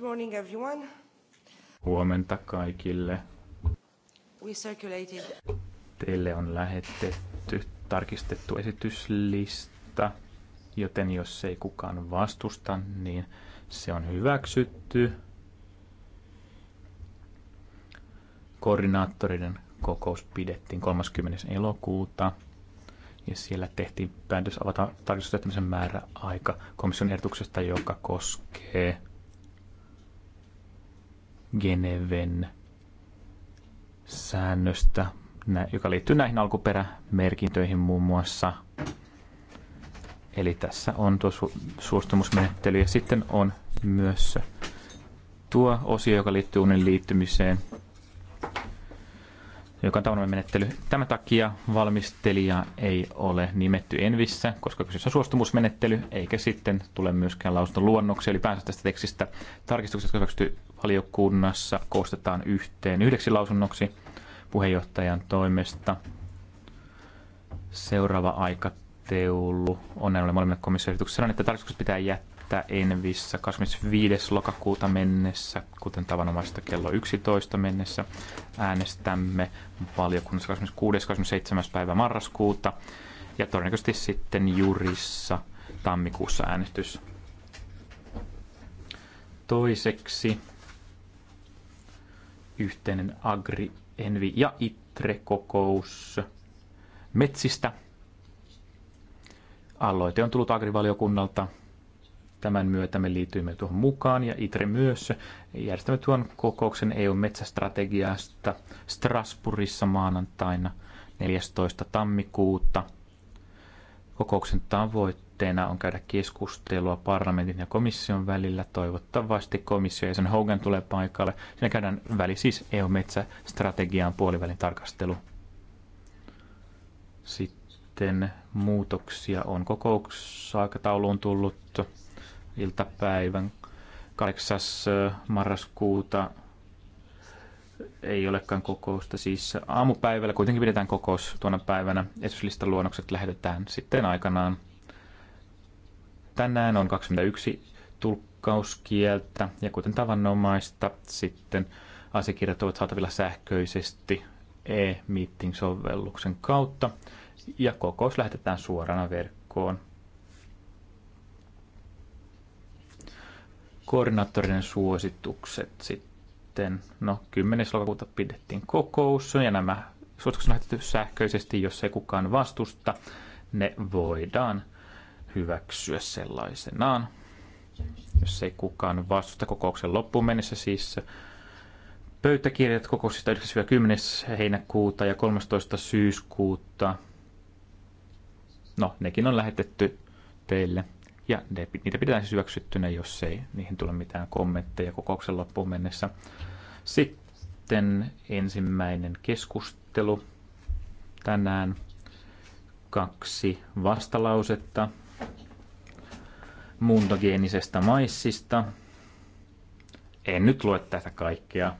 Good morning everyone. Huomenta kaikille. We circulated. Teille on lähetetty tarkistettu esityslista, joten jos ei kukaan vastusta, niin se on hyväksytty. Koordinaattoriden kokous pidettiin 30. elokuuta ja siellä tehtiin päätös avata tarkistusjättämisen määrä aika komission ehdotuksesta, joka koskee Geneven säännöstä, joka liittyy näihin alkuperämerkintöihin muun muassa. Eli tässä on tuo su- suostumusmenettely ja sitten on myös tuo osio, joka liittyy unen liittymiseen – joka on tavallinen menettely. Tämän takia valmistelija ei ole nimetty Envissä, koska kyseessä on suostumusmenettely, eikä sitten tule myöskään lausunnon luonnoksia. Eli päänsä tästä tekstistä tarkistukset, jotka hyväksytty valiokunnassa, koostetaan yhteen yhdeksi lausunnoksi puheenjohtajan toimesta. Seuraava aikataulu on näin ollen molemmille komissioehdotuksille että tarkistukset pitää jättää että Envissä 25. lokakuuta mennessä, kuten tavanomaista kello 11 mennessä, äänestämme valiokunnassa 26. 27. päivä marraskuuta ja todennäköisesti sitten jurissa tammikuussa äänestys. Toiseksi yhteinen Agri, Envi ja ITRE-kokous metsistä. Aloite on tullut agrivaliokunnalta Tämän myötä me liityimme tuohon mukaan ja ITRE myös järjestämme tuon kokouksen EU-metsästrategiasta Strasbourgissa maanantaina 14. tammikuuta. Kokouksen tavoitteena on käydä keskustelua parlamentin ja komission välillä. Toivottavasti komissio ja sen Hogan tulee paikalle. Siinä käydään väli siis EU-metsästrategiaan puolivälin tarkastelu. Sitten muutoksia on kokousaikatauluun tullut iltapäivän 8. marraskuuta ei olekaan kokousta. Siis aamupäivällä kuitenkin pidetään kokous tuona päivänä. Esityslistan luonnokset lähetetään sitten aikanaan. Tänään on 21 tulkkauskieltä ja kuten tavannomaista sitten asiakirjat ovat saatavilla sähköisesti e-meeting-sovelluksen kautta ja kokous lähetetään suorana verkkoon. koordinaattorinen suositukset sitten. No, 10. lokakuuta pidettiin kokous ja nämä suositukset on lähetetty sähköisesti, jos ei kukaan vastusta. Ne voidaan hyväksyä sellaisenaan. Jos ei kukaan vastusta kokouksen loppuun mennessä siis pöytäkirjat kokouksista 9-10. heinäkuuta ja 13. syyskuuta. No, nekin on lähetetty teille ja ne, niitä pitää siis hyväksyttynä, jos ei niihin tule mitään kommentteja kokouksen loppuun mennessä. Sitten ensimmäinen keskustelu tänään. Kaksi vastalausetta muuntogeenisestä maissista. En nyt lue tätä kaikkea.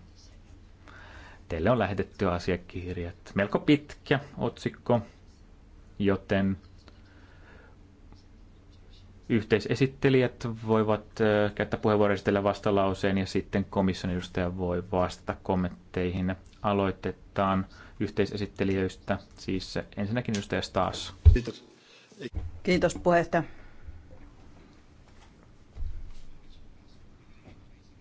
Teille on lähetetty asiakirjat. Melko pitkä otsikko, joten yhteisesittelijät voivat käyttää puheenvuoron esitellä vastalauseen ja sitten komission edustaja voi vastata kommentteihin. Aloitetaan yhteisesittelijöistä, siis ensinnäkin edustaja Staas. Kiitos. Kiitos puheenjohtaja.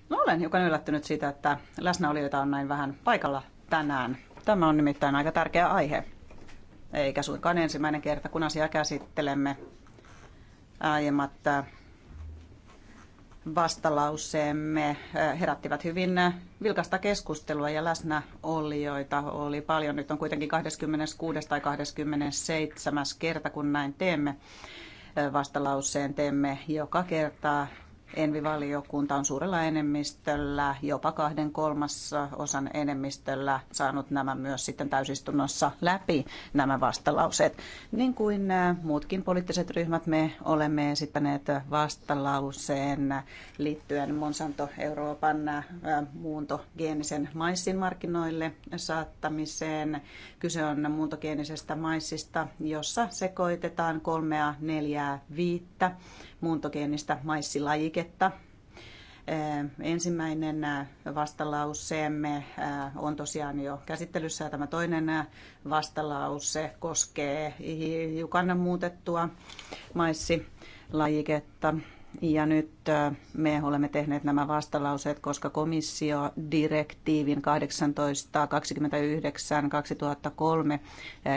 No, olen hiukan yllättynyt siitä, että läsnäolijoita on näin vähän paikalla tänään. Tämä on nimittäin aika tärkeä aihe, eikä suinkaan ensimmäinen kerta, kun asiaa käsittelemme aiemmat äh, vastalauseemme äh, herättivät hyvin äh, vilkasta keskustelua ja läsnäolijoita oli paljon. Nyt on kuitenkin 26. tai 27. kerta, kun näin teemme vastalauseen teemme joka kerta Envivaliokunta on suurella enemmistöllä, jopa kahden kolmassa osan enemmistöllä saanut nämä myös sitten täysistunnossa läpi, nämä vastalauseet. Niin kuin äh, muutkin poliittiset ryhmät, me olemme esittäneet vastalauseen liittyen Monsanto Euroopan äh, muuntogeenisen maissin markkinoille saattamiseen. Kyse on muuntogeenisestä maissista, jossa sekoitetaan kolmea, neljää, viittä muuntogeenistä maissilajiketta. Ensimmäinen vastalauseemme on tosiaan jo käsittelyssä ja tämä toinen vastalause koskee hiukan muutettua maissilajiketta. Ja nyt me olemme tehneet nämä vastalauseet, koska komissio direktiivin 1829-2003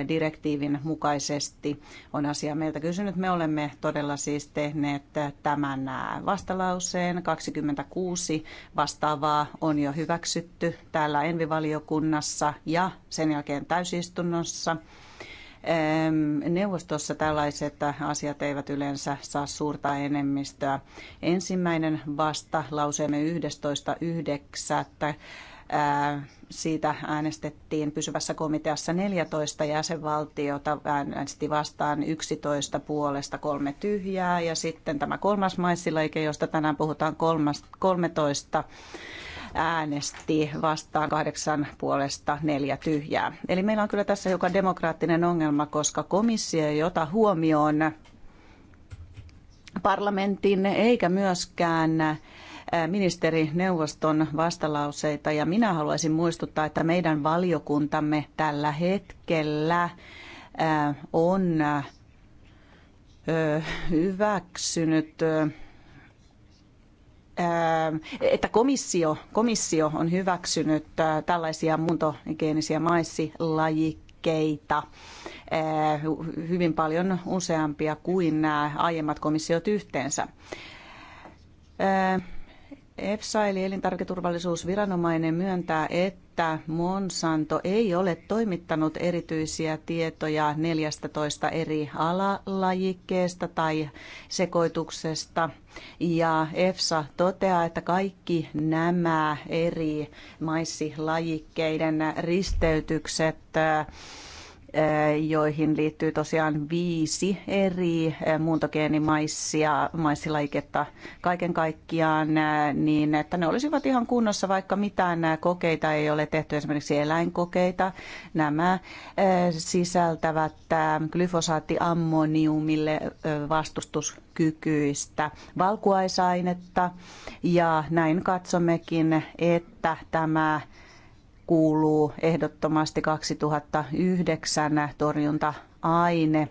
direktiivin mukaisesti on asia meiltä kysynyt. Me olemme todella siis tehneet tämän vastalauseen. 26 vastaavaa on jo hyväksytty täällä Envivaliokunnassa ja sen jälkeen täysistunnossa. Neuvostossa tällaiset asiat eivät yleensä saa suurta enemmistöä. Ensimmäinen vasta lauseemme 11.9. Siitä äänestettiin pysyvässä komiteassa 14 jäsenvaltiota, äänesti vastaan 11 puolesta kolme tyhjää ja sitten tämä kolmas maissilaike, josta tänään puhutaan 13 äänesti vastaan kahdeksan puolesta neljä tyhjää. Eli meillä on kyllä tässä joka demokraattinen ongelma, koska komissio ei ota huomioon parlamentin eikä myöskään ministerineuvoston vastalauseita ja minä haluaisin muistuttaa, että meidän valiokuntamme tällä hetkellä on hyväksynyt Ähm, että komissio, komissio on hyväksynyt äh, tällaisia muuntogeenisiä maissilajikkeita äh, hyvin paljon useampia kuin nämä äh, aiemmat komissiot yhteensä. EFSA eli elintarviketurvallisuusviranomainen myöntää, että Monsanto ei ole toimittanut erityisiä tietoja 14 eri alalajikkeesta tai sekoituksesta. Ja EFSA toteaa, että kaikki nämä eri maissilajikkeiden risteytykset Eh, joihin liittyy tosiaan viisi eri eh, muuntogeenimaissia, maissilajiketta kaiken kaikkiaan, eh, niin että ne olisivat ihan kunnossa, vaikka mitään kokeita ei ole tehty, esimerkiksi eläinkokeita. Nämä sisältävät glyfosaattiammoniumille vastustuskykyistä valkuaisainetta, ja näin katsommekin, että tämä kuuluu ehdottomasti 2009 torjunta-aine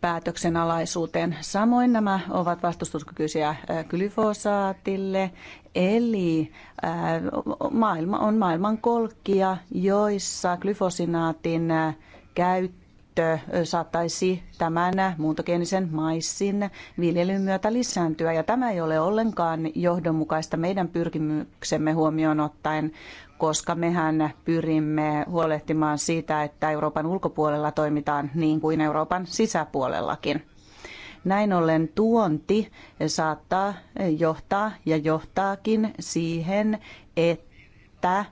päätöksen alaisuuteen. Samoin nämä ovat vastustuskykyisiä glyfosaatille, eli maailma on maailman kolkkia, joissa glyfosinaatin käyttö saattaisi tämän muuntogeenisen maissin viljelyn myötä lisääntyä. Ja tämä ei ole ollenkaan johdonmukaista meidän pyrkimyksemme huomioon ottaen, koska mehän pyrimme huolehtimaan siitä, että Euroopan ulkopuolella toimitaan niin kuin Euroopan sisäpuolellakin. Näin ollen tuonti saattaa johtaa ja johtaakin siihen, että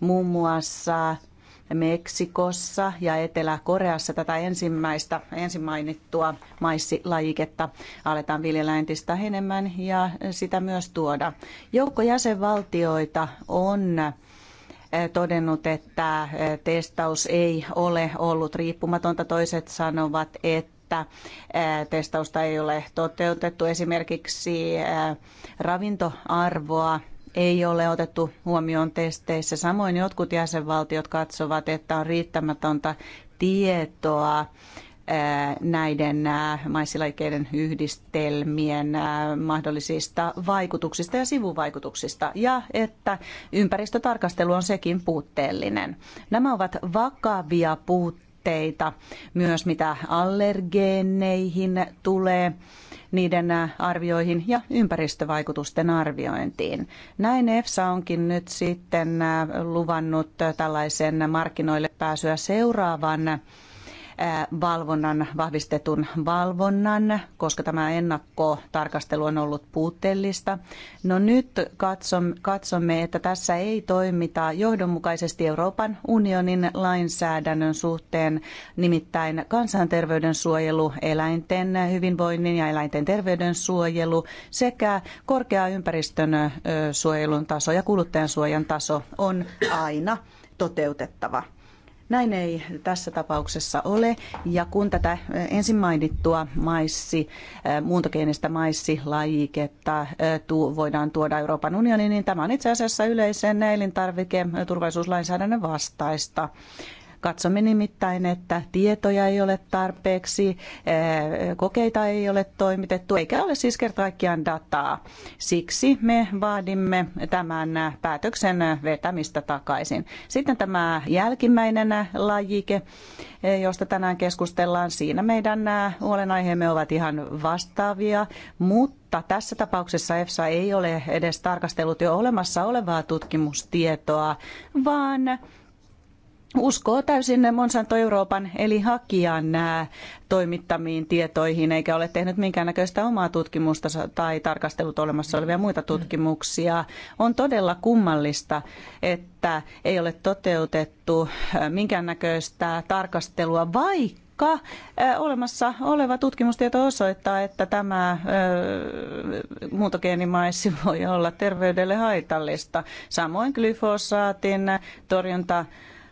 muun muassa Meksikossa ja Etelä-Koreassa tätä ensimmäistä, ensin mainittua maissilajiketta aletaan viljellä entistä enemmän ja sitä myös tuoda. Joukko jäsenvaltioita on eh, todennut, että eh, testaus ei ole ollut riippumatonta. Toiset sanovat, että eh, testausta ei ole toteutettu. Esimerkiksi ravintoarvoa ei ole otettu huomioon testeissä. Samoin jotkut jäsenvaltiot katsovat, että on riittämätöntä tietoa näiden maissilaikeiden yhdistelmien mahdollisista vaikutuksista ja sivuvaikutuksista ja että ympäristötarkastelu on sekin puutteellinen. Nämä ovat vakavia puutteita myös mitä allergeeneihin tulee niiden arvioihin ja ympäristövaikutusten arviointiin. Näin EFSA onkin nyt sitten luvannut tällaisen markkinoille pääsyä seuraavan valvonnan, vahvistetun valvonnan, koska tämä ennakkotarkastelu on ollut puutteellista. No nyt katsomme, että tässä ei toimita johdonmukaisesti Euroopan unionin lainsäädännön suhteen, nimittäin kansanterveyden suojelu, eläinten hyvinvoinnin ja eläinten terveyden suojelu sekä korkea ympäristön suojelun taso ja kuluttajansuojan taso on aina toteutettava. Näin ei tässä tapauksessa ole. Ja kun tätä ensin mainittua maissi, muuntogeenistä maissilajiketta voidaan tuoda Euroopan unioniin, niin tämä on itse asiassa yleisen elintarviketurvallisuuslainsäädännön vastaista. Katsomme nimittäin, että tietoja ei ole tarpeeksi, eh, kokeita ei ole toimitettu, eikä ole siis kerta kaikkiaan dataa. Siksi me vaadimme tämän päätöksen vetämistä takaisin. Sitten tämä jälkimmäinen lajike, eh, josta tänään keskustellaan, siinä meidän eh, huolenaiheemme ovat ihan vastaavia, mutta tässä tapauksessa EFSA ei ole edes tarkastellut jo olemassa olevaa tutkimustietoa, vaan uskoo täysin Monsanto Euroopan eli hakijan toimittamiin tietoihin, eikä ole tehnyt minkäännäköistä omaa tutkimusta tai tarkastellut olemassa olevia muita tutkimuksia. On todella kummallista, että ei ole toteutettu minkäännäköistä tarkastelua, vaikka vaikka olemassa oleva tutkimustieto osoittaa, että tämä muuntogeenimaissi voi olla terveydelle haitallista. Samoin glyfosaatin torjunta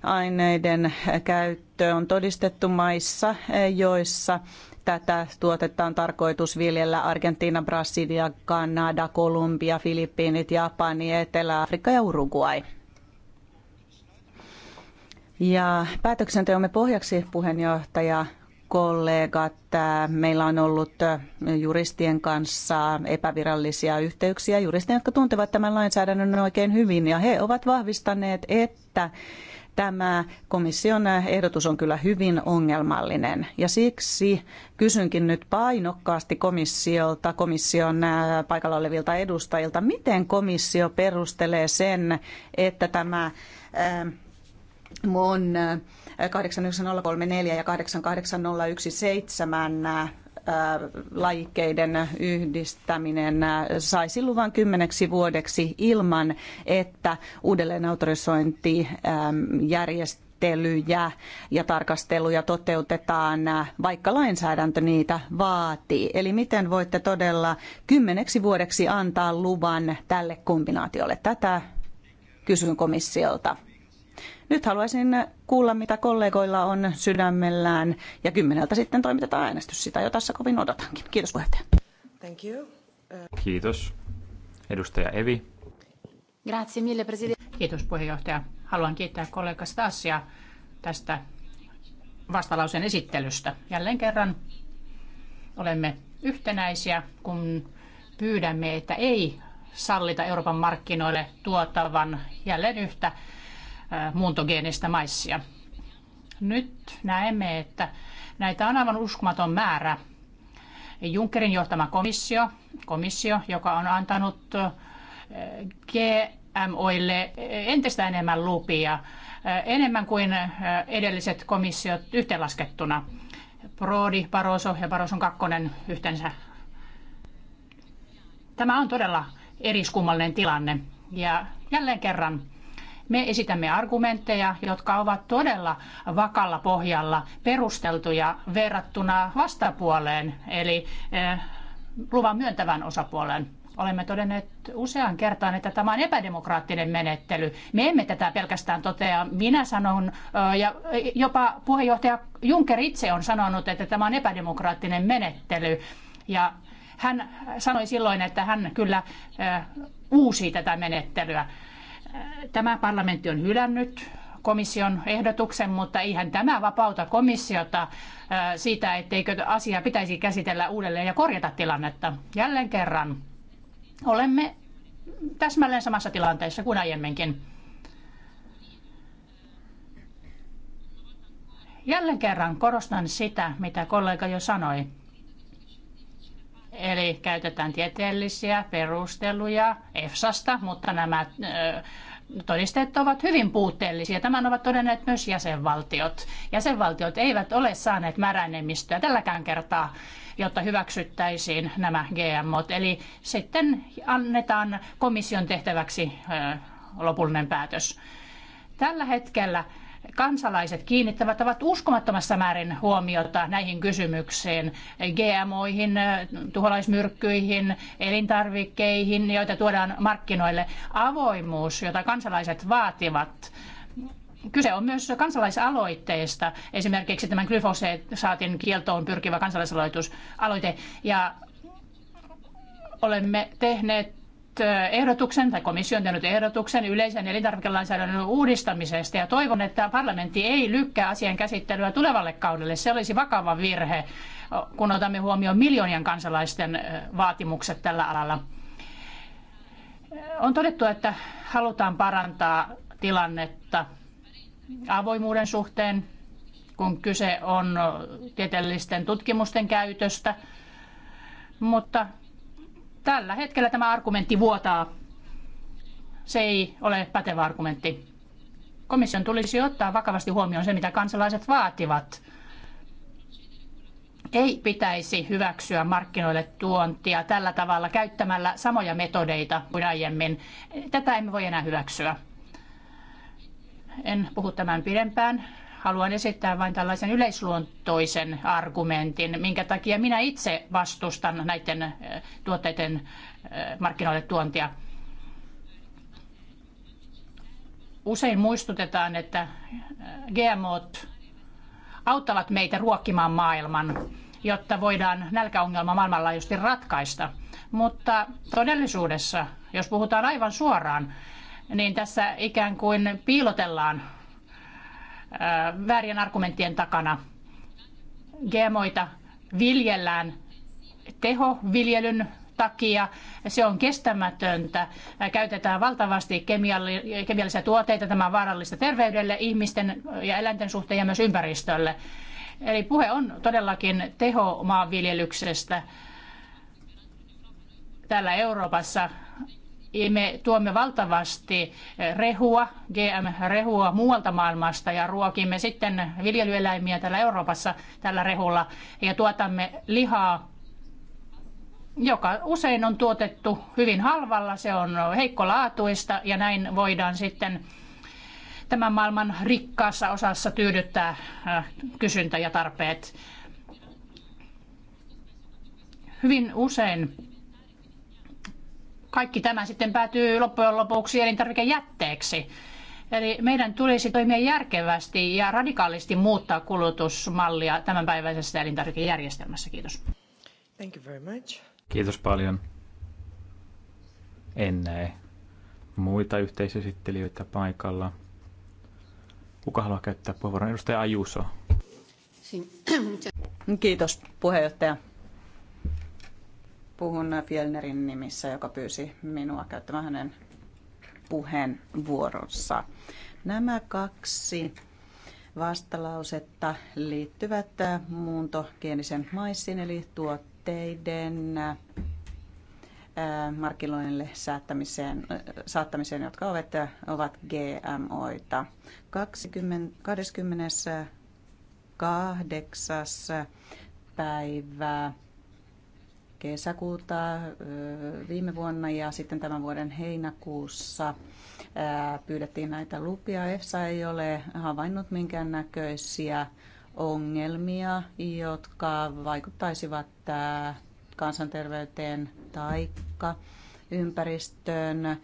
aineiden käyttö on todistettu maissa, joissa tätä tuotetta on tarkoitus viljellä Argentiina, Brasilia, Kanada, Kolumbia, Filippiinit, Japani, Etelä-Afrikka ja Uruguay. Ja päätöksenteomme pohjaksi puheenjohtaja kollegat, meillä on ollut juristien kanssa epävirallisia yhteyksiä, juristien, jotka tuntevat tämän lainsäädännön oikein hyvin, ja he ovat vahvistaneet, että tämä komission ehdotus on kyllä hyvin ongelmallinen. Ja siksi kysynkin nyt painokkaasti komissiolta, komission äh, paikalla olevilta edustajilta, miten komissio perustelee sen, että tämä äh, MON 89034 äh, ja 88017 lajikkeiden yhdistäminen saisi luvan kymmeneksi vuodeksi ilman, että uudelleen autorisointi järjestelyjä ja tarkasteluja toteutetaan, vaikka lainsäädäntö niitä vaatii. Eli miten voitte todella kymmeneksi vuodeksi antaa luvan tälle kombinaatiolle? Tätä kysyn komissiolta. Nyt haluaisin kuulla, mitä kollegoilla on sydämellään ja kymmeneltä sitten toimitetaan äänestys. Sitä jo tässä kovin odotankin. Kiitos puheenjohtaja. Thank you. Uh, Kiitos. Edustaja Evi. Grazie mille, presidente. Kiitos puheenjohtaja. Haluan kiittää kollega Stasia tästä vastalauseen esittelystä. Jälleen kerran olemme yhtenäisiä, kun pyydämme, että ei sallita Euroopan markkinoille tuottavan jälleen yhtä muuntogeenistä maissia. Nyt näemme, että näitä on aivan uskomaton määrä. Junckerin johtama komissio, komissio joka on antanut GMOille entistä enemmän lupia, enemmän kuin edelliset komissiot yhteenlaskettuna. Prodi, Barroso ja Barroson kakkonen yhteensä. Tämä on todella eriskummallinen tilanne. Ja jälleen kerran me esitämme argumentteja, jotka ovat todella vakalla pohjalla perusteltuja verrattuna vastapuoleen, eli eh, luvan myöntävän osapuolen. Olemme todenneet usean kertaan, että tämä on epädemokraattinen menettely. Me emme tätä pelkästään totea. Minä sanon, eh, ja jopa puheenjohtaja Juncker itse on sanonut, että tämä on epädemokraattinen menettely. Ja hän sanoi silloin, että hän kyllä eh, uusi tätä menettelyä. Tämä parlamentti on hylännyt komission ehdotuksen, mutta eihän tämä vapauta komissiota äh, siitä, etteikö asiaa pitäisi käsitellä uudelleen ja korjata tilannetta. Jälleen kerran olemme täsmälleen samassa tilanteessa kuin aiemminkin. Jälleen kerran korostan sitä, mitä kollega jo sanoi. Eli käytetään tieteellisiä perusteluja EFSAsta, mutta nämä todisteet ovat hyvin puutteellisia. Tämän ovat todenneet myös jäsenvaltiot. Jäsenvaltiot eivät ole saaneet määräenemmistöä tälläkään kertaa, jotta hyväksyttäisiin nämä GMOt. Eli sitten annetaan komission tehtäväksi lopullinen päätös. Tällä hetkellä kansalaiset kiinnittävät ovat uskomattomassa määrin huomiota näihin kysymyksiin, GMOihin, tuholaismyrkkyihin, elintarvikkeihin, joita tuodaan markkinoille. Avoimuus, jota kansalaiset vaativat, Kyse on myös kansalaisaloitteesta, esimerkiksi tämän glyfosaatin kieltoon pyrkivä kansalaisaloite. Ja olemme tehneet Eh, ehdotuksen, tai komissio on tehnyt ehdotuksen yleisen elintarvikelainsäädännön uudistamisesta, ja toivon, että parlamentti ei lykkää asian käsittelyä tulevalle kaudelle. Se olisi vakava virhe, kun otamme huomioon miljoonien kansalaisten eh, vaatimukset tällä alalla. Eh, on todettu, että halutaan parantaa tilannetta avoimuuden suhteen, kun kyse on tieteellisten tutkimusten käytöstä, mutta Tällä hetkellä tämä argumentti vuotaa. Se ei ole pätevä argumentti. Komission tulisi ottaa vakavasti huomioon se, mitä kansalaiset vaativat. Ei pitäisi hyväksyä markkinoille tuontia tällä tavalla käyttämällä samoja metodeita kuin aiemmin. Tätä emme voi enää hyväksyä en puhu tämän pidempään haluan esittää vain tällaisen yleisluontoisen argumentin, minkä takia minä itse vastustan näiden eh, tuotteiden eh, markkinoille tuontia. Usein muistutetaan, että eh, GMOt auttavat meitä ruokkimaan maailman, jotta voidaan nälkäongelma maailmanlaajuisesti ratkaista. Mutta todellisuudessa, jos puhutaan aivan suoraan, niin tässä ikään kuin piilotellaan Äh, väärien argumenttien takana. GMOita viljellään tehoviljelyn takia. Se on kestämätöntä. Äh, käytetään valtavasti kemiallisia tuotteita. Tämä on vaarallista terveydelle, ihmisten ja eläinten suhteen ja myös ympäristölle. Eli puhe on todellakin tehomaanviljelyksestä täällä Euroopassa me tuomme valtavasti rehua, GM-rehua muualta maailmasta ja ruokimme sitten viljelyeläimiä täällä Euroopassa tällä rehulla ja tuotamme lihaa, joka usein on tuotettu hyvin halvalla, se on heikkolaatuista ja näin voidaan sitten tämän maailman rikkaassa osassa tyydyttää äh, kysyntä ja tarpeet. Hyvin usein kaikki tämä sitten päätyy loppujen lopuksi elintarvikejätteeksi. Eli meidän tulisi toimia järkevästi ja radikaalisti muuttaa kulutusmallia tämänpäiväisessä elintarvikejärjestelmässä. Kiitos. Thank you very much. Kiitos paljon. En näe muita yhteisesittelijöitä paikalla. Kuka haluaa käyttää puheenvuoron? Edustaja Ajuso. Kiitos puheenjohtaja puhun Fjellnerin nimissä, joka pyysi minua käyttämään hänen puheenvuoronsa. Nämä kaksi vastalausetta liittyvät muuntogeenisen maissin eli tuotteiden markkinoinnille saattamiseen, saattamiseen jotka ovat, ovat GMOita. 20, 28. päivää kesäkuuta viime vuonna ja sitten tämän vuoden heinäkuussa pyydettiin näitä lupia. EFSA ei ole havainnut minkäännäköisiä ongelmia, jotka vaikuttaisivat kansanterveyteen taikka ympäristöön.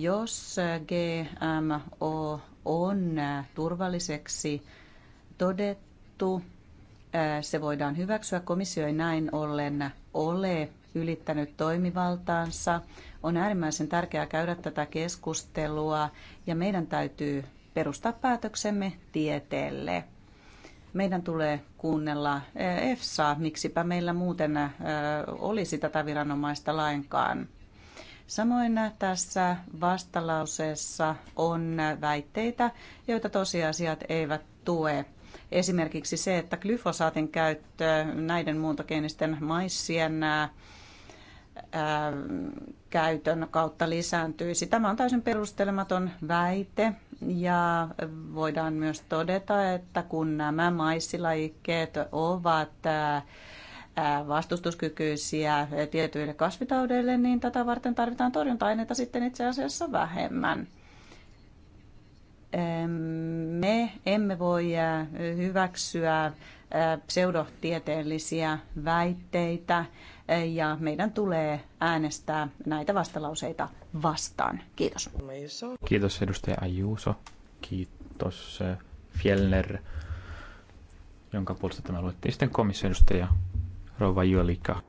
Jos GMO on turvalliseksi todettu, se voidaan hyväksyä. Komissio ei näin ollen ole ylittänyt toimivaltaansa. On äärimmäisen tärkeää käydä tätä keskustelua ja meidän täytyy perustaa päätöksemme tieteelle. Meidän tulee kuunnella EFSA, miksipä meillä muuten olisi tätä viranomaista lainkaan. Samoin tässä vastalauseessa on väitteitä, joita tosiasiat eivät tue. Esimerkiksi se, että glyfosaatin käyttö näiden muuntogeenisten maissien käytön kautta lisääntyisi. Tämä on täysin perustelematon väite ja voidaan myös todeta, että kun nämä maissilajikkeet ovat vastustuskykyisiä tietyille kasvitaudeille, niin tätä varten tarvitaan torjunta-aineita sitten itse asiassa vähemmän me emme voi äh, hyväksyä äh, pseudotieteellisiä väitteitä äh, ja meidän tulee äänestää näitä vastalauseita vastaan. Kiitos. Kiitos edustaja Ajuuso. Kiitos Fjellner, jonka puolesta tämä luettiin sitten edustaja Rova Jolika.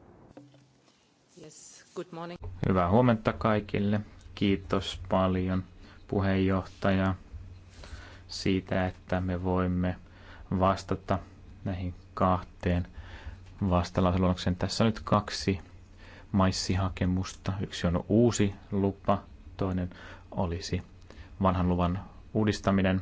Yes, good morning. Hyvää huomenta kaikille. Kiitos paljon puheenjohtaja siitä, että me voimme vastata näihin kahteen vastalauseluonnokseen. Tässä on nyt kaksi maissihakemusta. Yksi on uusi lupa, toinen olisi vanhan luvan uudistaminen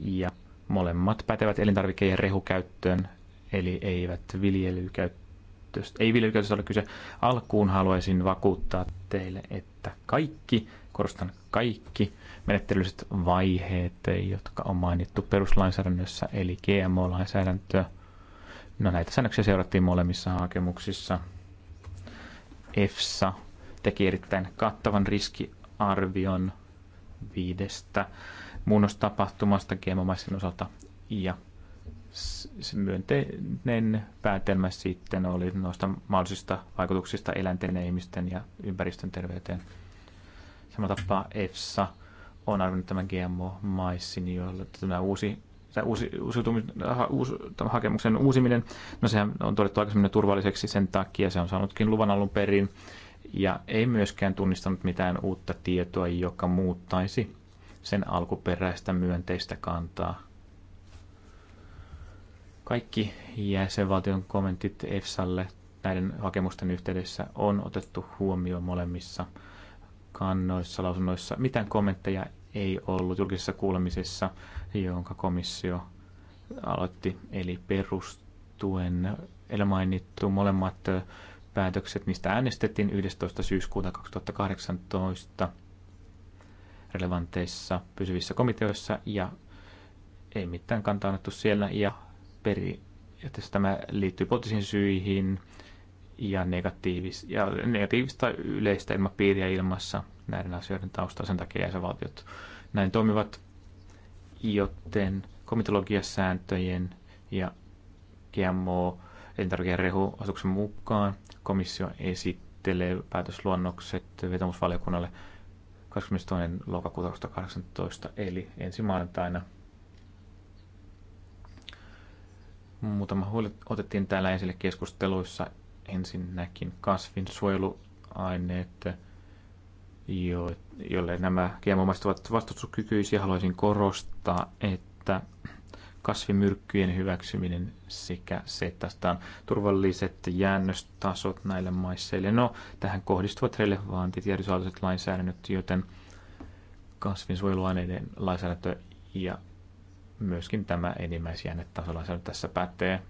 ja molemmat pätevät elintarvikkeiden rehukäyttöön, eli eivät viljelykäyttöstä, ei viljelykäytöstä ole kyse. Alkuun haluaisin vakuuttaa teille, että kaikki korostan kaikki menettelylliset vaiheet, jotka on mainittu peruslainsäädännössä, eli GMO-lainsäädäntöä. No näitä säännöksiä seurattiin molemmissa hakemuksissa. EFSA teki erittäin kattavan riskiarvion viidestä muunnostapahtumasta gmo maisen osalta ja se myönteinen päätelmä sitten oli noista mahdollisista vaikutuksista eläinten ja ihmisten ja ympäristön terveyteen – Samalla tapaa EFSA on arvinnut tämän GMO-maissin, jolla tämä uusi tämä uusi, ha, uus, tämän hakemuksen uusiminen, no sehän on todettu aikaisemmin turvalliseksi sen takia, se on saanutkin luvan alun perin, ja ei myöskään tunnistanut mitään uutta tietoa, joka muuttaisi sen alkuperäistä myönteistä kantaa. Kaikki jäsenvaltion kommentit EFSAlle näiden hakemusten yhteydessä on otettu huomioon molemmissa noissa lausunnoissa. Mitään kommentteja ei ollut julkisessa kuulemisessa, jonka komissio aloitti, eli perustuen edellä mainittu molemmat päätökset, niistä äänestettiin 11. syyskuuta 2018 relevanteissa pysyvissä komiteoissa ja ei mitään kantaa annettu siellä ja peri periaatteessa tämä liittyy poliittisiin syihin, ja, negatiivista, ja negatiivista yleistä ilmapiiriä ilmassa näiden asioiden taustalla. Sen takia jäsenvaltiot näin toimivat, joten komitologiasääntöjen ja GMO elintarvikerehu asetuksen mukaan komissio esittelee päätösluonnokset vetomusvaliokunnalle 22. lokakuuta 2018, eli ensi maanantaina. Muutama huoli otettiin täällä esille keskusteluissa Ensinnäkin kasvinsuojeluaineet, jo, jolle nämä gmo ovat vastustuskykyisiä, haluaisin korostaa, että kasvimyrkkyjen hyväksyminen sekä se, että tästä on turvalliset jäännöstasot näille maisseille. No, tähän kohdistuvat relevantit ja lainsäädännöt, joten kasvinsuojeluaineiden lainsäädäntö ja myöskin tämä enimmäisjännetasolaisäädäntö tässä pätee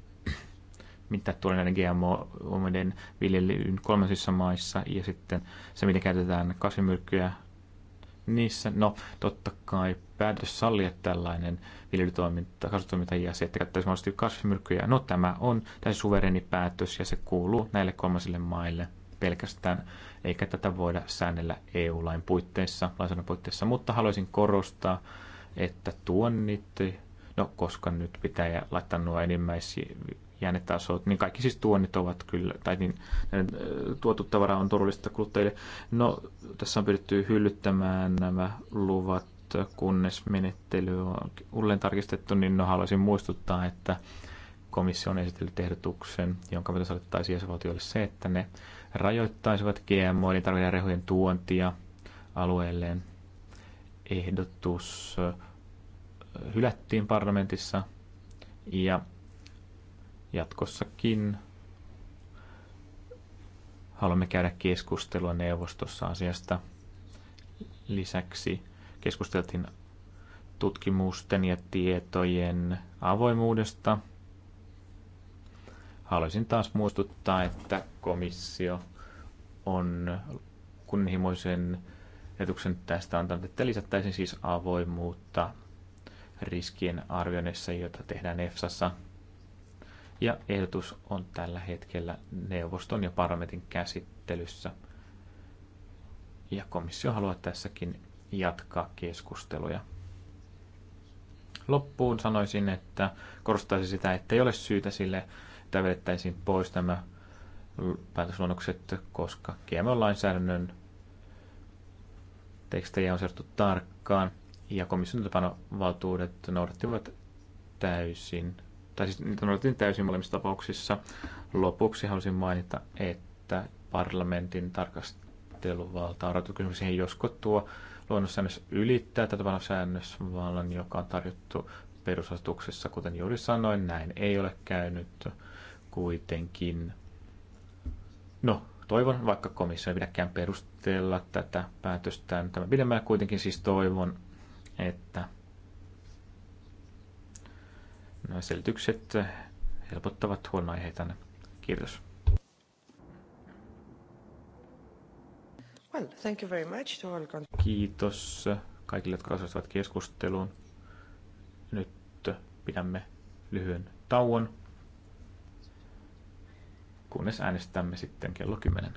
mitä tulee näiden GMO-omiden viljelyyn kolmansissa maissa ja sitten se, miten käytetään kasvimyrkkyjä niissä. No, totta kai päätös sallia tällainen viljelytoiminta, kasvatoiminta ja se, että käyttäisi mahdollisesti kasvimyrkkyjä. No, tämä on täysin suvereni päätös ja se kuuluu näille kolmansille maille pelkästään, eikä tätä voida säännellä EU-lain puitteissa, lainsäädännön puitteissa, mutta haluaisin korostaa, että tuonnit, no koska nyt pitää laittaa nuo enimmäisiä jännetasot, niin kaikki siis tuonnit ovat kyllä, tai niin tuotu tavara on turvallista kuluttajille. No, tässä on pyritty hyllyttämään nämä luvat, kunnes menettely on uudelleen tarkistettu, niin no, haluaisin muistuttaa, että komissio on esitellyt ehdotuksen, jonka myötä saatettaisiin jäsenvaltioille se, että ne rajoittaisivat GMO, eli niin tarvitaan rehujen tuontia alueelleen. Ehdotus hylättiin parlamentissa ja jatkossakin haluamme käydä keskustelua neuvostossa asiasta. Lisäksi keskusteltiin tutkimusten ja tietojen avoimuudesta. Haluaisin taas muistuttaa, että komissio on kunnianhimoisen etuksen tästä antanut, että lisättäisiin siis avoimuutta riskien arvioinnissa, jota tehdään EFSassa – ja ehdotus on tällä hetkellä neuvoston ja parlamentin käsittelyssä. Ja komissio haluaa tässäkin jatkaa keskusteluja. Loppuun sanoisin, että korostaisin sitä, että ei ole syytä sille, että vedettäisiin pois nämä päätösluonnokset, koska GMO-lainsäädännön tekstejä on seurattu tarkkaan ja komission valtuudet noudattivat täysin tai siis niitä noudatettiin täysin molemmissa tapauksissa. Lopuksi halusin mainita, että parlamentin tarkasteluvalta on ratkaisu kysymys siihen, josko tuo luonnossäännös ylittää tätä säännösvallan, joka on tarjottu perusasetuksessa, kuten juuri sanoin, näin ei ole käynyt kuitenkin. No, toivon, vaikka komissio ei pidäkään perustella tätä päätöstä, tämä pidemmällä kuitenkin siis toivon, että Nämä selitykset helpottavat huolenaiheitani. Kiitos. Well, thank you very much to all... Kiitos kaikille, jotka osallistuvat keskusteluun. Nyt pidämme lyhyen tauon, kunnes äänestämme sitten kello 10.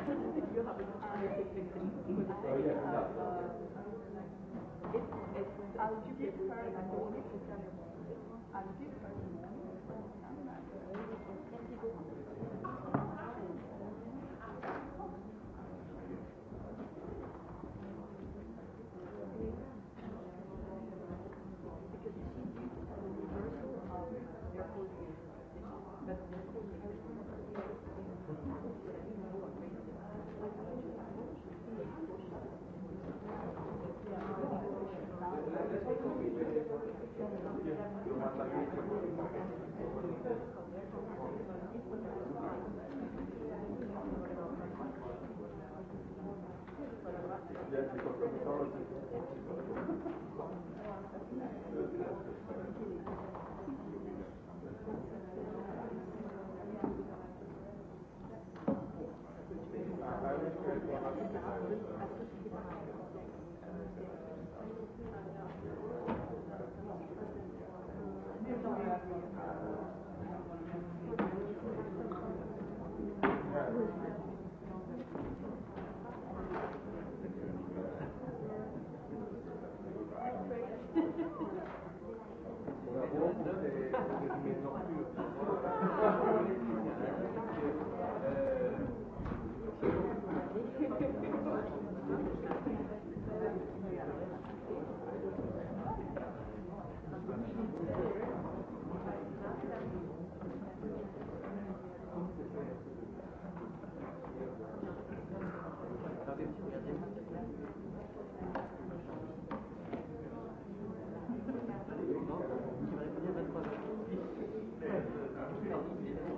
I'll give you her and the will give Pratap ಹರಿಡೋಸ್ ಸರಿ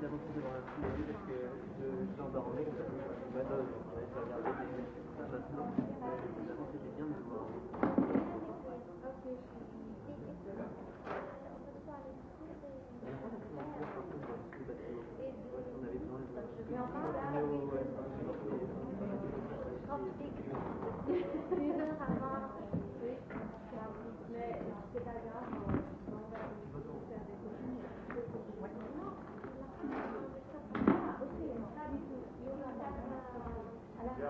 qu'il a retrouvé dans la fumerie que de euh, Jean Baronnet, qu'on appelait son manœuvre, on avait regardé ça maintenant, évidemment c'était bien de le voir. Mais c'est pas grave. Yeah.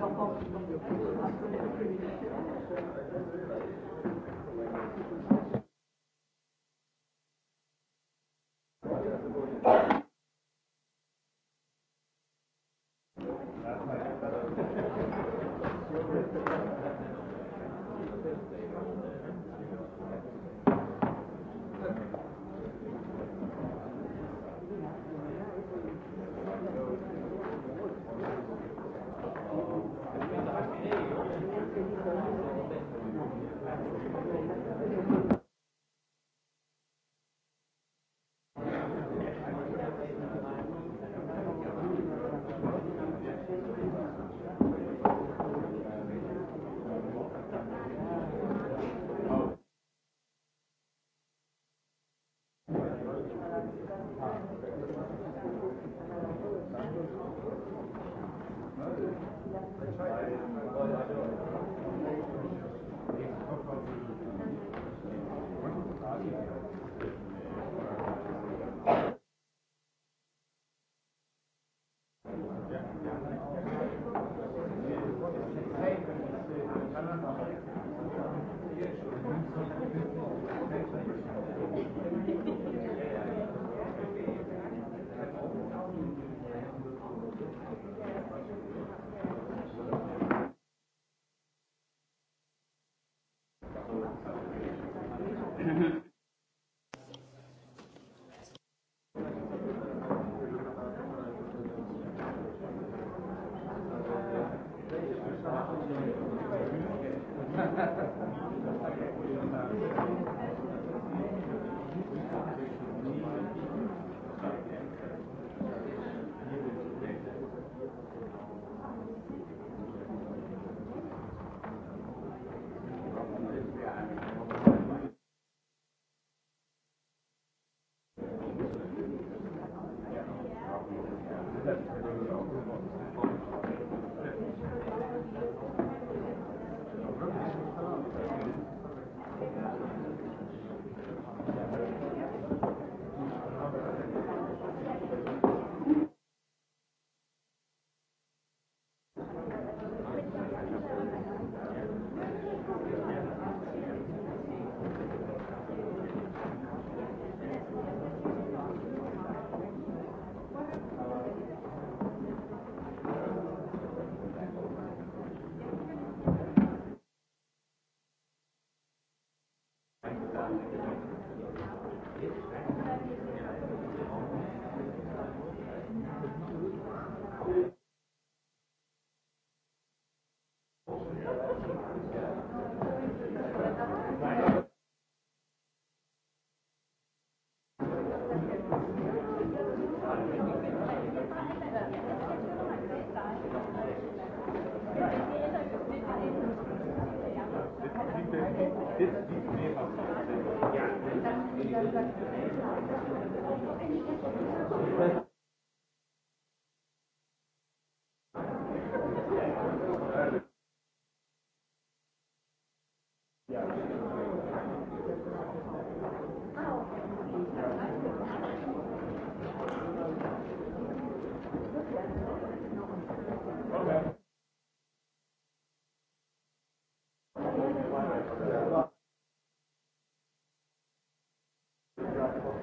công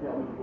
Thank you.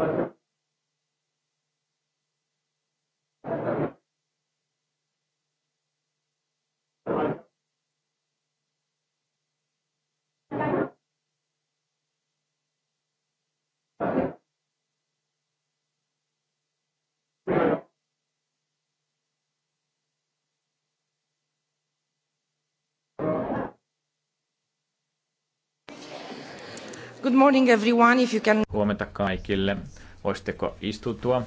Thank you. Good morning everyone, if you can... Huomenta kaikille. Voisitteko istutua?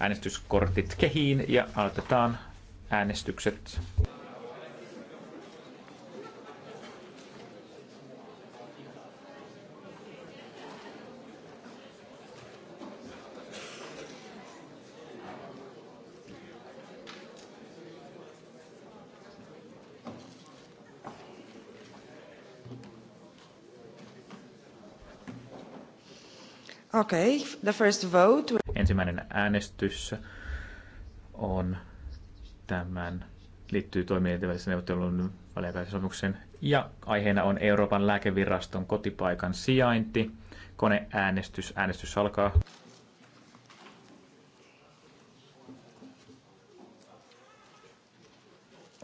Äänestyskortit kehiin ja aloitetaan äänestykset. Okay, the first vote. Ensimmäinen äänestys on tämän liittyy toimielinten neuvottelun väliaikaisen ja aiheena on Euroopan lääkeviraston kotipaikan sijainti. Koneäänestys. Äänestys alkaa.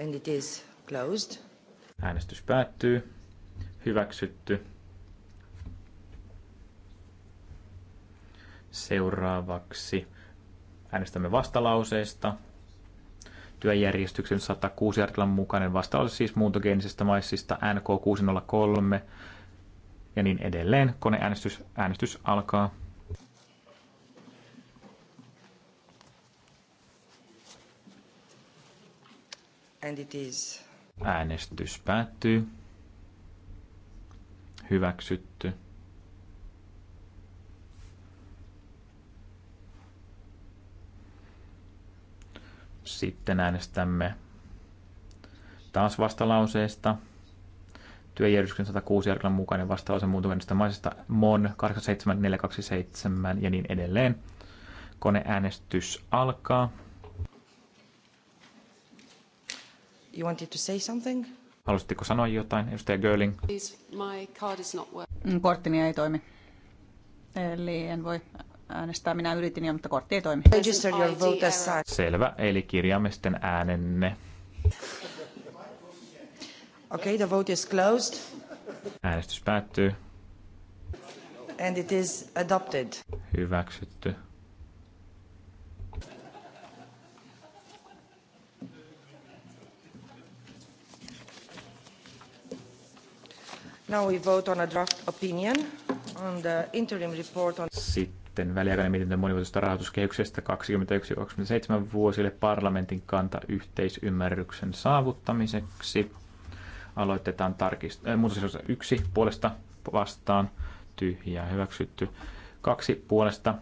And it is closed. Äänestys päättyy. Hyväksytty. Seuraavaksi äänestämme vastalauseesta. Työjärjestyksen 106 artiklan mukainen vastalause siis muuntogeenisestä maissista NK603 ja niin edelleen. Koneäänestys äänestys alkaa. And it is. Äänestys päättyy. Hyväksytty. Sitten äänestämme taas vastalauseesta. Työjärjestyksen 106 artiklan mukainen vastalause muutoksen maisesta MON 87427 ja niin edelleen. Koneäänestys alkaa. You wanted to say something? Halusitteko sanoa jotain, edustaja Görling? Korttini ei toimi. Eli en voi äänestää. Minä yritin ja, mutta kortti ei toimi. Selvä, eli kirjaamme sitten äänenne. Okay, the vote is closed. Äänestys päättyy. And it is adopted. Hyväksytty. Now we vote on a draft opinion on the interim report on... Sitten sitten väliaikainen mietintö monivuotisesta rahoituskehyksestä 2021-2027 vuosille parlamentin kanta yhteisymmärryksen saavuttamiseksi. Aloitetaan tarkist- äh, muutosehdotus yksi puolesta vastaan, tyhjää hyväksytty. kaksi puolesta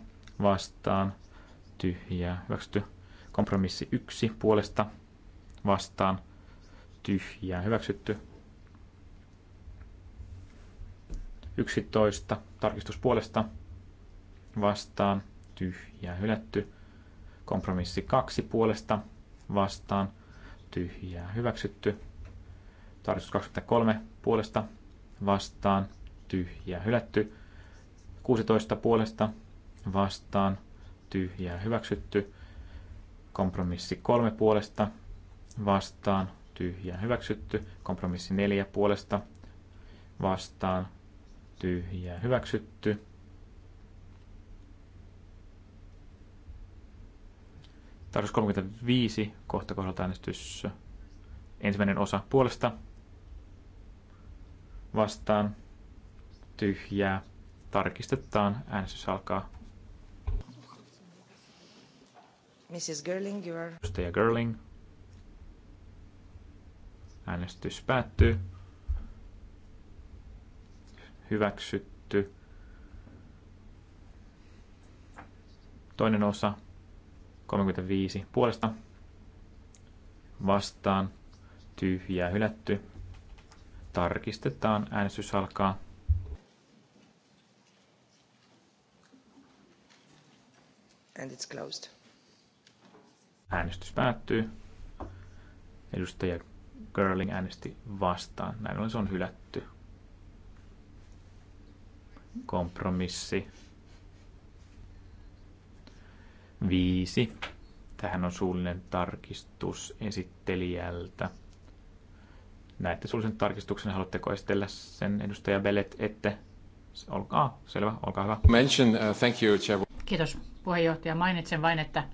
vastaan, tyhjää hyväksytty. Kompromissi yksi puolesta vastaan, tyhjää hyväksytty. 11 tarkistus puolesta vastaan tyhjä hylätty. Kompromissi 2 puolesta vastaan tyhjä hyväksytty. Tarkistus 23 puolesta vastaan tyhjä hylätty. 16 puolesta vastaan tyhjä hyväksytty. Kompromissi 3 puolesta vastaan tyhjä hyväksytty. Kompromissi 4 puolesta vastaan tyhjä hyväksytty. Tarkoitus 35, kohta kohdalta äänestys. Ensimmäinen osa puolesta. Vastaan. Tyhjää. Tarkistetaan. Äänestys alkaa. Mrs. Gerling, you are... Edustaja Gerling. Äänestys päättyy. Hyväksytty. Toinen osa 35 puolesta vastaan tyhjää hylätty. Tarkistetaan. Äänestys alkaa. And it's closed. Äänestys päättyy. Edustaja Girling äänesti vastaan. Näin ollen se on hylätty. Kompromissi Viisi. Tähän on suullinen tarkistus esittelijältä. Näette suullisen tarkistuksen, haluatteko esitellä sen edustaja Belet, ette? Olkaa selvä, olkaa hyvä. Mention, uh, thank you, Chair. Kiitos puheenjohtaja. Mainitsen vain, että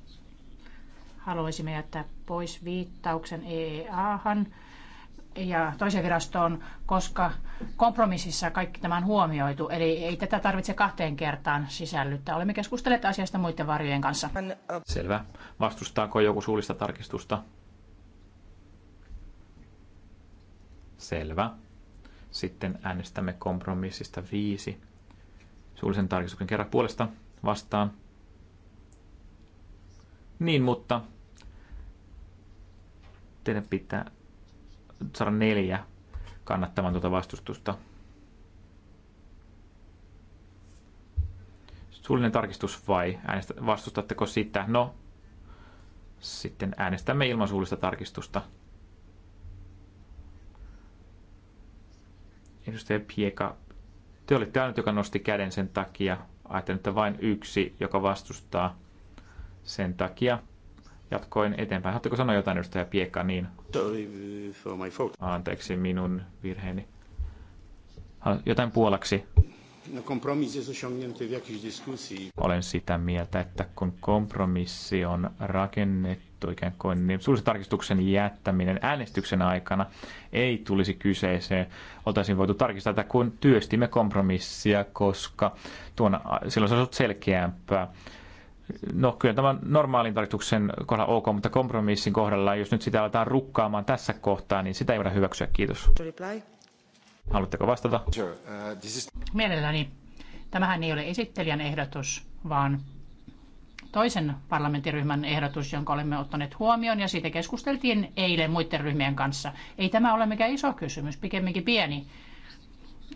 haluaisimme jättää pois viittauksen EEA-han ja toiseen virastoon, koska kompromississa kaikki tämä on huomioitu. Eli ei tätä tarvitse kahteen kertaan sisällyttää. Olemme keskustelleet asiasta muiden varjojen kanssa. Selvä. Vastustaako joku suullista tarkistusta? Selvä. Sitten äänestämme kompromissista viisi. Suullisen tarkistuksen kerran puolesta vastaan. Niin, mutta teidän pitää saada neljä kannattamaan tuota vastustusta. Suullinen tarkistus vai äänestä, vastustatteko sitä? No, sitten äänestämme ilman suullista tarkistusta. Edustaja Pieka, te olitte ainut, joka nosti käden sen takia. Ajattelin, että vain yksi, joka vastustaa sen takia jatkoin eteenpäin. Haluatteko sanoa jotain, edustaja Piekka? Niin. Uh, Anteeksi minun virheeni. Jotain puolaksi. No, Olen sitä mieltä, että kun kompromissi on rakennettu ikään kuin, niin tarkistuksen jättäminen äänestyksen aikana ei tulisi kyseeseen. Oltaisiin voitu tarkistaa, että kun työstimme kompromissia, koska tuona, silloin se olisi ollut selkeämpää No kyllä tämä normaalin tarkoituksen kohdalla ok, mutta kompromissin kohdalla, jos nyt sitä aletaan rukkaamaan tässä kohtaa, niin sitä ei voida hyväksyä. Kiitos. Haluatteko vastata? Mielelläni. Tämähän ei ole esittelijän ehdotus, vaan toisen parlamenttiryhmän ehdotus, jonka olemme ottaneet huomioon ja siitä keskusteltiin eilen muiden ryhmien kanssa. Ei tämä ole mikään iso kysymys, pikemminkin pieni.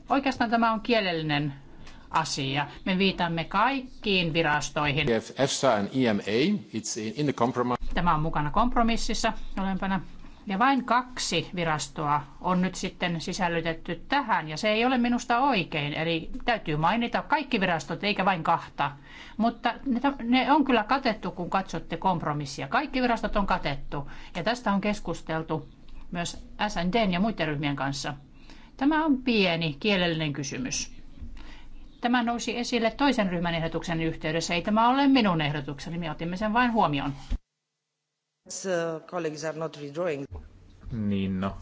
Oikeastaan tämä on kielellinen asia. Me viitamme kaikkiin virastoihin. EFSA and EMA, it's in the compromise. Tämä on mukana kompromississa olempana. Ja vain kaksi virastoa on nyt sitten sisällytetty tähän, ja se ei ole minusta oikein. Eli täytyy mainita kaikki virastot, eikä vain kahta. Mutta ne, on kyllä katettu, kun katsotte kompromissia. Kaikki virastot on katettu, ja tästä on keskusteltu myös SND ja muiden ryhmien kanssa. Tämä on pieni kielellinen kysymys. Tämä nousi esille toisen ryhmän ehdotuksen yhteydessä. Ei tämä ole minun ehdotukseni, me otimme sen vain huomioon. Niin no,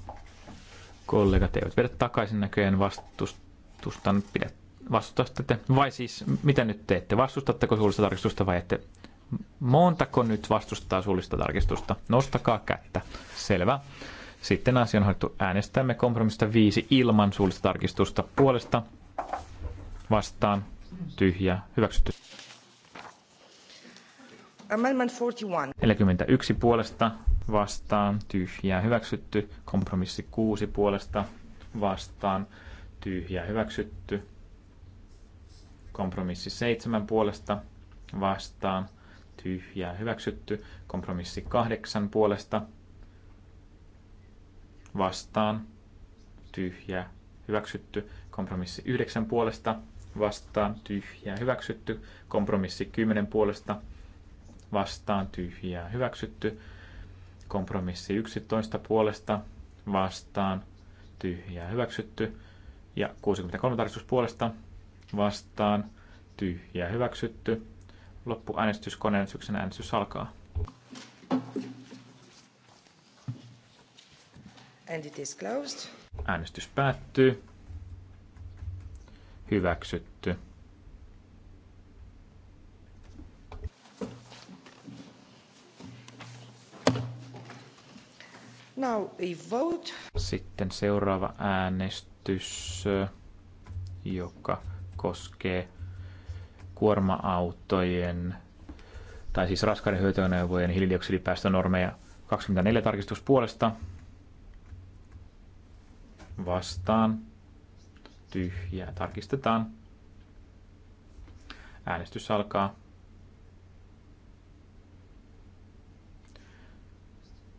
kollegat eivät vedä takaisin näköjään vastustusta pidät. Vastustatte Vai siis, mitä nyt teette? Vastustatteko suullista tarkistusta vai ette? Montako nyt vastustaa suullista tarkistusta? Nostakaa kättä. Selvä. Sitten asia on hoidettu. Äänestämme kompromista viisi ilman suullista tarkistusta puolesta vastaan tyhjää hyväksytty. 41 puolesta vastaan tyhjää hyväksytty. Kompromissi 6 puolesta vastaan tyhjää hyväksytty. Kompromissi 7 puolesta vastaan tyhjää hyväksytty. Kompromissi 8 puolesta vastaan tyhjää hyväksytty. Kompromissi 9 puolesta vastaan, vastaan tyhjää hyväksytty. Kompromissi 10 puolesta vastaan tyhjää hyväksytty. Kompromissi 11 puolesta vastaan tyhjää hyväksytty. Ja 63 tarkistus puolesta vastaan tyhjää hyväksytty. äänestys, koneäänestyksen äänestys alkaa. And it is closed. Äänestys päättyy hyväksytty. Now we vote. Sitten seuraava äänestys, joka koskee kuorma-autojen tai siis raskaiden hyötyneuvojen hiilidioksidipäästönormeja 24 tarkistus puolesta vastaan tyhjää. Tarkistetaan. Äänestys alkaa.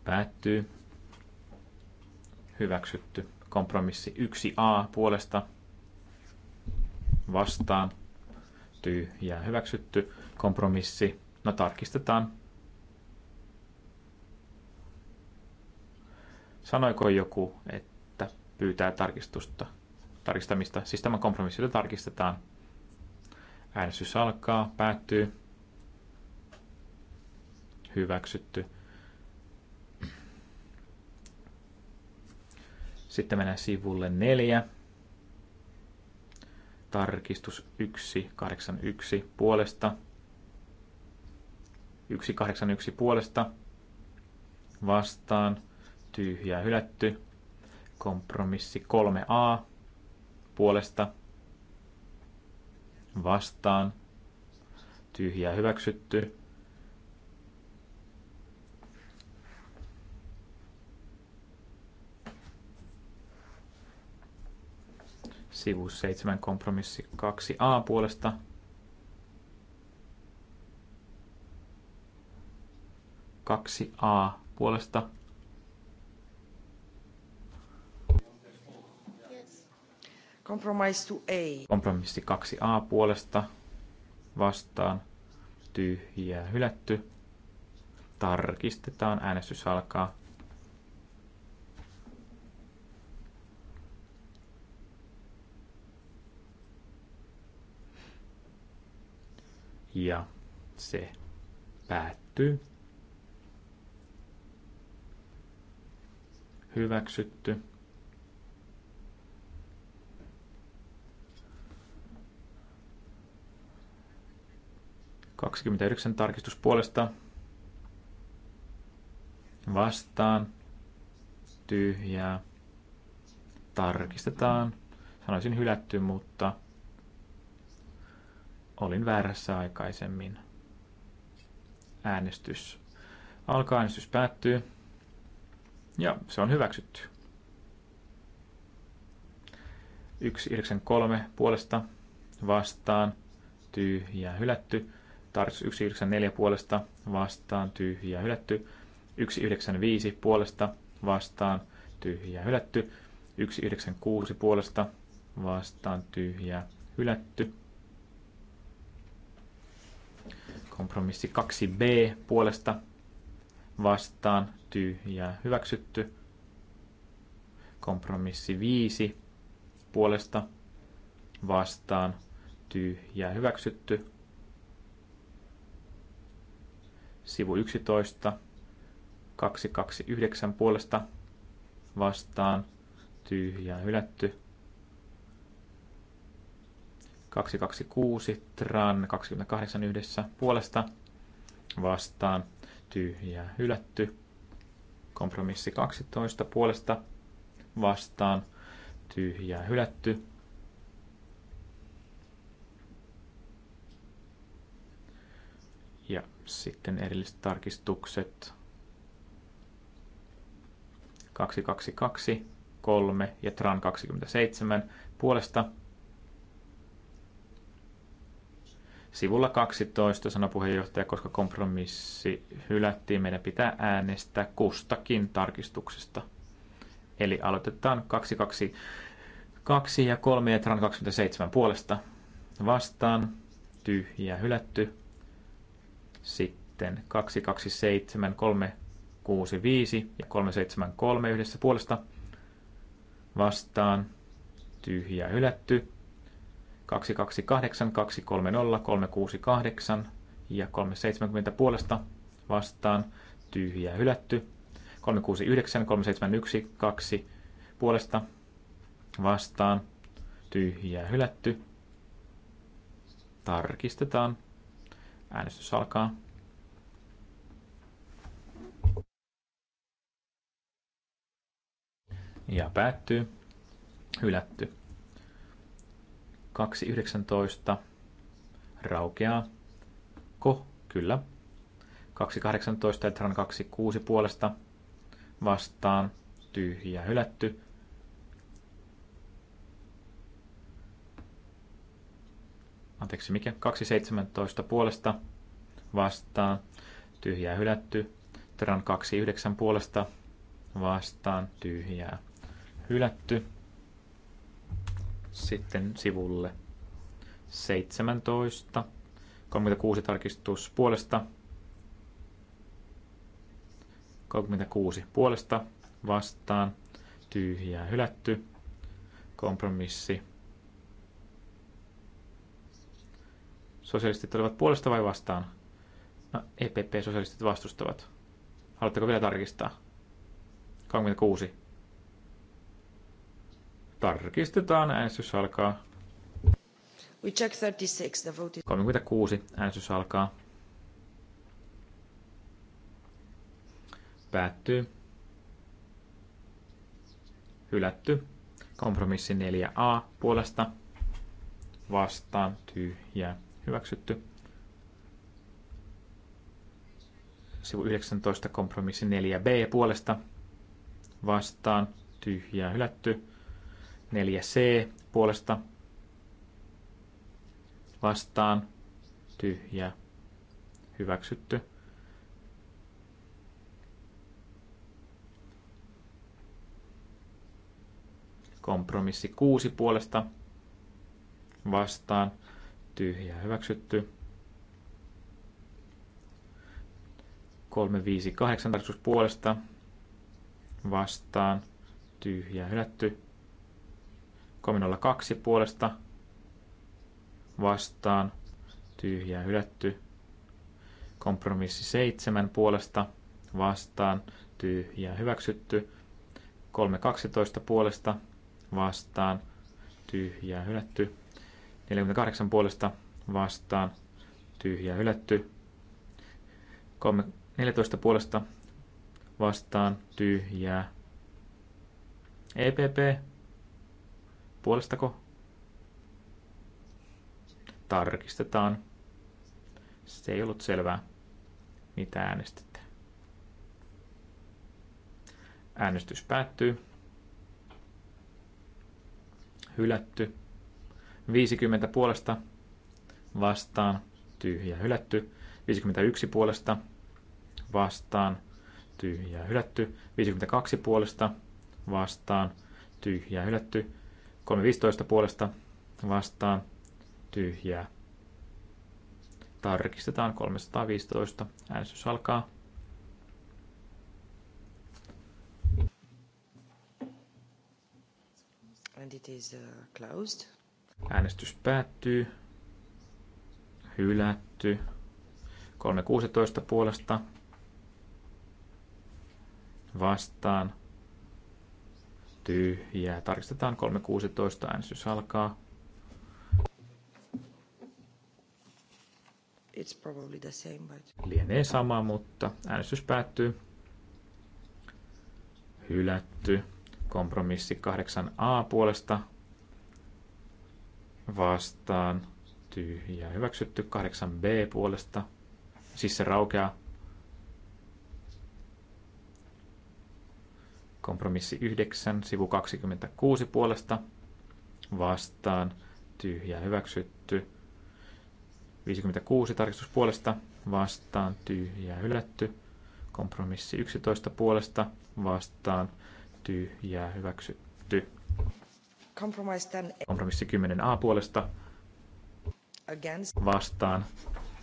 Päättyy. Hyväksytty. Kompromissi 1A puolesta vastaan. Tyhjää hyväksytty. Kompromissi. No tarkistetaan. Sanoiko joku, että pyytää tarkistusta? tarkistamista. Siis tämä kompromissilla tarkistetaan. Äänestys alkaa, päättyy. Hyväksytty. Sitten mennään sivulle 4. Tarkistus 181 puolesta. 181 puolesta. Vastaan. Tyhjää hylätty. Kompromissi 3a puolesta vastaan tyhjä hyväksytty. Sivu 7 kompromissi 2a puolesta kaksi a puolesta Compromise to A. Kompromissi 2A puolesta vastaan tyhjää hylätty. Tarkistetaan, äänestys alkaa. Ja se päättyy. Hyväksytty. 29 tarkistus puolesta vastaan tyhjää tarkistetaan. Sanoisin hylätty, mutta olin väärässä aikaisemmin. Äänestys alkaa, äänestys päättyy ja se on hyväksytty. 193 puolesta vastaan tyhjää hylätty. Tarkistus 194 puolesta vastaan tyhjä hylätty. 195 puolesta vastaan tyhjä hylätty. 196 puolesta vastaan tyhjä hylätty. Kompromissi 2b puolesta vastaan tyhjä hyväksytty. Kompromissi 5 puolesta vastaan tyhjä hyväksytty. sivu 11, 229 puolesta vastaan, tyhjää hylätty. 226, tran 28 yhdessä puolesta vastaan, tyhjää hylätty. Kompromissi 12 puolesta vastaan, tyhjää hylätty. Sitten erilliset tarkistukset. 222, 3 ja Tran 27 puolesta. Sivulla 12 sanoi puheenjohtaja, koska kompromissi hylättiin, meidän pitää äänestää kustakin tarkistuksesta. Eli aloitetaan 222 ja 3 ja Tran 27 puolesta. Vastaan tyhjä hylätty. Sitten 227, 365 ja 373 yhdessä puolesta vastaan. tyhjä hylätty. 228, 230, 368 ja 370 puolesta vastaan. tyhjä hylätty. 369, 371, 2 puolesta vastaan. tyhjä hylätty. Tarkistetaan. Äänestys alkaa. Ja päättyy. Hylätty. 2.19 raukeaa. Ko, kyllä. 2.18 Etran 2.6 puolesta vastaan. Tyhjä hylätty. 2.19. anteeksi mikä, 2.17 puolesta vastaan, tyhjää hylätty. Tran 2.9 puolesta vastaan, tyhjää hylätty. Sitten sivulle 17, 36 tarkistus puolesta, 36 puolesta vastaan, tyhjää hylätty, kompromissi Sosialistit olivat puolesta vai vastaan? No, EPP-sosialistit vastustavat. Haluatteko vielä tarkistaa? 36. Tarkistetaan, äänestys alkaa. We check 36, the vote is... 36, äänestys alkaa. Päättyy. Hylätty. Kompromissi 4a puolesta. Vastaan tyhjä. Hyväksytty. Sivu 19 kompromissi 4b puolesta vastaan. Tyhjää hylätty. 4c puolesta vastaan. Tyhjää hyväksytty. Kompromissi 6 puolesta vastaan ja hyväksytty. 358 tarkistus puolesta vastaan tyhjä hylätty. 302 puolesta vastaan tyhjä hylätty. Kompromissi 7 puolesta vastaan tyhjä hyväksytty. 312 puolesta vastaan tyhjä hylätty. 48 puolesta vastaan tyhjää hylätty. 14 puolesta vastaan tyhjää. EPP puolestako? Tarkistetaan. Se ei ollut selvää, mitä äänestitte. Äänestys päättyy. Hylätty. 50 puolesta vastaan tyhjä hylätty. 51 puolesta vastaan tyhjä hylätty. 52 puolesta vastaan tyhjä hylätty. 315 puolesta vastaan tyhjää. Tarkistetaan 315. Äänestys alkaa. And it is uh, closed. Äänestys päättyy. Hylätty. 3.16 puolesta. Vastaan. Tyhjää. Tarkistetaan 3.16. Äänestys alkaa. It's probably the same, but... Lienee sama, mutta äänestys päättyy. Hylätty. Kompromissi 8a puolesta vastaan tyhjä hyväksytty. 8b puolesta, siis se raukeaa. Kompromissi 9, sivu 26 puolesta vastaan tyhjä hyväksytty. 56 tarkistus puolesta vastaan tyhjä hylätty. Kompromissi 11 puolesta vastaan tyhjä hyväksytty. Kompromissi 10a puolesta vastaan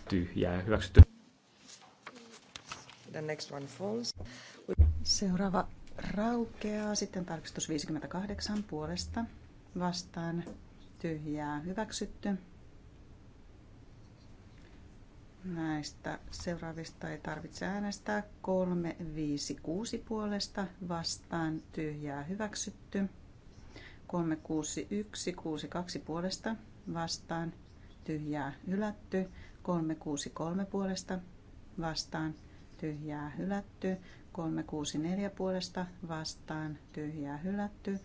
tyhjää hyväksytty. The next one falls. Seuraava raukeaa. Sitten tarkistus 58 puolesta vastaan tyhjää hyväksytty. Näistä seuraavista ei tarvitse äänestää. 3, 5, 6 puolesta vastaan tyhjää hyväksytty. 361, 62 puolesta vastaan, tyhjää hylätty. 363 puolesta vastaan, tyhjää hylätty. 364 puolesta vastaan, tyhjää hylätty.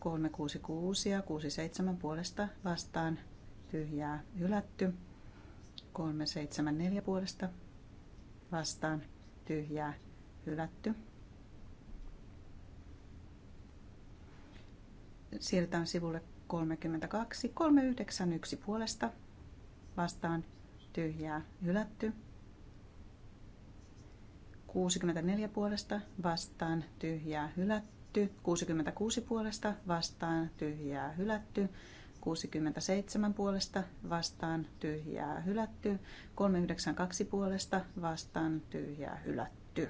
366 ja 67 puolesta vastaan, tyhjää hylätty. 374 puolesta vastaan, tyhjää hylätty. Siirrytään sivulle 32. 391 puolesta vastaan tyhjää hylätty. 64 puolesta vastaan tyhjää hylätty. 66 puolesta vastaan tyhjää hylätty. 67 puolesta vastaan tyhjää hylätty. 392 puolesta vastaan tyhjää hylätty.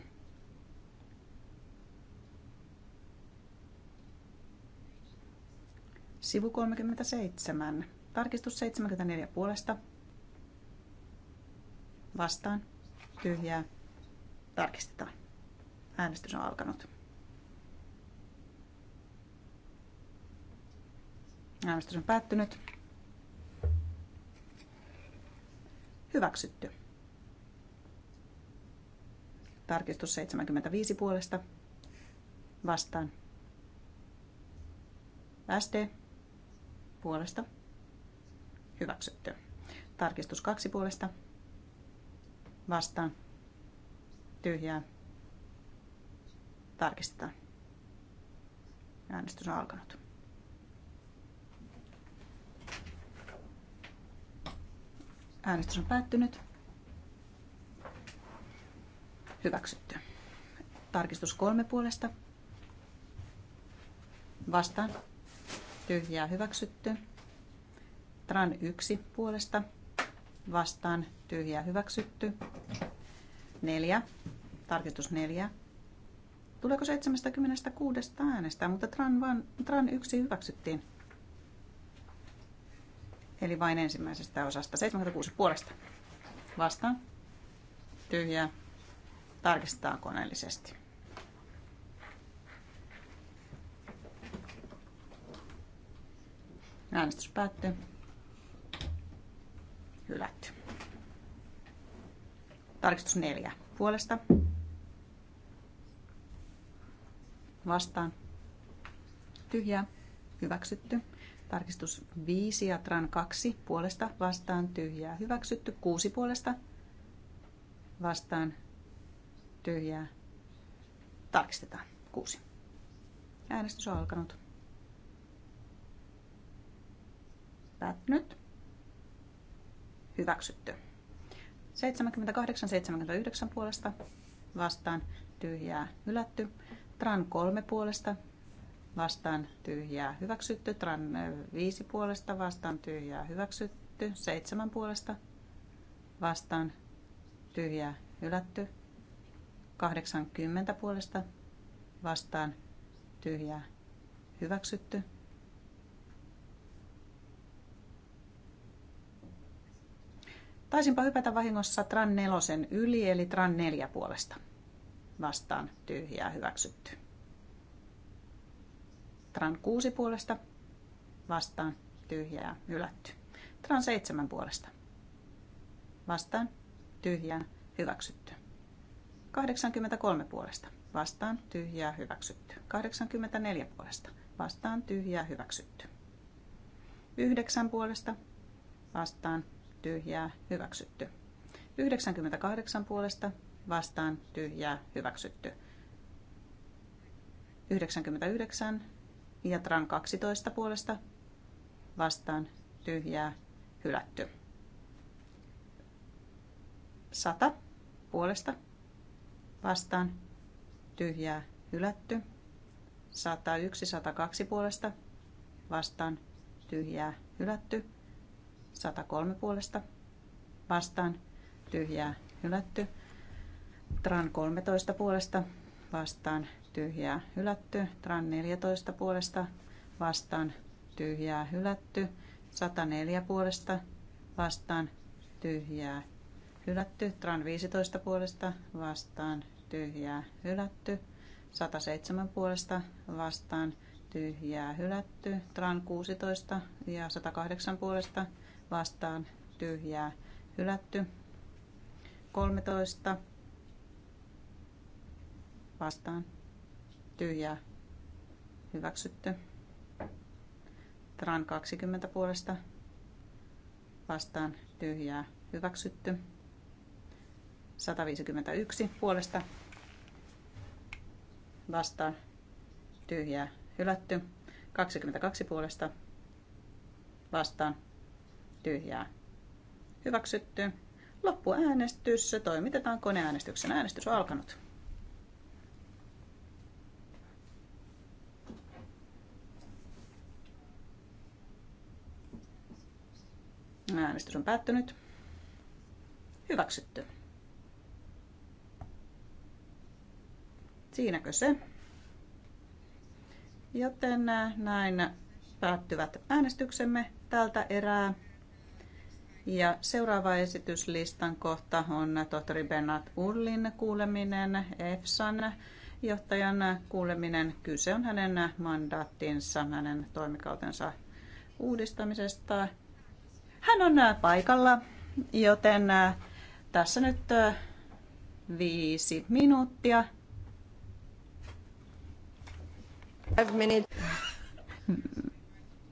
Sivu 37. Tarkistus 74 puolesta. Vastaan. Tyhjää. Tarkistetaan. Äänestys on alkanut. Äänestys on päättynyt. Hyväksytty. Tarkistus 75 puolesta. Vastaan. SD puolesta. Hyväksytty. Tarkistus kaksi puolesta. Vastaan. Tyhjää. Tarkistetaan. Äänestys on alkanut. Äänestys on päättynyt. Hyväksytty. Tarkistus kolme puolesta. Vastaan tyhjää hyväksytty. Tran 1 puolesta vastaan tyhjää hyväksytty. 4. Tarkistus 4. Tuleeko 76 äänestä, mutta Tran, van, Tran 1 hyväksyttiin. Eli vain ensimmäisestä osasta. 76 puolesta. Vastaan. Tyhjää. Tarkistetaan koneellisesti. Äänestys päättyy. Hylätty. Tarkistus neljä puolesta. Vastaan. Tyhjä. Hyväksytty. Tarkistus 5 ja tran 2 puolesta vastaan tyhjää. Hyväksytty 6 puolesta vastaan tyhjää. Tarkistetaan 6. Äänestys on alkanut. Päättynyt. Hyväksytty. 78-79 puolesta vastaan tyhjää hylätty. Tran 3 puolesta vastaan tyhjää hyväksytty. Tran 5 puolesta vastaan tyhjää hyväksytty. 7 puolesta vastaan tyhjää hylätty. 80 puolesta vastaan tyhjää hyväksytty. Taisinpa hypätä vahingossa Tran nelosen yli, eli Tran neljä puolesta. Vastaan tyhjää hyväksytty. Tran kuusi puolesta. Vastaan tyhjää hylätty. Tran seitsemän puolesta. Vastaan tyhjää hyväksytty. 83 puolesta. Vastaan tyhjää hyväksytty. 84 puolesta. Vastaan tyhjää hyväksytty. 9 puolesta. Vastaan tyhjää, hyväksytty. 98 puolesta vastaan tyhjää, hyväksytty. 99 ja Tran 12 puolesta vastaan tyhjää, hylätty. 100 puolesta vastaan tyhjää, hylätty. 101, 102 puolesta vastaan tyhjää, hylätty. 103 puolesta vastaan tyhjää hylätty. Tran 13 puolesta vastaan tyhjää hylätty. Tran 14 puolesta vastaan tyhjää hylätty. 104 puolesta vastaan tyhjää hylätty. Tran 15 puolesta vastaan tyhjää hylätty. 107 puolesta vastaan tyhjää hylätty. Tran 16 ja 108 puolesta vastaan vastaan tyhjää hylätty. 13 vastaan tyhjää hyväksytty. Tran 20 puolesta vastaan tyhjää hyväksytty. 151 puolesta vastaan tyhjää hylätty. 22 puolesta vastaan tyhjää. Hyväksytty. Loppuäänestys se toimitetaan koneäänestyksen. Äänestys on alkanut. Äänestys on päättynyt. Hyväksytty. Siinäkö se? Joten äh, näin päättyvät äänestyksemme tältä erää. Ja seuraava esityslistan kohta on tohtori Bernard Urlin kuuleminen, EFSAn johtajan kuuleminen. Kyse on hänen mandaattinsa, hänen toimikautensa uudistamisesta. Hän on paikalla, joten äh, tässä nyt äh, viisi minuuttia.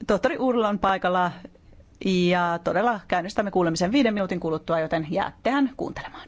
Tohtori Urla on paikalla ja todella käynnistämme kuulemisen viiden minuutin kuluttua, joten jäättehän kuuntelemaan.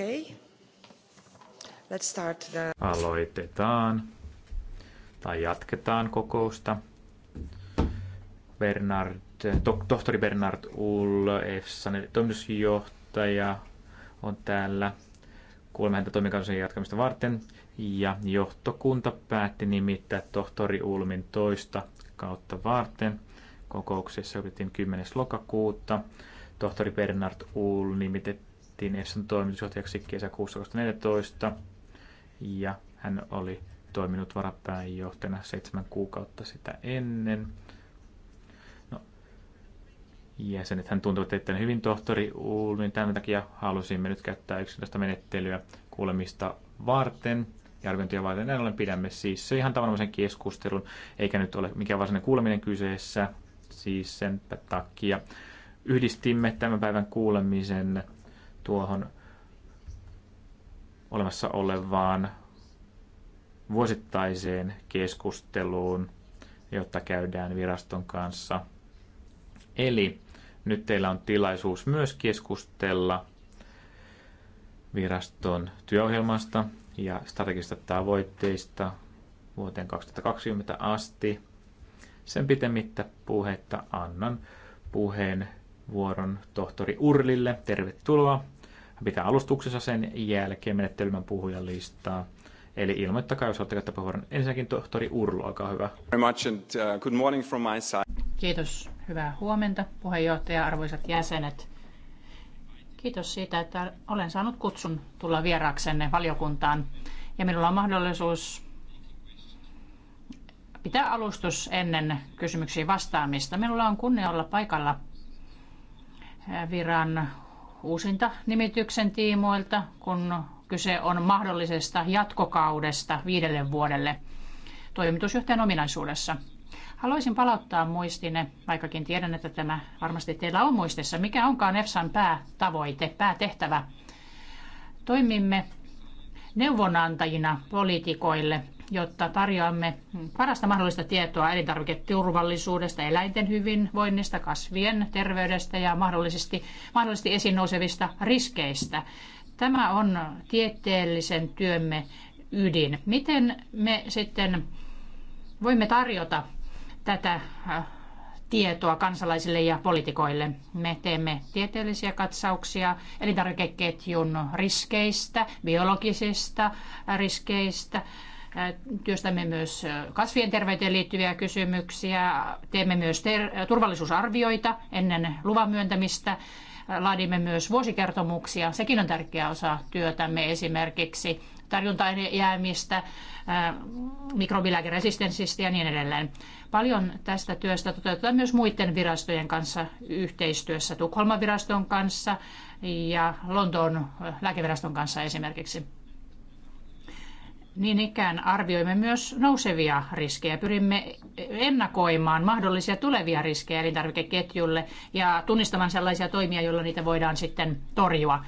Okay. Let's start the... Aloitetaan tai jatketaan kokousta. Bernard, to, tohtori Bernard Ull, EFSA, toimitusjohtaja, on täällä. Kuulemme häntä jatkamista varten. Ja johtokunta päätti nimittää tohtori Ulmin toista kautta varten. Kokouksessa otettiin 10. lokakuuta. Tohtori Bernard Ull nimitettiin valittiin EFSAn toimitusjohtajaksi kesäkuussa 2014 ja hän oli toiminut varapääjohtajana seitsemän kuukautta sitä ennen. No, jäsenet hän tuntuvat etten hyvin tohtori Ulmin, tämän takia halusimme nyt käyttää yksityistä menettelyä kuulemista varten ja arviointia varten. Näin ollen pidämme siis se ihan tavanomaisen keskustelun, eikä nyt ole mikään varsinainen kuuleminen kyseessä, siis sen takia yhdistimme tämän päivän kuulemisen tuohon olemassa olevaan vuosittaiseen keskusteluun, jota käydään viraston kanssa. Eli nyt teillä on tilaisuus myös keskustella viraston työohjelmasta ja strategisista tavoitteista vuoteen 2020 asti. Sen pitemmittä puhetta annan puheenvuoron tohtori Urlille. Tervetuloa hän pitää alustuksessa sen jälkeen menettelymän puhujan listaa. Eli ilmoittakaa, jos olette käyttää puheenvuoron. Ensinnäkin tohtori Urlo, olkaa hyvä. Very much and, uh, good morning from my side. Kiitos. Hyvää huomenta, puheenjohtaja, arvoisat jäsenet. Kiitos siitä, että olen saanut kutsun tulla vieraaksenne valiokuntaan. Ja minulla on mahdollisuus pitää alustus ennen kysymyksiin vastaamista. Minulla on kunnia olla paikalla viran uusinta nimityksen tiimoilta, kun kyse on mahdollisesta jatkokaudesta viidelle vuodelle toimitusjohtajan ominaisuudessa. Haluaisin palauttaa muistinne, vaikkakin tiedän, että tämä varmasti teillä on muistissa. Mikä onkaan EFSAn päätavoite, päätehtävä? Toimimme neuvonantajina poliitikoille – jotta tarjoamme parasta mahdollista tietoa elintarviketurvallisuudesta, eläinten hyvinvoinnista, kasvien terveydestä ja mahdollisesti, mahdollisesti esiin nousevista riskeistä. Tämä on tieteellisen työmme ydin. Miten me sitten voimme tarjota tätä äh, tietoa kansalaisille ja poliitikoille. Me teemme tieteellisiä katsauksia elintarvikeketjun riskeistä, biologisista riskeistä, Äh, työstämme myös äh, kasvien terveyteen liittyviä kysymyksiä. Teemme myös äh, turvallisuusarvioita ennen luvan myöntämistä. Laadimme myös vuosikertomuksia. Sekin on tärkeä osa työtämme esimerkiksi tarjuntajäämistä, mikrobilääkeresistenssistä ja niin edelleen. Paljon tästä työstä toteutetaan myös muiden virastojen kanssa yhteistyössä, Tukholman viraston kanssa ja Lontoon lääkeviraston kanssa esimerkiksi. Niin ikään arvioimme myös nousevia riskejä. Pyrimme ennakoimaan mahdollisia tulevia riskejä elintarvikeketjulle ja tunnistamaan sellaisia toimia, joilla niitä voidaan sitten torjua.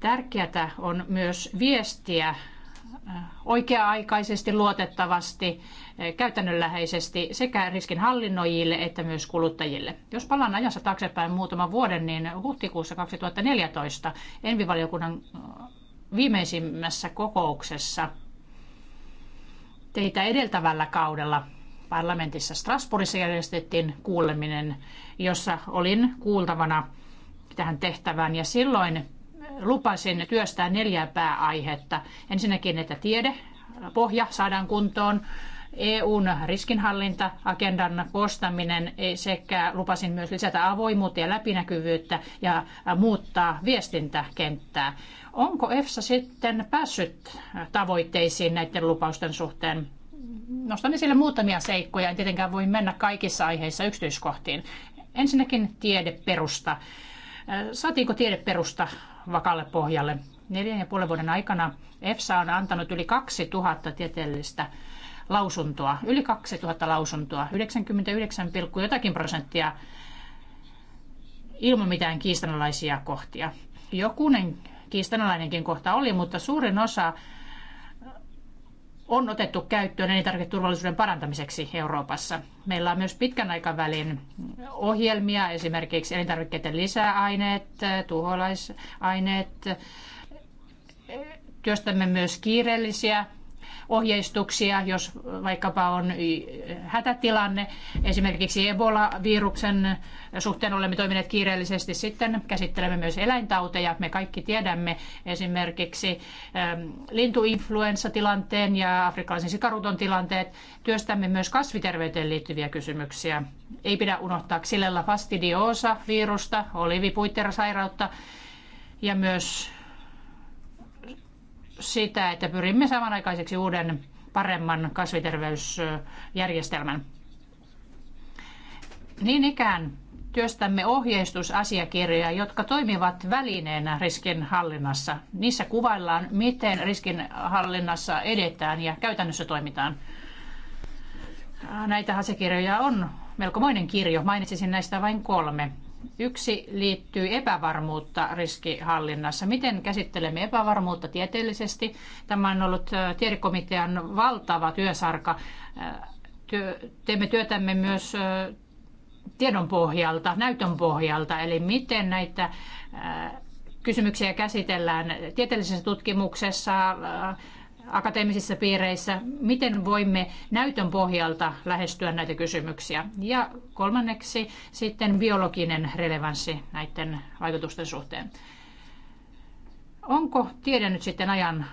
Tärkeää on myös viestiä äh, oikea-aikaisesti, luotettavasti, äh, käytännönläheisesti sekä riskinhallinnoijille että myös kuluttajille. Jos palaan ajassa taaksepäin muutaman vuoden, niin huhtikuussa 2014 Envivaliokunnan äh, viimeisimmässä kokouksessa teitä edeltävällä kaudella parlamentissa Strasbourgissa järjestettiin kuuleminen, jossa olin kuultavana tähän tehtävään ja silloin lupasin työstää neljää pääaihetta. Ensinnäkin, että tiede, pohja saadaan kuntoon, EUn riskinhallinta-agendan koostaminen e, sekä lupasin myös lisätä avoimuutta ja läpinäkyvyyttä ja muuttaa viestintäkenttää. Onko EFSA sitten päässyt tavoitteisiin näiden lupausten suhteen? Nostan esille muutamia seikkoja, en tietenkään voi mennä kaikissa aiheissa yksityiskohtiin. Ensinnäkin tiedeperusta. Saatiinko tiedeperusta vakalle pohjalle? Neljän ja puolen vuoden aikana EFSA on antanut yli 2000 tieteellistä lausuntoa, yli 2000 lausuntoa, 99, jotakin prosenttia ilman mitään kiistanalaisia kohtia. Jokunen kiistanalainenkin kohta oli, mutta suurin osa on otettu käyttöön elintarviketurvallisuuden parantamiseksi Euroopassa. Meillä on myös pitkän aikavälin ohjelmia, esimerkiksi elintarvikkeiden lisäaineet, tuholaisaineet. Työstämme myös kiireellisiä ohjeistuksia, jos vaikkapa on hätätilanne. Esimerkiksi Ebola-viruksen suhteen olemme toimineet kiireellisesti. Sitten käsittelemme myös eläintauteja. Me kaikki tiedämme esimerkiksi ähm, lintuinfluenssatilanteen ja afrikkalaisen sikaruton tilanteet. Työstämme myös kasviterveyteen liittyviä kysymyksiä. Ei pidä unohtaa Xylella fastidiosa-virusta, olivipuittersairautta ja myös sitä, että pyrimme samanaikaiseksi uuden paremman kasviterveysjärjestelmän. Niin ikään työstämme ohjeistusasiakirjoja, jotka toimivat välineenä riskinhallinnassa. Niissä kuvaillaan, miten riskinhallinnassa edetään ja käytännössä toimitaan. Näitä asiakirjoja on melkomoinen kirjo. Mainitsisin näistä vain kolme. Yksi liittyy epävarmuutta riskihallinnassa. Miten käsittelemme epävarmuutta tieteellisesti? Tämä on ollut tiedekomitean valtava työsarka. Teemme työtämme myös tiedon pohjalta, näytön pohjalta, eli miten näitä kysymyksiä käsitellään tieteellisessä tutkimuksessa, akateemisissa piireissä, miten voimme näytön pohjalta lähestyä näitä kysymyksiä. Ja kolmanneksi sitten biologinen relevanssi näiden vaikutusten suhteen. Onko tiede nyt sitten ajan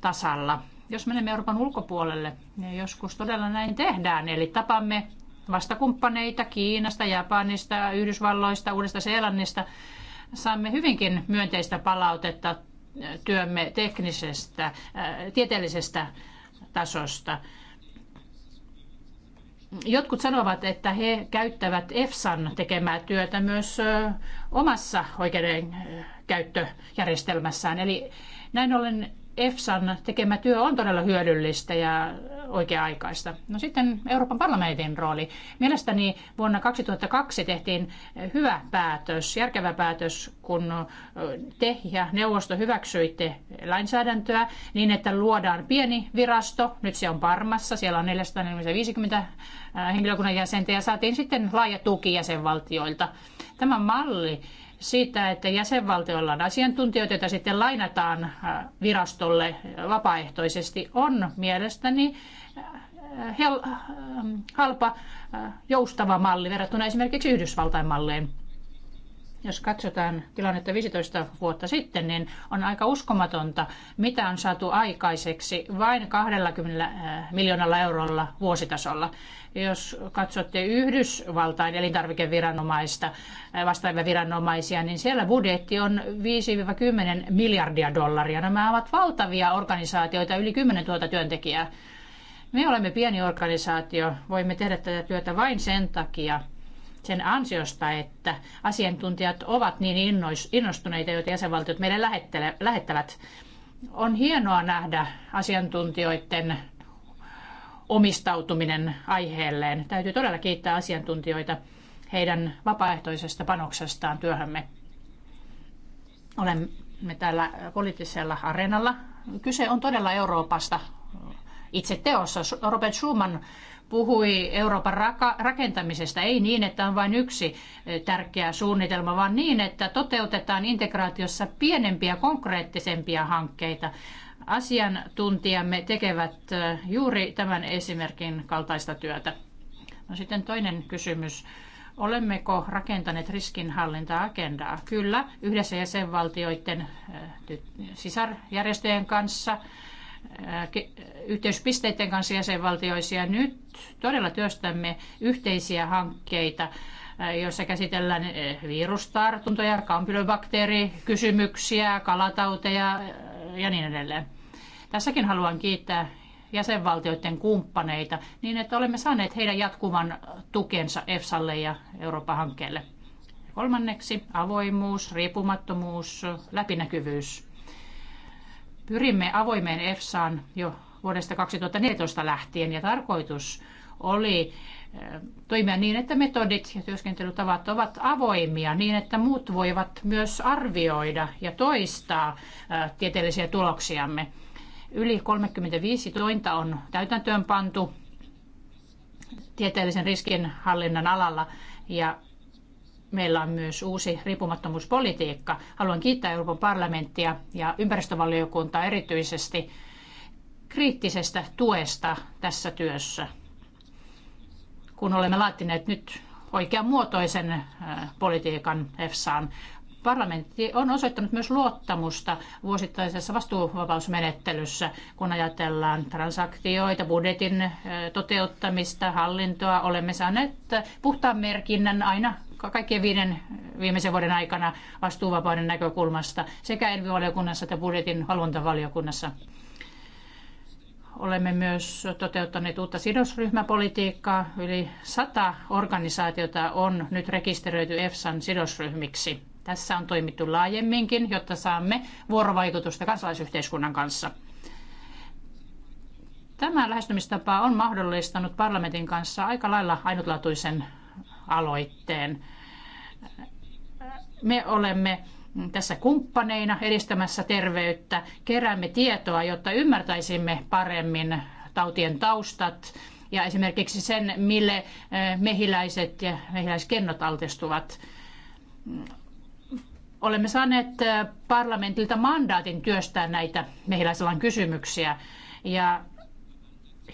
tasalla? Jos menemme Euroopan ulkopuolelle, niin joskus todella näin tehdään. Eli tapamme vastakumppaneita Kiinasta, Japanista, Yhdysvalloista, Uudesta Seelannista. Saamme hyvinkin myönteistä palautetta työmme teknisestä, äh, tieteellisestä tasosta. Jotkut sanovat, että he käyttävät EFSAn tekemää työtä myös omassa oikeudenkäyttöjärjestelmässään. Eli näin ollen EFSAn tekemä työ on todella hyödyllistä ja oikea-aikaista. No sitten Euroopan parlamentin rooli. Mielestäni vuonna 2002 tehtiin hyvä päätös, järkevä päätös, kun te ja neuvosto hyväksyitte lainsäädäntöä niin, että luodaan pieni virasto. Nyt se on Parmassa, siellä on 450 äh, henkilökunnan jäsentä ja saatiin sitten laaja tuki jäsenvaltioilta. Tämä malli siitä, että jäsenvaltioilla on asiantuntijoita, joita sitten lainataan äh, virastolle vapaaehtoisesti, on mielestäni äh, äh, halpa joustava malli verrattuna esimerkiksi Yhdysvaltain malliin. Jos katsotaan tilannetta 15 vuotta sitten, niin on aika uskomatonta, mitä on saatu aikaiseksi vain 20 äh, miljoonalla eurolla vuositasolla. Jos katsotte Yhdysvaltain elintarvikeviranomaista, äh, vastaavia viranomaisia, niin siellä budjetti on 5-10 miljardia dollaria. Nämä ovat valtavia organisaatioita, yli 10 000 tuota työntekijää. Me olemme pieni organisaatio, voimme tehdä tätä työtä vain sen takia, sen ansiosta, että asiantuntijat ovat niin innostuneita, joita jäsenvaltiot meille lähettävät. On hienoa nähdä asiantuntijoiden omistautuminen aiheelleen. Täytyy todella kiittää asiantuntijoita heidän vapaaehtoisesta panoksestaan työhömme. Olemme täällä poliittisella areenalla. Kyse on todella Euroopasta itse teossa. Robert Schuman puhui Euroopan rakentamisesta, ei niin, että on vain yksi tärkeä suunnitelma, vaan niin, että toteutetaan integraatiossa pienempiä, konkreettisempia hankkeita. Asiantuntijamme tekevät juuri tämän esimerkin kaltaista työtä. No sitten toinen kysymys. Olemmeko rakentaneet riskinhallinta-agendaa? Kyllä, yhdessä jäsenvaltioiden sisarjärjestöjen kanssa – yhteyspisteiden kanssa jäsenvaltioissa ja nyt todella työstämme yhteisiä hankkeita, joissa käsitellään virustartuntoja, kampylobakteerikysymyksiä, kalatauteja ja niin edelleen. Tässäkin haluan kiittää jäsenvaltioiden kumppaneita niin, että olemme saaneet heidän jatkuvan tukensa EFSAlle ja Euroopan hankkeelle. Kolmanneksi avoimuus, riippumattomuus, läpinäkyvyys. Pyrimme avoimeen EFSAan jo vuodesta 2014 lähtien ja tarkoitus oli eh, toimia niin, että metodit ja työskentelytavat ovat avoimia niin, että muut voivat myös arvioida ja toistaa eh, tieteellisiä tuloksiamme. Yli 35 tointa on täytäntöön pantu tieteellisen hallinnan alalla ja meillä on myös uusi riippumattomuuspolitiikka. Haluan kiittää Euroopan parlamenttia ja ympäristövaliokuntaa erityisesti kriittisestä tuesta tässä työssä, kun olemme laatineet nyt oikean muotoisen äh, politiikan EFSAan. Parlamentti on osoittanut myös luottamusta vuosittaisessa vastuuvapausmenettelyssä, kun ajatellaan transaktioita, budjetin äh, toteuttamista, hallintoa. Olemme saaneet puhtaan merkinnän aina kaikkien viiden viimeisen vuoden aikana vastuuvapauden näkökulmasta sekä ENVI-valiokunnassa että budjetin valvontavaliokunnassa. Olemme myös toteuttaneet uutta sidosryhmäpolitiikkaa. Yli sata organisaatiota on nyt rekisteröity EFSAn sidosryhmiksi. Tässä on toimittu laajemminkin, jotta saamme vuorovaikutusta kansalaisyhteiskunnan kanssa. Tämä lähestymistapa on mahdollistanut parlamentin kanssa aika lailla ainutlaatuisen aloitteen. Me olemme tässä kumppaneina edistämässä terveyttä, keräämme tietoa, jotta ymmärtäisimme paremmin tautien taustat ja esimerkiksi sen, mille eh, mehiläiset ja mehiläiskennot altistuvat. Olemme saaneet eh, parlamentilta mandaatin työstää näitä mehiläisalan kysymyksiä ja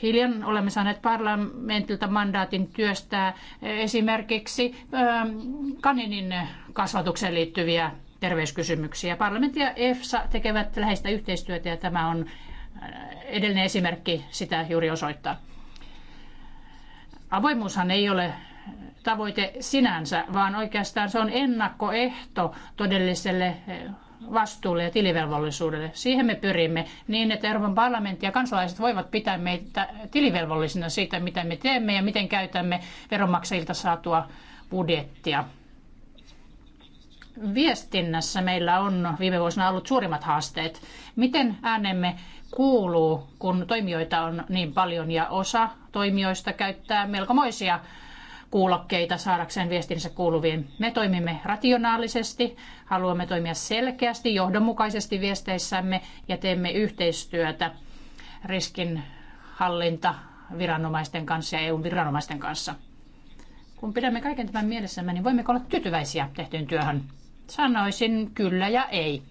Hiljan olemme saaneet parlamentilta mandaatin työstää esimerkiksi ähm, kaninin kasvatukseen liittyviä terveyskysymyksiä. Parlamentti ja EFSA tekevät läheistä yhteistyötä ja tämä on äh, edellinen esimerkki sitä juuri osoittaa. Avoimuushan ei ole tavoite sinänsä, vaan oikeastaan se on ennakkoehto todelliselle äh, vastuulle ja tilivelvollisuudelle. Siihen me pyrimme niin, että Euroopan parlamentti ja kansalaiset voivat pitää meitä tilivelvollisina siitä, mitä me teemme ja miten käytämme veronmaksajilta saatua budjettia. Viestinnässä meillä on viime vuosina ollut suurimmat haasteet. Miten äänemme kuuluu, kun toimijoita on niin paljon ja osa toimijoista käyttää melkomoisia kuulokkeita saadakseen viestinsä kuuluviin. Me toimimme rationaalisesti, haluamme toimia selkeästi, johdonmukaisesti viesteissämme ja teemme yhteistyötä riskinhallinta viranomaisten kanssa ja EU-viranomaisten kanssa. Kun pidämme kaiken tämän mielessämme, niin voimmeko olla tyytyväisiä tehtyyn työhön? Sanoisin kyllä ja ei.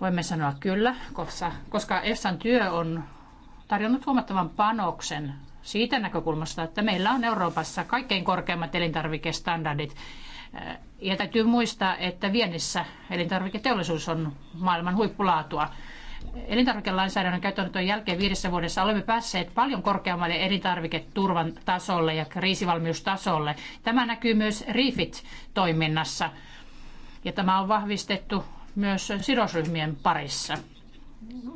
Voimme sanoa kyllä, koska, koska EFSAn työ on tarjonnut huomattavan panoksen siitä näkökulmasta, että meillä on Euroopassa kaikkein korkeimmat elintarvikestandardit. Äh, ja täytyy muistaa, että viennissä elintarviketeollisuus on maailman huippulaatua. Elintarvikelainsäädännön käyttöönoton jälkeen viidessä vuodessa olemme päässeet paljon korkeammalle elintarviketurvan tasolle ja kriisivalmiustasolle. Tämä näkyy myös refit toiminnassa ja tämä on vahvistettu myös sidosryhmien parissa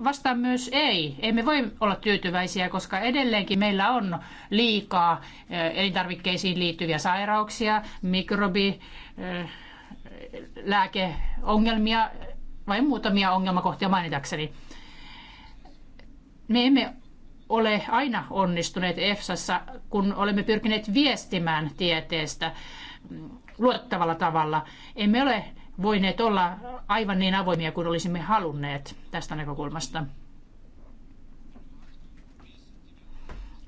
vastaan myös ei. Emme voi olla tyytyväisiä, koska edelleenkin meillä on liikaa eh, elintarvikkeisiin liittyviä sairauksia, mikrobi, eh, lääkeongelmia, vain muutamia ongelmakohtia mainitakseni. Me emme ole aina onnistuneet EFSassa, kun olemme pyrkineet viestimään tieteestä mm, luottavalla tavalla. Emme ole voineet olla aivan niin avoimia kuin olisimme halunneet tästä näkökulmasta.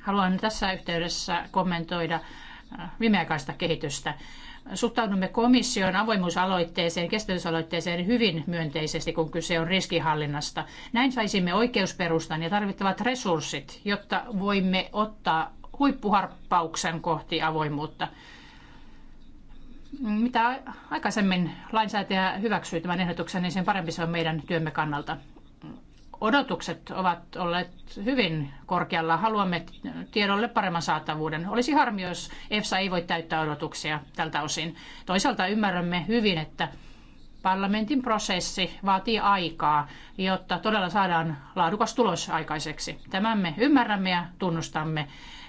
Haluan tässä yhteydessä kommentoida äh, viimeaikaista kehitystä. Suhtaudumme komission avoimuusaloitteeseen, kestävyysaloitteeseen hyvin myönteisesti, kun kyse on riskihallinnasta. Näin saisimme oikeusperustan ja tarvittavat resurssit, jotta voimme ottaa huippuharppauksen kohti avoimuutta mitä aikaisemmin lainsäätäjä hyväksyy tämän ehdotuksen, niin sen parempi se on meidän työmme kannalta. Odotukset ovat olleet hyvin korkealla. Haluamme tiedolle paremman saatavuuden. Olisi harmi, jos EFSA ei voi täyttää odotuksia tältä osin. Toisaalta ymmärrämme hyvin, että parlamentin prosessi vaatii aikaa, jotta todella saadaan laadukas tulos aikaiseksi. Tämän me ymmärrämme ja tunnustamme.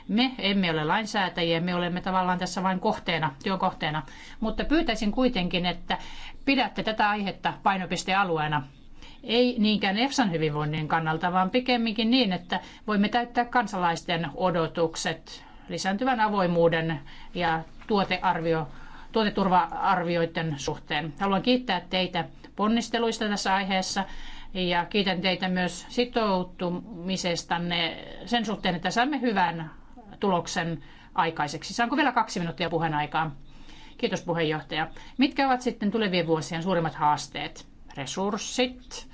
Me emme ole lainsäätäjiä, me olemme tavallaan tässä vain kohteena, työkohteena. Mutta pyytäisin kuitenkin, että pidätte tätä aihetta painopistealueena. Ei niinkään EFSAn hyvinvoinnin kannalta, vaan pikemminkin niin, että voimme täyttää kansalaisten odotukset lisääntyvän avoimuuden ja tuotearvio, tuoteturva-arvioiden suhteen. Haluan kiittää teitä ponnisteluista tässä aiheessa ja kiitän teitä myös sitoutumisestanne sen suhteen, että saamme hyvän tuloksen aikaiseksi. Saanko vielä kaksi minuuttia puheenaikaa? Kiitos puheenjohtaja. Mitkä ovat sitten tulevien vuosien suurimmat haasteet? Resurssit,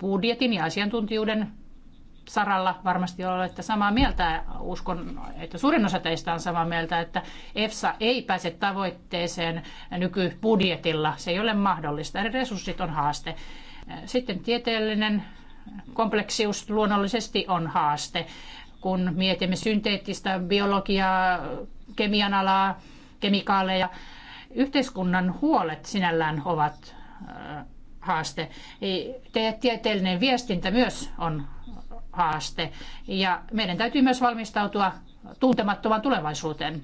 budjetin ja asiantuntijuuden saralla varmasti olette samaa mieltä. Uskon, että suurin osa teistä on samaa mieltä, että EFSA ei pääse tavoitteeseen nykybudjetilla. Se ei ole mahdollista. Eli resurssit on haaste. Sitten tieteellinen kompleksius luonnollisesti on haaste kun mietimme synteettistä biologiaa, kemian alaa, kemikaaleja. Yhteiskunnan huolet sinällään ovat äh, haaste. Tieteellinen viestintä myös on haaste. Ja meidän täytyy myös valmistautua tuntemattoman tulevaisuuteen.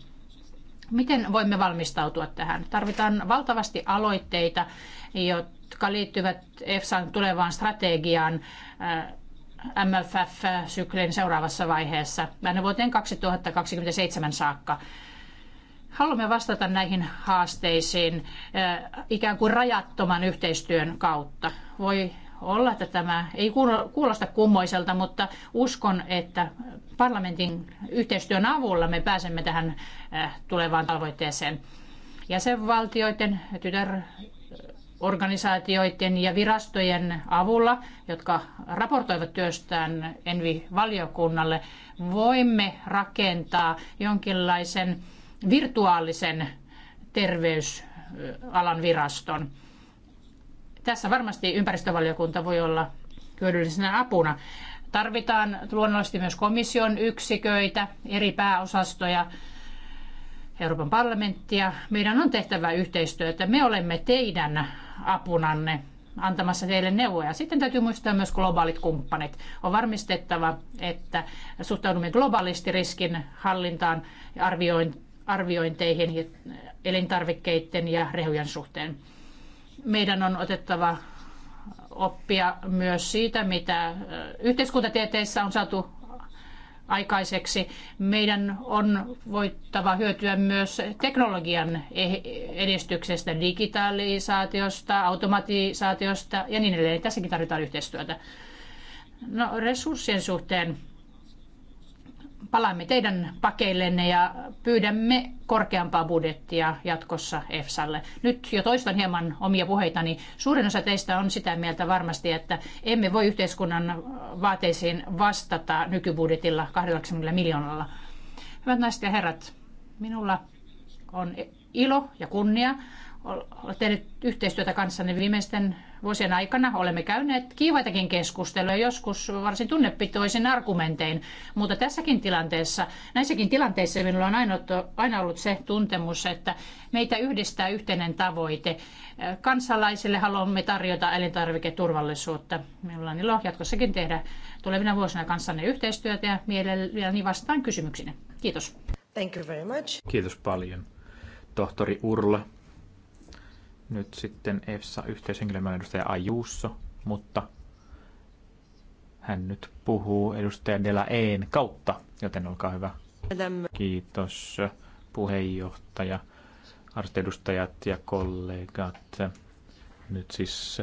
Miten voimme valmistautua tähän? Tarvitaan valtavasti aloitteita, jotka liittyvät EFSAn tulevaan strategiaan äh, MFF-syklin seuraavassa vaiheessa, aina vuoteen 2027 saakka. Haluamme vastata näihin haasteisiin eh, ikään kuin rajattoman yhteistyön kautta. Voi olla, että tämä ei kuulosta kummoiselta, mutta uskon, että parlamentin yhteistyön avulla me pääsemme tähän eh, tulevaan tavoitteeseen. Jäsenvaltioiden, tytär organisaatioiden ja virastojen avulla, jotka raportoivat työstään Envi-valiokunnalle, voimme rakentaa jonkinlaisen virtuaalisen terveysalan viraston. Tässä varmasti ympäristövaliokunta voi olla hyödyllisenä apuna. Tarvitaan luonnollisesti myös komission yksiköitä, eri pääosastoja, Euroopan parlamenttia. Meidän on tehtävä yhteistyötä. Me olemme teidän apunanne antamassa teille neuvoja. Sitten täytyy muistaa myös globaalit kumppanit. On varmistettava, että suhtaudumme globaalisti riskin hallintaan, arviointeihin, elintarvikkeiden ja rehujen suhteen. Meidän on otettava oppia myös siitä, mitä yhteiskuntatieteissä on saatu aikaiseksi. Meidän on voittava hyötyä myös teknologian e- edistyksestä, digitalisaatiosta, automatisaatiosta ja niin edelleen. Tässäkin tarvitaan yhteistyötä. No, resurssien suhteen palaamme teidän pakeillenne ja pyydämme korkeampaa budjettia jatkossa EFSAlle. Nyt jo toistan hieman omia puheitani. Suurin osa teistä on sitä mieltä varmasti, että emme voi yhteiskunnan vaateisiin vastata nykybudjetilla 80 miljoonalla. Hyvät naiset ja herrat, minulla on ilo ja kunnia olla tehnyt yhteistyötä kanssanne viimeisten vuosien aikana olemme käyneet kiivaitakin keskusteluja, joskus varsin tunnepitoisin argumentein, mutta tässäkin tilanteessa, näissäkin tilanteissa minulla on aina ollut se tuntemus, että meitä yhdistää yhteinen tavoite. Kansalaisille haluamme tarjota elintarviketurvallisuutta. Minulla on ilo jatkossakin tehdä tulevina vuosina kanssanne yhteistyötä ja mielelläni vastaan kysymyksine. Kiitos. Thank you very much. Kiitos paljon. Tohtori Urla, nyt sitten EFSA yhteishenkilömme edustaja Ajuusso, mutta hän nyt puhuu edustaja Dela Een kautta, joten olkaa hyvä. Kiitos puheenjohtaja, artedustajat ja kollegat. Nyt siis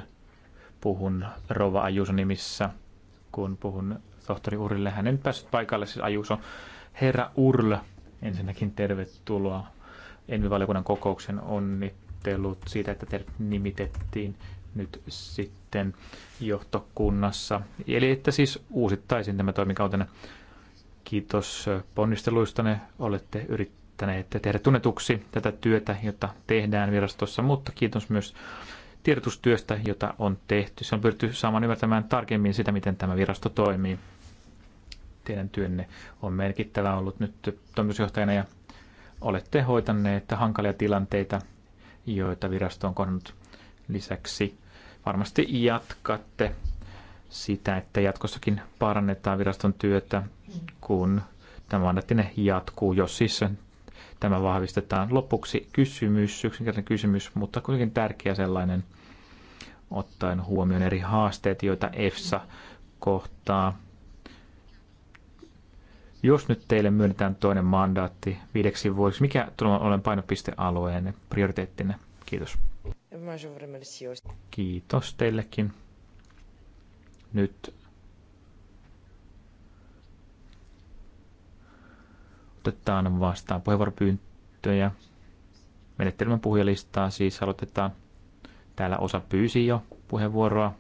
puhun Rova Ajuuso nimissä, kun puhun tohtori Urille. Hän ei päässyt paikalle, siis Ajuuso. Herra Url, ensinnäkin tervetuloa Envivaliokunnan kokouksen onnittelut pahoittelut siitä, että teidät nimitettiin nyt sitten johtokunnassa. Eli että siis uusittaisin tämä toimikautena. Kiitos ponnisteluistanne. Olette yrittäneet tehdä tunnetuksi tätä työtä, jota tehdään virastossa, mutta kiitos myös tiedotustyöstä, jota on tehty. Se on pyritty saamaan ymmärtämään tarkemmin sitä, miten tämä virasto toimii. Teidän työnne on merkittävä ollut nyt toimitusjohtajana ja olette hoitaneet hankalia tilanteita joita virasto on kohdannut lisäksi. Varmasti jatkatte sitä, että jatkossakin parannetaan viraston työtä, kun tämä mandattinen jatkuu, jos siis tämä vahvistetaan. Lopuksi kysymys, yksinkertainen kysymys, mutta kuitenkin tärkeä sellainen, ottaen huomioon eri haasteet, joita EFSA kohtaa jos nyt teille myönnetään toinen mandaatti viideksi vuodeksi, mikä tulee olemaan painopistealueenne, prioriteettinne? Kiitos. Kiitos teillekin. Nyt otetaan vastaan puheenvuoropyyntöjä. Menettelymän puhujalistaa siis aloitetaan. Täällä osa pyysi jo puheenvuoroa.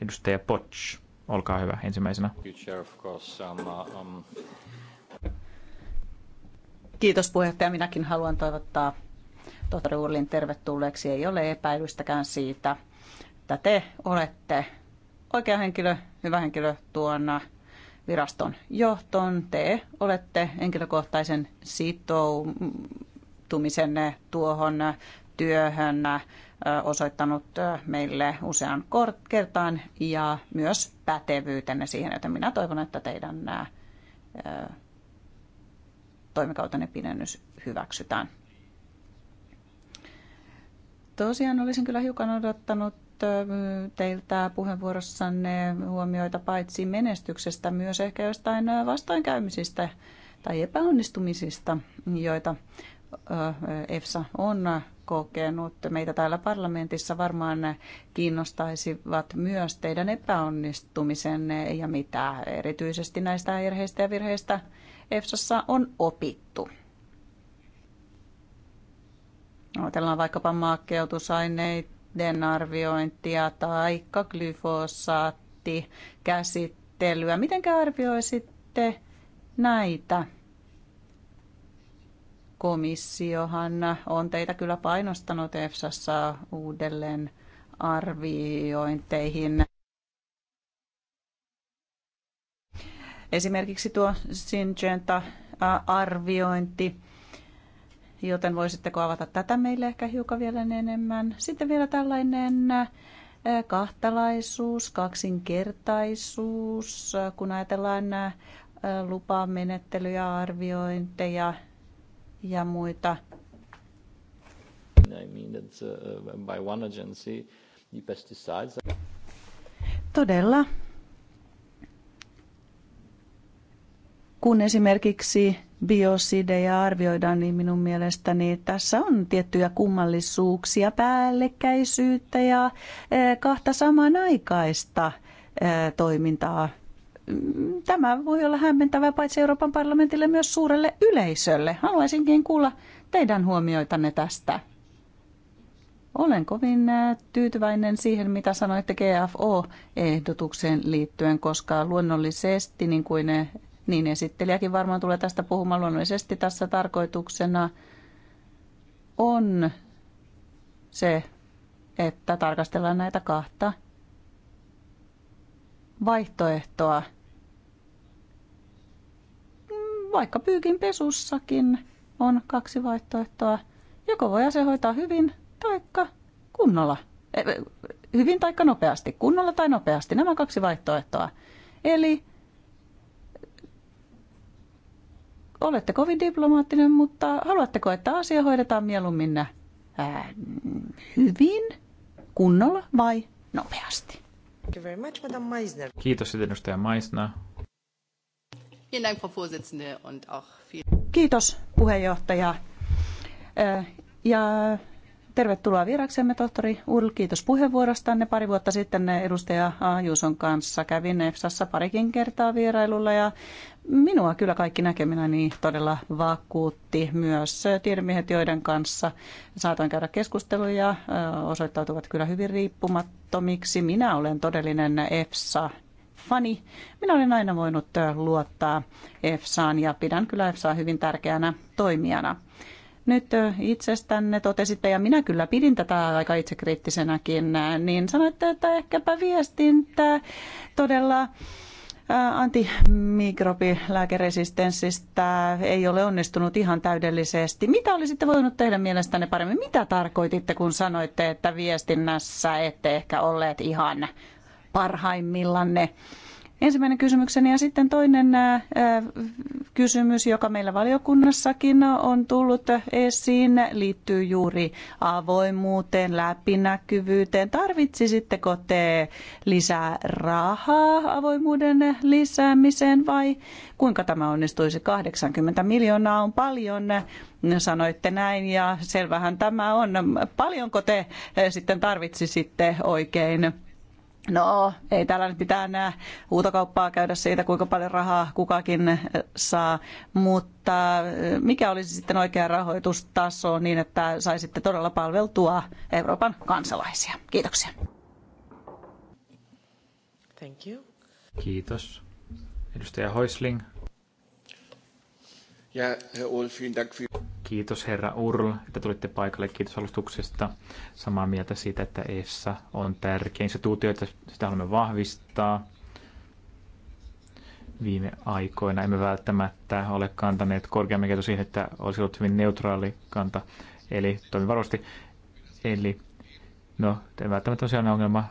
Edustaja Potsch. Olkaa hyvä ensimmäisenä. Um, uh, um, Kiitos puheenjohtaja. Minäkin haluan toivottaa tohtori Urlin tervetulleeksi. Ei ole epäilystäkään siitä, että te olette oikea henkilö, hyvä henkilö tuona viraston johtoon. Te olette henkilökohtaisen sitoutumisenne tuohon työhön osoittanut meille usean kertaan ja myös pätevyytenne siihen, joten minä toivon, että teidän nämä toimikautenne pidennys hyväksytään. Tosiaan olisin kyllä hiukan odottanut teiltä puheenvuorossanne huomioita paitsi menestyksestä, myös ehkä jostain vastoinkäymisistä tai epäonnistumisista, joita EFSA on kokenut. Meitä täällä parlamentissa varmaan kiinnostaisivat myös teidän epäonnistumisenne ja mitä erityisesti näistä erheistä ja virheistä EFSassa on opittu. Otellaan vaikkapa makkeutusaineiden arviointia tai glyfosaattikäsittelyä. Miten arvioisitte näitä? komissiohan on teitä kyllä painostanut EFSassa uudelleen arviointeihin. Esimerkiksi tuo Syngenta-arviointi, joten voisitteko avata tätä meille ehkä hiukan vielä enemmän. Sitten vielä tällainen kahtalaisuus, kaksinkertaisuus, kun ajatellaan lupamenettelyjä, arviointeja, ja muita. I mean that uh, by one agency, the pesticides... Todella. Kun esimerkiksi biosideja arvioidaan, niin minun mielestäni tässä on tiettyjä kummallisuuksia, päällekkäisyyttä ja eh, kahta samanaikaista eh, toimintaa tämä voi olla hämmentävää paitsi Euroopan parlamentille myös suurelle yleisölle. Haluaisinkin kuulla teidän huomioitanne tästä. Olen kovin äh, tyytyväinen siihen, mitä sanoitte GFO-ehdotukseen liittyen, koska luonnollisesti, niin kuin ne äh, niin esittelijäkin varmaan tulee tästä puhumaan, luonnollisesti tässä tarkoituksena on se, että tarkastellaan näitä kahta vaihtoehtoa. Vaikka pyykin pesussakin on kaksi vaihtoehtoa. Joko voi ase hoitaa hyvin taikka kunnolla. E, e, hyvin taikka nopeasti. Kunnolla tai nopeasti. Nämä kaksi vaihtoehtoa. Eli olette kovin diplomaattinen, mutta haluatteko, että asia hoidetaan mieluummin ää, hyvin, kunnolla vai nopeasti? Thank you very much, Meisner. Kiitos edustaja Meisner. Kiitos puheenjohtaja. Äh, ja Tervetuloa vieraksemme, tohtori Url. Kiitos puheenvuorostanne. Pari vuotta sitten edustaja Ajuson kanssa kävin EFSassa parikin kertaa vierailulla ja minua kyllä kaikki niin todella vakuutti myös tiedemiehet, joiden kanssa saatoin käydä keskusteluja, osoittautuvat kyllä hyvin riippumattomiksi. Minä olen todellinen EFSA fani. Minä olen aina voinut luottaa EFSAan ja pidän kyllä EFSAa hyvin tärkeänä toimijana nyt itsestänne totesitte, ja minä kyllä pidin tätä aika itsekriittisenäkin, niin sanoitte, että ehkäpä viestintä todella antimikrobilääkeresistenssistä ei ole onnistunut ihan täydellisesti. Mitä olisitte voinut tehdä mielestänne paremmin? Mitä tarkoititte, kun sanoitte, että viestinnässä ette ehkä olleet ihan parhaimmillanne? Ensimmäinen kysymykseni ja sitten toinen äh, kysymys, joka meillä valiokunnassakin on tullut esiin, liittyy juuri avoimuuteen, läpinäkyvyyteen. Tarvitsisitteko te lisää rahaa avoimuuden lisäämiseen vai kuinka tämä onnistuisi? 80 miljoonaa on paljon, sanoitte näin ja selvähän tämä on. Paljonko te sitten tarvitsisitte oikein? No, ei täällä nyt mitään huutokauppaa äh, käydä siitä, kuinka paljon rahaa kukakin äh, saa, mutta äh, mikä olisi sitten oikea rahoitustaso niin, että saisitte todella palveltua Euroopan kansalaisia? Kiitoksia. Thank you. Kiitos. Edustaja Hoisling. Ja, herr Ull, vielen Dank für... Kiitos herra Url, että tulitte paikalle. Kiitos alustuksesta. Samaa mieltä siitä, että EFSA on se instituutio, että sitä haluamme vahvistaa. Viime aikoina emme välttämättä ole kantaneet korkeamme kieto siihen, että olisi ollut hyvin neutraali kanta, eli toimi varmasti. Eli no, ei välttämättä tosiaan ongelma,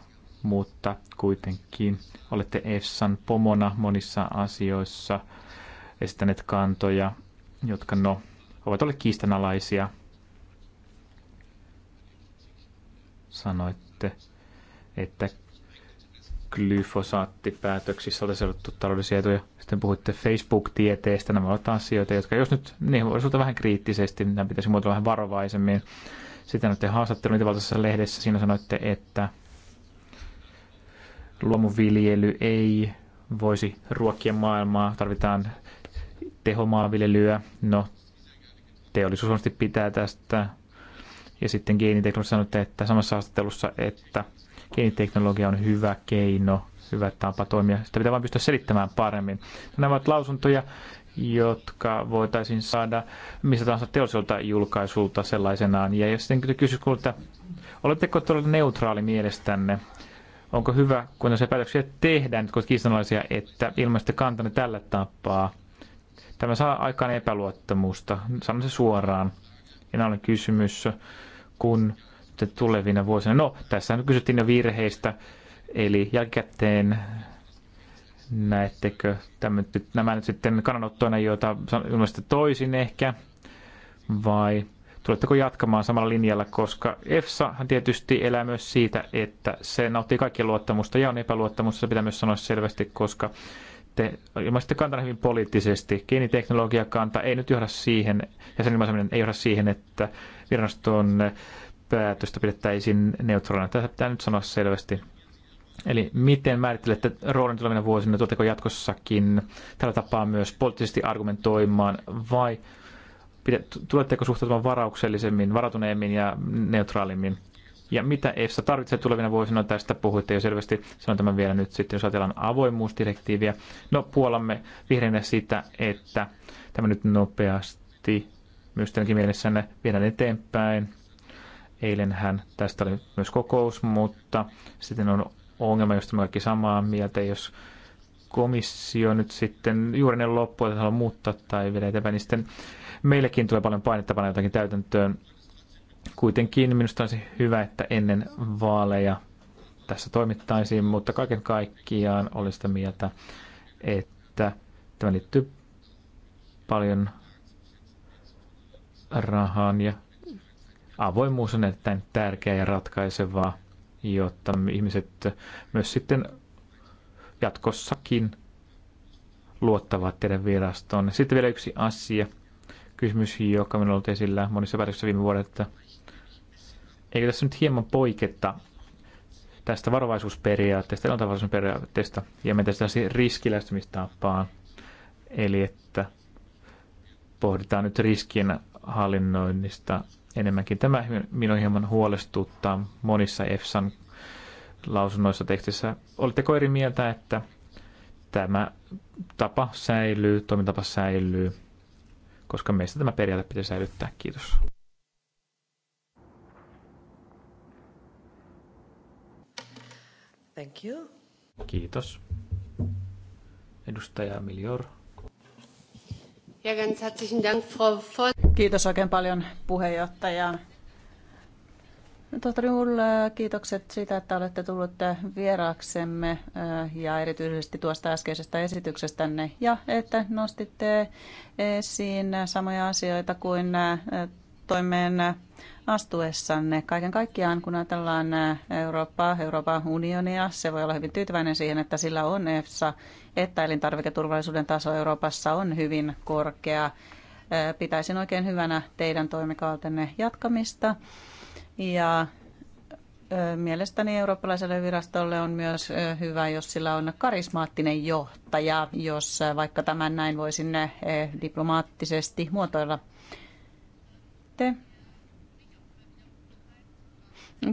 mutta kuitenkin olette ESSAn pomona monissa asioissa esittäneet kantoja jotka no, ovat olleet kiistanalaisia. Sanoitte, että glyfosaattipäätöksissä olisi ollut taloudellisia etuja. Sitten puhuitte Facebook-tieteestä. Nämä ovat asioita, jotka jos nyt niin voi suhtautua vähän kriittisesti, niin nämä pitäisi muuta vähän varovaisemmin. Sitten olette haastattelun Itävaltaisessa lehdessä. Siinä sanoitte, että luomuviljely ei voisi ruokkia maailmaa. Tarvitaan tehomaanviljelyä. No, teollisuus pitää tästä. Ja sitten geeniteknologi sanoi, että samassa haastattelussa, että geeniteknologia on hyvä keino, hyvä tapa toimia. Sitä pitää vain pystyä selittämään paremmin. Nämä ovat lausuntoja, jotka voitaisiin saada mistä tahansa teolliselta julkaisulta sellaisenaan. Ja jos sitten kysyisi kulta, oletteko todella neutraali mielestänne? Onko hyvä, kun se päätöksiä tehdään, kun kiistanalaisia, että ilmaisitte kantanne tällä tapaa? Tämä saa aikaan epäluottamusta, sanon se suoraan. Ja on kysymys, kun tulevina vuosina, no tässä kysyttiin jo virheistä, eli jälkikäteen näettekö tämä? nämä nyt sitten kannanottoina, joita ilmeisesti toisin ehkä, vai tuletteko jatkamaan samalla linjalla, koska EFSA tietysti elää myös siitä, että se nauttii kaikkien luottamusta ja on epäluottamusta, se pitää myös sanoa selvästi, koska ilman sitten kantaa hyvin poliittisesti. Geeniteknologiakanta ei nyt johda siihen, ja sen ilmaiseminen ei johda siihen, että viraston päätöstä pidettäisiin neutraalina. Tätä pitää nyt sanoa selvästi. Eli miten määrittelette roolin tulevina vuosina, tuotteko jatkossakin tällä tapaa myös poliittisesti argumentoimaan, vai tuletteko suhtautumaan varauksellisemmin, varautuneemmin ja neutraalimmin? Ja mitä EFSA tarvitsee tulevina vuosina, tästä puhuitte jo selvästi, sanon tämän vielä nyt sitten, jos ajatellaan avoimuusdirektiiviä. No puolamme vihreänä sitä, että tämä nyt nopeasti myös tämänkin mielessänne viedään eteenpäin. Eilenhän tästä oli myös kokous, mutta sitten on ongelma, josta me kaikki samaa mieltä, jos komissio nyt sitten juuri ne loppua haluaa muuttaa tai vielä eteenpäin, niin sitten meillekin tulee paljon painettavana jotakin täytäntöön Kuitenkin minusta olisi hyvä, että ennen vaaleja tässä toimittaisiin, mutta kaiken kaikkiaan olen sitä mieltä, että tämä liittyy paljon rahaan ja avoimuus on erittäin tärkeää ja ratkaisevaa, jotta ihmiset myös sitten jatkossakin luottavat teidän virastoon. Sitten vielä yksi asia, kysymys, joka minulla on ollut esillä monissa päätöksissä viime vuodet, että Eikö tässä nyt hieman poiketta tästä varovaisuusperiaatteesta, elämäntavaisuusperiaatteesta ja mennä tällaisiin riskilästymistapaan? Eli että pohditaan nyt riskien hallinnoinnista enemmänkin. Tämä minun hieman huolestuttaa monissa EFSAn lausunnoissa tekstissä. Oletteko eri mieltä, että tämä tapa säilyy, toimintapa säilyy, koska meistä tämä periaate pitää säilyttää. Kiitos. Thank you. Kiitos. Edustaja Miljor. Ja ganz herzlichen Dank, Frau Voss. Kiitos oikein paljon puheenjohtaja. Tohtori Ulla, kiitokset siitä, että olette tullut vieraaksemme äh, ja erityisesti tuosta äskeisestä esityksestänne ja että nostitte esiin samoja asioita kuin äh, toimeen astuessanne. Kaiken kaikkiaan, kun ajatellaan Eurooppaa, Euroopan unionia, se voi olla hyvin tyytyväinen siihen, että sillä on EFSA, että elintarviketurvallisuuden taso Euroopassa on hyvin korkea. Pitäisin oikein hyvänä teidän toimikautenne jatkamista. Ja mielestäni eurooppalaiselle virastolle on myös hyvä, jos sillä on karismaattinen johtaja, jos vaikka tämän näin voisin diplomaattisesti muotoilla – puhuitte,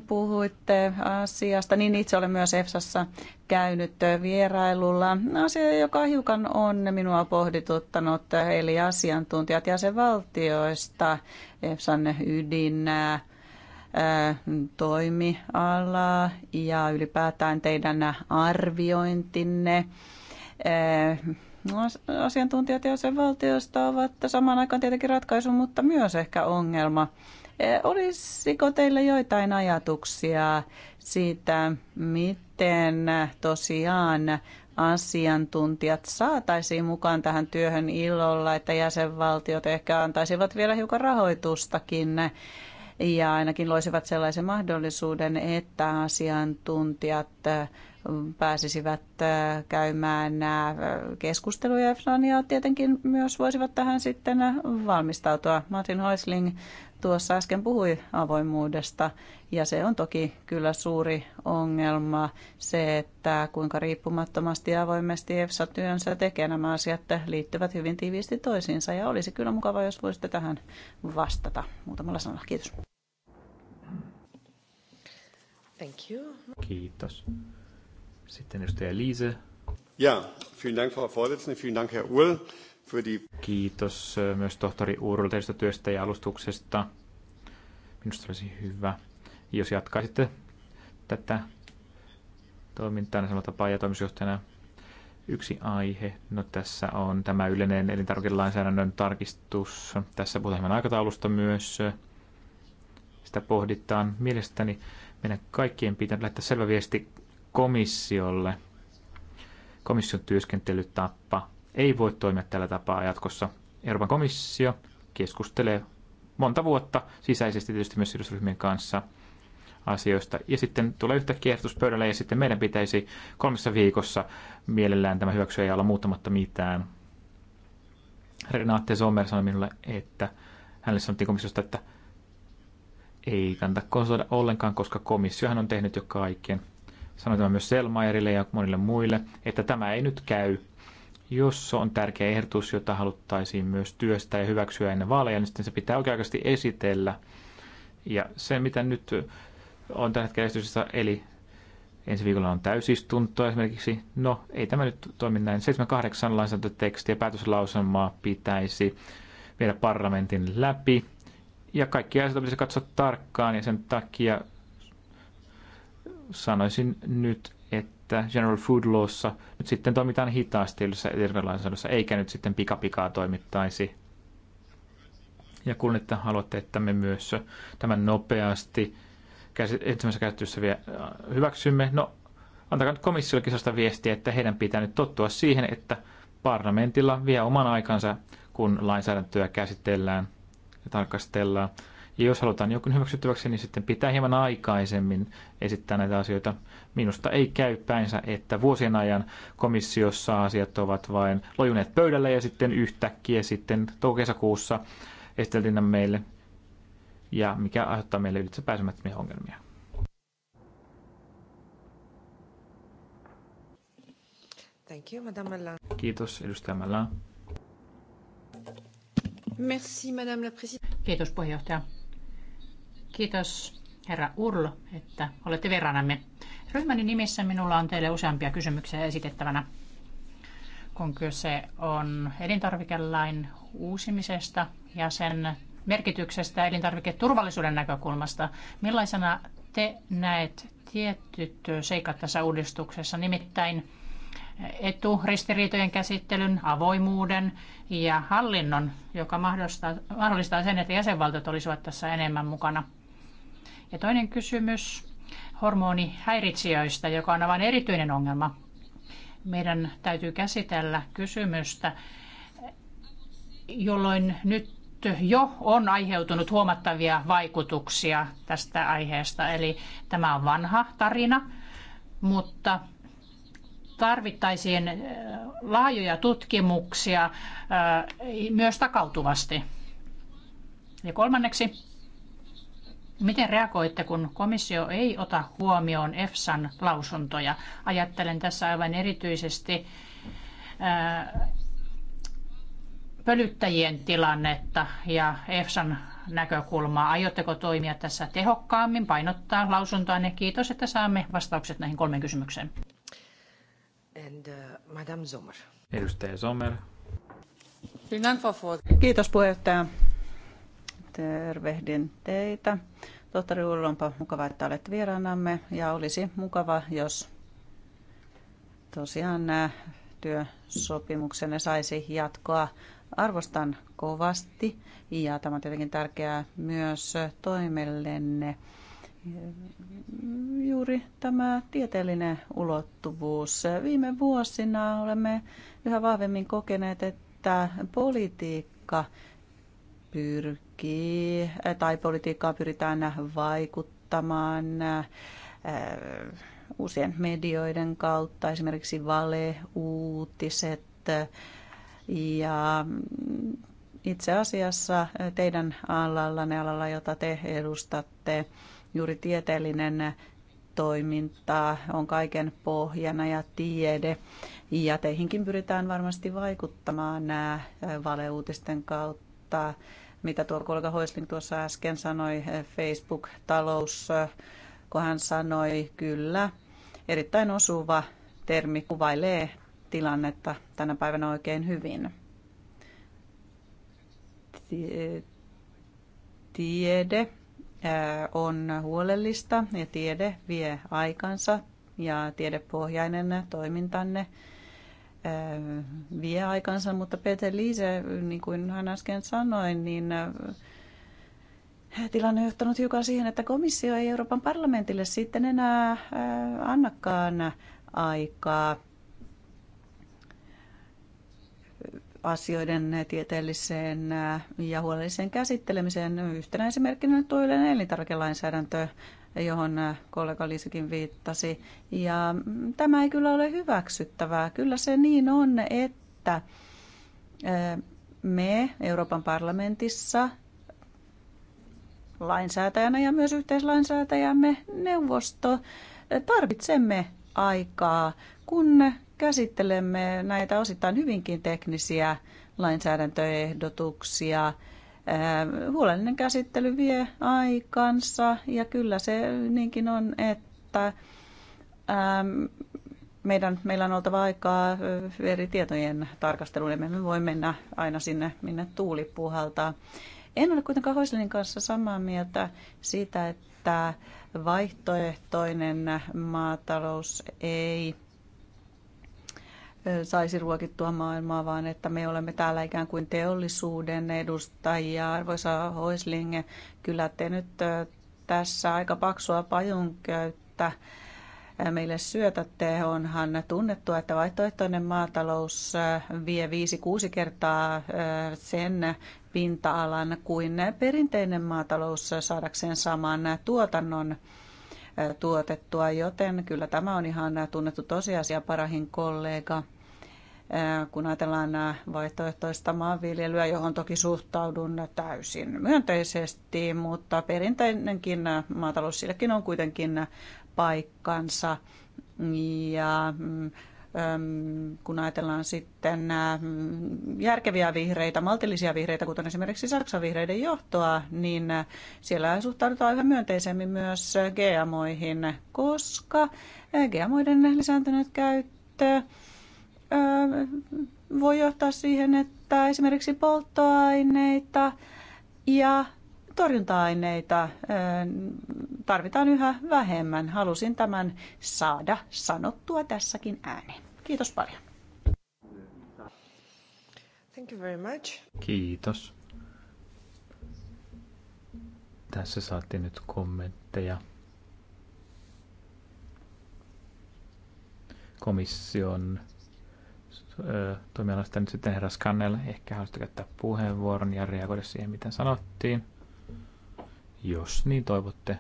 puhuitte asiasta, niin itse olen myös EFSassa käynyt vierailulla. Asia, joka hiukan on minua pohdituttanut, eli asiantuntijat jäsenvaltioista, EFSAn ydin, toimiala ja ylipäätään teidän arviointinne No, asiantuntijat valtiosta ovat samaan aikaan tietenkin ratkaisu, mutta myös ehkä ongelma. E, olisiko teillä joitain ajatuksia siitä, miten tosiaan asiantuntijat saataisiin mukaan tähän työhön illolla, että jäsenvaltiot ehkä antaisivat vielä hiukan rahoitustakin ja ainakin loisivat sellaisen mahdollisuuden, että asiantuntijat pääsisivät äh, käymään äh, keskusteluja EFSAan ja tietenkin myös voisivat tähän sitten äh, valmistautua. Martin Häusling tuossa äsken puhui avoimuudesta ja se on toki kyllä suuri ongelma se, että kuinka riippumattomasti ja avoimesti EFSA työnsä tekee nämä asiat liittyvät hyvin tiiviisti toisiinsa ja olisi kyllä mukava, jos voisitte tähän vastata muutamalla sanalla. Kiitos. Thank you. Kiitos. Sitten edustaja Liise. Ja, vielen Dank, Frau Vorsitzende, vielen Dank, Herr Uhl. Kiitos äh, myös tohtori Uurul teistä työstä ja alustuksesta. Minusta olisi hyvä, jos jatkaisitte tätä toimintaa niin samalla tapaa ja toimitusjohtajana yksi aihe. No tässä on tämä yleinen elintarvikelainsäädännön tarkistus. Tässä puhutaan hieman aikataulusta myös. Sitä pohditaan. Mielestäni meidän kaikkien pitää lähettää selvä viesti komissiolle. Komission työskentelytapa ei voi toimia tällä tapaa jatkossa. Euroopan komissio keskustelee monta vuotta sisäisesti tietysti myös sidosryhmien kanssa asioista. Ja sitten tulee yhtäkkiä ehdotus pöydälle ja sitten meidän pitäisi kolmessa viikossa mielellään tämä hyväksyä ja olla muuttamatta mitään. Renate Sommer sanoi minulle, että hänelle sanottiin komissiosta, että ei kannata konsolida ollenkaan, koska komissiohan on tehnyt jo kaiken. Sanoin tämä myös Selmaerille ja monille muille, että tämä ei nyt käy. Jos on tärkeä ehdotus, jota haluttaisiin myös työstää ja hyväksyä ennen vaaleja, niin sitten se pitää oikeasti esitellä. Ja se, mitä nyt on tällä hetkellä esityksessä, eli ensi viikolla on täysistunto esimerkiksi. No, ei tämä nyt toimi näin. 78 lainsäädäntötekstiä päätöslausemaa pitäisi viedä parlamentin läpi. Ja kaikki asiat pitäisi katsoa tarkkaan ja sen takia sanoisin nyt, että General Food Lawssa nyt sitten toimitaan hitaasti terveyslainsäädännössä, eikä nyt sitten pikapikaa toimittaisi. Ja kun että haluatte, että me myös tämän nopeasti ensimmäisessä käsittelyssä vielä hyväksymme, no antakaa nyt komissiolle kisasta viestiä, että heidän pitää nyt tottua siihen, että parlamentilla vie oman aikansa, kun lainsäädäntöä käsitellään ja tarkastellaan. Ja jos halutaan jokin hyväksyttäväksi, niin sitten pitää hieman aikaisemmin esittää näitä asioita. Minusta ei käy päinsä, että vuosien ajan komissiossa asiat ovat vain lojuneet pöydälle ja sitten yhtäkkiä sitten toukokesäkuussa esiteltiin nämä meille ja mikä aiheuttaa meille ylitse pääsemättömiä ongelmia. Thank you, Madame Kiitos, edustaja Mellan. Merci, Madame la Présidente. Kiitos, puheenjohtaja. Kiitos herra Urlo, että olette vieraanamme. Ryhmäni nimissä minulla on teille useampia kysymyksiä esitettävänä. Kun kyse on elintarvikelain uusimisesta ja sen merkityksestä elintarviketurvallisuuden näkökulmasta, millaisena te näet tietyt seikat tässä uudistuksessa, nimittäin eturistiriitojen käsittelyn, avoimuuden ja hallinnon, joka mahdollistaa, mahdollistaa sen, että jäsenvaltiot olisivat tässä enemmän mukana – ja toinen kysymys hormonihäiritsijöistä, joka on aivan erityinen ongelma. Meidän täytyy käsitellä kysymystä, jolloin nyt jo on aiheutunut huomattavia vaikutuksia tästä aiheesta. Eli tämä on vanha tarina, mutta tarvittaisiin äh, laajoja tutkimuksia äh, myös takautuvasti. Ja kolmanneksi Miten reagoitte, kun komissio ei ota huomioon EFSAn lausuntoja? Ajattelen tässä aivan erityisesti pölyttäjien tilannetta ja EFSAn näkökulmaa. Aiotteko toimia tässä tehokkaammin, painottaa Ne Kiitos, että saamme vastaukset näihin kolmeen kysymykseen. And, uh, Madame Sommer. Edustaja Sommer. Kiitos puheenjohtaja tervehdin teitä. Tohtori Ullonpa, mukava, että olet vieraanamme ja olisi mukava, jos tosiaan nämä työsopimuksenne saisi jatkoa. Arvostan kovasti ja tämä on tietenkin tärkeää myös toimellenne. Juuri tämä tieteellinen ulottuvuus. Viime vuosina olemme yhä vahvemmin kokeneet, että politiikka pyrkii tuki tai politiikkaa pyritään vaikuttamaan eh, uusien medioiden kautta, esimerkiksi valeuutiset ja itse asiassa teidän alallanne, alalla jota te edustatte, juuri tieteellinen toiminta on kaiken pohjana ja tiede. Ja teihinkin pyritään varmasti vaikuttamaan nämä eh, valeuutisten kautta mitä tuo kollega Hoisling tuossa äsken sanoi, eh, Facebook-talous, eh, kun hän sanoi, kyllä, erittäin osuva termi kuvailee tilannetta tänä päivänä oikein hyvin. Tiede eh, on huolellista ja tiede vie aikansa ja tiedepohjainen toimintanne vie aikansa, mutta Peter Liise, niin kuin hän äsken sanoi, niin tilanne on johtanut hiukan siihen, että komissio ei Euroopan parlamentille sitten enää annakaan aikaa asioiden tieteelliseen ja huolelliseen käsittelemiseen. Yhtenä esimerkkinä nyt tuo yleinen elintarvikelainsäädäntö, johon äh, kollega Liisikin viittasi. Ja mm, tämä ei kyllä ole hyväksyttävää. Kyllä se niin on, että äh, me Euroopan parlamentissa lainsäätäjänä ja myös yhteislainsäätäjämme neuvosto äh, tarvitsemme aikaa, kun käsittelemme näitä osittain hyvinkin teknisiä lainsäädäntöehdotuksia – huolellinen käsittely vie aikansa ja kyllä se niinkin on, että meidän, meillä on oltava aikaa eri tietojen tarkasteluun, emme voi mennä aina sinne, minne tuuli puhaltaa. En ole kuitenkaan Hoislinin kanssa samaa mieltä siitä, että vaihtoehtoinen maatalous ei saisi ruokittua maailmaa, vaan että me olemme täällä ikään kuin teollisuuden edustajia. Arvoisa Hoislinge, kyllä te nyt tässä aika paksua pajunköyttä meille syötätte. Onhan tunnettu, että vaihtoehtoinen maatalous vie 5-6 kertaa sen pinta-alan kuin perinteinen maatalous saadakseen saman tuotannon tuotettua, joten kyllä tämä on ihan tunnettu tosiasia parahin kollega. Kun ajatellaan vaihtoehtoista maanviljelyä, johon toki suhtaudun täysin myönteisesti, mutta perinteinenkin maatalous silläkin on kuitenkin paikkansa. Ja mm, kun ajatellaan sitten äh, järkeviä vihreitä, maltillisia vihreitä, kuten esimerkiksi Saksan vihreiden johtoa, niin äh, siellä suhtaudutaan yhä myönteisemmin myös GMOihin, koska äh, GMOiden lisääntynyt käyttö voi johtaa siihen, että esimerkiksi polttoaineita ja torjunta-aineita tarvitaan yhä vähemmän. Halusin tämän saada sanottua tässäkin ääneen. Kiitos paljon. Thank you very much. Kiitos. Tässä saatiin nyt kommentteja komission toimialasta nyt sitten herra Scannell. Ehkä haluaisi käyttää puheenvuoron ja reagoida siihen, mitä sanottiin jos niin toivotte.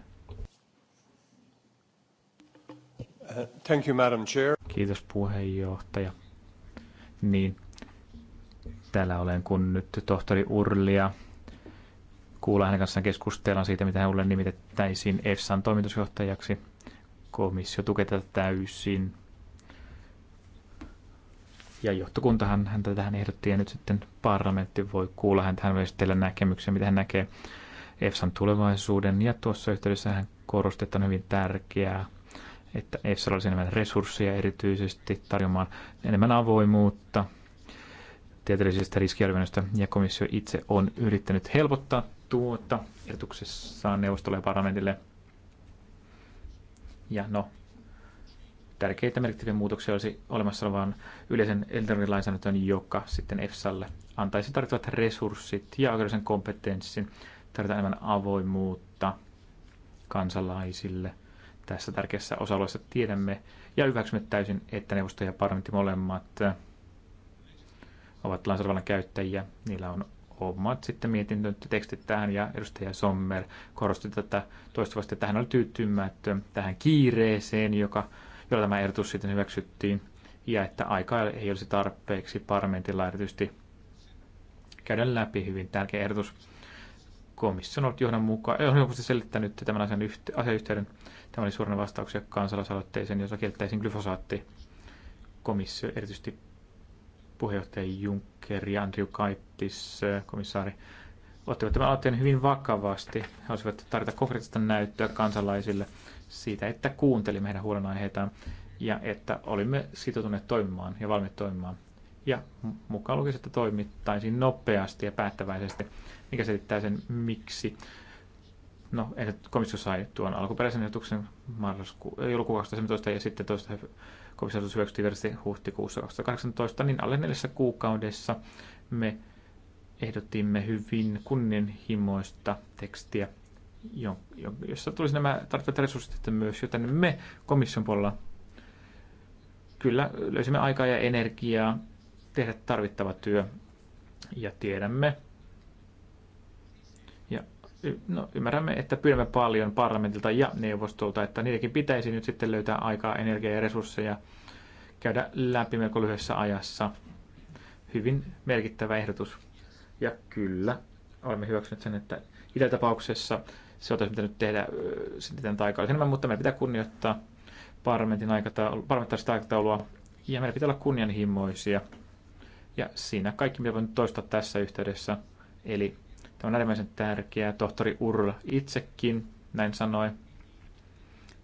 Uh, thank you, Madam Chair. Kiitos puheenjohtaja. Niin, täällä olen kun nyt tohtori Urlia. Kuulla hänen kanssaan keskustellaan siitä, mitä hänelle nimitettäisiin EFSAn toimitusjohtajaksi. Komissio tukee tätä täysin. Ja johtokuntahan häntä tähän ehdotti ja nyt sitten parlamentti voi kuulla häntä, hän voi esitellä näkemyksen, mitä hän näkee EFSAn tulevaisuuden. Ja tuossa yhteydessä hän korosti, että on hyvin tärkeää, että EFSA olisi enemmän resursseja erityisesti tarjoamaan enemmän avoimuutta tieteellisestä riskiarvioinnista. Ja komissio itse on yrittänyt helpottaa tuota ehdotuksessaan neuvostolle ja parlamentille. Ja no, tärkeitä merkittäviä muutoksia olisi olemassa olevan yleisen elintarvikelainsäädäntöön, joka sitten EFSAlle antaisi tarvittavat resurssit ja oikeudellisen kompetenssin tarvitaan enemmän avoimuutta kansalaisille tässä tärkeässä osa-alueessa tiedämme ja hyväksymme täysin, että neuvosto ja parlamentti molemmat ovat lainsäädännön käyttäjiä. Niillä on omat sitten tekstit tähän ja edustaja Sommer korosti tätä toistuvasti, että hän oli tyytymätön tähän kiireeseen, joka, jolla tämä ehdotus sitten hyväksyttiin ja että aikaa ei olisi tarpeeksi parlamentilla erityisesti käydä läpi hyvin tärkeä ehdotus komissio on ollut ole on selittänyt tämän asian yhte, asiayhteyden. Tämä oli suorana vastauksia kansalaisaloitteeseen, jossa kieltäisiin glyfosaatti. Komissio, erityisesti puheenjohtaja Juncker ja Andrew Kaittis, äh, komissaari, ottivat tämän aloitteen hyvin vakavasti. He olisivat tarjota konkreettista näyttöä kansalaisille siitä, että kuuntelimme heidän huolenaiheitaan ja että olimme sitoutuneet toimimaan ja valmiit toimimaan ja mukaan lukisi, että toimittaisiin nopeasti ja päättäväisesti, mikä selittää sen miksi. No, komissio sai tuon alkuperäisen ehdotuksen marrasku- joulukuun 2017 ja sitten toista komissio hyväksytti huhtikuussa 2018, niin alle neljässä kuukaudessa me ehdotimme hyvin kunnianhimoista tekstiä, jossa tulisi nämä tarvittavat resurssit myös, joten me komission puolella kyllä löysimme aikaa ja energiaa tehdä tarvittava työ. Ja tiedämme, ja no, ymmärrämme, että pyydämme paljon parlamentilta ja neuvostolta, että niidenkin pitäisi nyt sitten löytää aikaa, energiaa ja resursseja käydä läpi melko lyhyessä ajassa. Hyvin merkittävä ehdotus. Ja kyllä, olemme hyväksyneet sen, että idätapauksessa se oltaisiin pitänyt tehdä sitten aikaa enemmän, mutta meidän pitää kunnioittaa parlamentin aikataulua, parlamentaarista aikataulua ja meidän pitää olla kunnianhimoisia. Ja siinä kaikki, mitä voin toistaa tässä yhteydessä. Eli tämä on äärimmäisen tärkeää. Tohtori Url itsekin näin sanoi.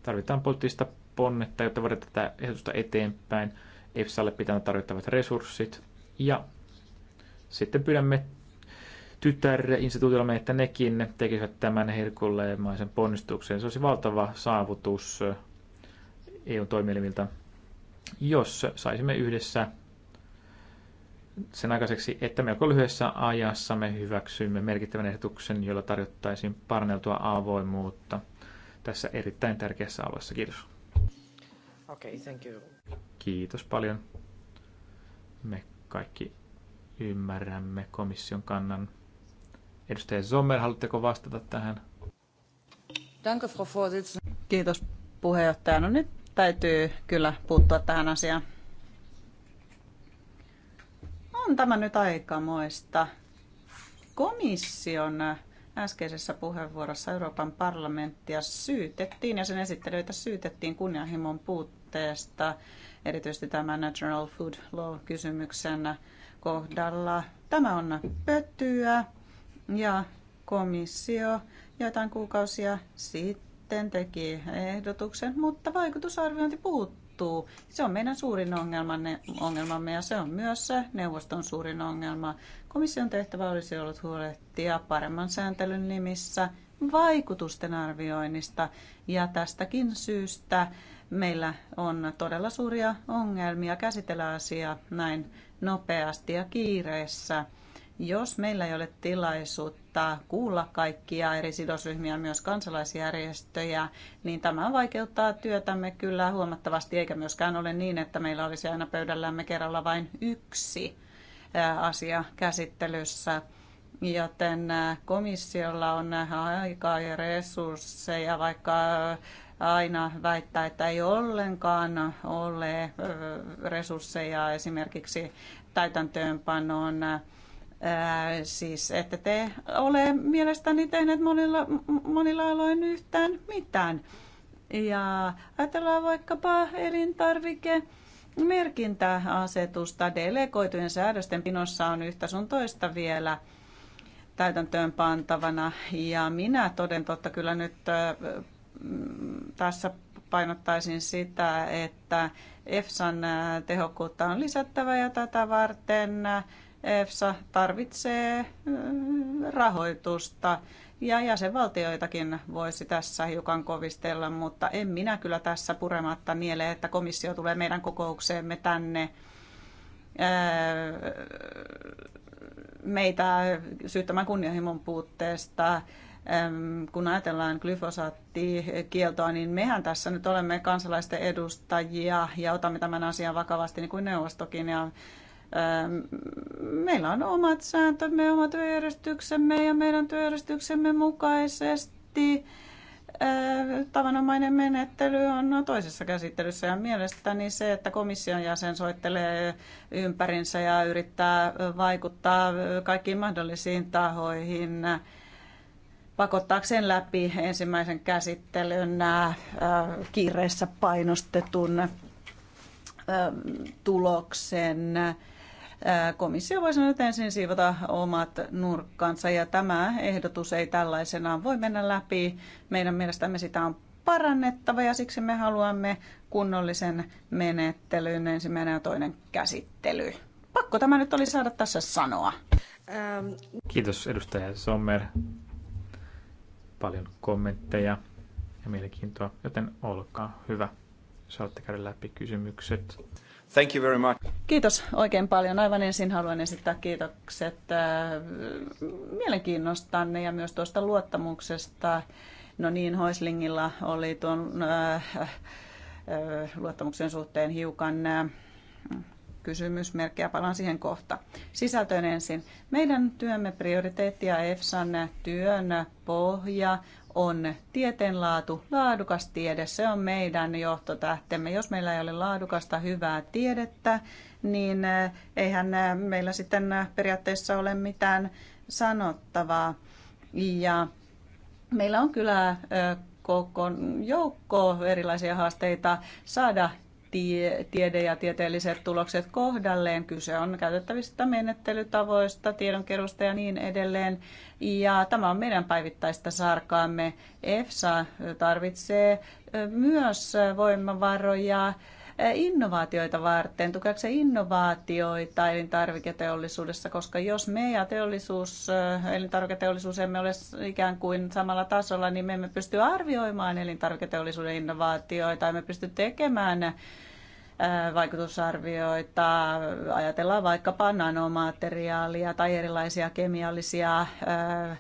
Tarvitaan poliittista ponnetta, jotta voidaan tätä ehdotusta eteenpäin. EFSAlle pitää tarvittavat resurssit. Ja sitten pyydämme tytärinstituutillamme, että nekin tekisivät tämän herkulleemaisen ponnistuksen. Se olisi valtava saavutus eh, eu toimielimiltä, jos saisimme yhdessä sen aikaiseksi, että melko lyhyessä ajassa me hyväksymme merkittävän ehdotuksen, jolla tarjottaisiin paranneltua avoimuutta tässä erittäin tärkeässä alueessa. Kiitos. Okay, thank you. Kiitos paljon. Me kaikki ymmärrämme komission kannan. Edustaja Sommer, haluatteko vastata tähän? Danke, Frau Kiitos puheenjohtaja. No nyt täytyy kyllä puuttua tähän asiaan on tämä nyt aikamoista. Komission äskeisessä puheenvuorossa Euroopan parlamenttia syytettiin ja sen esittelyitä syytettiin kunnianhimon puutteesta, erityisesti tämän Natural Food Law-kysymyksen kohdalla. Tämä on pötyä ja komissio joitain kuukausia sitten teki ehdotuksen, mutta vaikutusarviointi puuttuu muuttuu. Se on meidän suurin ongelmamme ja se on myös neuvoston suurin ongelma. Komission tehtävä olisi ollut huolehtia paremman sääntelyn nimissä vaikutusten arvioinnista ja tästäkin syystä meillä on todella suuria ongelmia käsitellä asiaa näin nopeasti ja kiireessä. Jos meillä ei ole tilaisuutta kuulla kaikkia eri sidosryhmiä, myös kansalaisjärjestöjä, niin tämä vaikeuttaa työtämme kyllä huomattavasti, eikä myöskään ole niin, että meillä olisi aina pöydällämme kerralla vain yksi asia käsittelyssä joten komissiolla on aikaa ja resursseja, vaikka aina väittää, että ei ollenkaan ole resursseja esimerkiksi täytäntöönpanoon siis että te ole mielestäni tehneet monilla, monilla aloin yhtään mitään. Ja ajatellaan vaikkapa elintarvike, merkintäasetusta delegoitujen säädösten pinossa on yhtä sun toista vielä täytäntöön pantavana. Ja minä toden totta kyllä nyt tässä painottaisin sitä, että EFSAn tehokkuutta on lisättävä ja tätä varten EFSA tarvitsee mm, rahoitusta ja jäsenvaltioitakin voisi tässä hiukan kovistella, mutta en minä kyllä tässä purematta niele, että komissio tulee meidän kokoukseemme tänne äh, meitä syyttämään kunnianhimon puutteesta ähm, kun ajatellaan glyfosaattikieltoa, niin mehän tässä nyt olemme kansalaisten edustajia ja otamme tämän asian vakavasti niin kuin neuvostokin. Ja Ähm, meillä on omat sääntömme, oma työjärjestyksemme ja meidän työjärjestyksemme mukaisesti äh, tavanomainen menettely on toisessa käsittelyssä ja mielestäni se, että komission jäsen soittelee ympärinsä ja yrittää vaikuttaa kaikkiin mahdollisiin tahoihin pakottaakseen läpi ensimmäisen käsittelyn äh, kiireessä painostetun äh, tuloksen komissio voi sanoa, että ensin siivota omat nurkkansa ja tämä ehdotus ei tällaisenaan voi mennä läpi. Meidän mielestämme sitä on parannettava ja siksi me haluamme kunnollisen menettelyn ensimmäinen ja toinen käsittely. Pakko tämä nyt oli saada tässä sanoa. Ähm. Kiitos edustaja Sommer. Paljon kommentteja ja mielenkiintoa, joten olkaa hyvä. Saatte käydä läpi kysymykset. Thank you very much. Kiitos oikein paljon. Aivan ensin haluan esittää kiitokset äh, mielenkiinnostanne ja myös tuosta luottamuksesta. No niin, Hoislingilla oli tuon äh, äh, luottamuksen suhteen hiukan kysymysmerkkiä, palaan siihen kohta. Sisältöön ensin. Meidän työmme prioriteetti ja EFSAn työn pohja on tieteenlaatu, laadukas tiede. Se on meidän johtotähtemme. Jos meillä ei ole laadukasta, hyvää tiedettä, niin eh, eihän eh, meillä sitten eh, periaatteessa ole mitään sanottavaa. Ja meillä on kyllä koko joukko erilaisia haasteita saada tie, tiede ja tieteelliset tulokset kohdalleen. Kyse on käytettävistä menettelytavoista, tiedonkerusta ja niin edelleen. Ja tämä on meidän päivittäistä sarkaamme. EFSA tarvitsee myös voimavaroja innovaatioita varten, tukeakseen innovaatioita elintarviketeollisuudessa, koska jos me ja teollisuus, äh, elintarviketeollisuus emme ole ikään kuin samalla tasolla, niin me emme pysty arvioimaan elintarviketeollisuuden innovaatioita, emme pysty tekemään äh, vaikutusarvioita, ajatellaan vaikkapa nanomateriaalia tai erilaisia kemiallisia äh,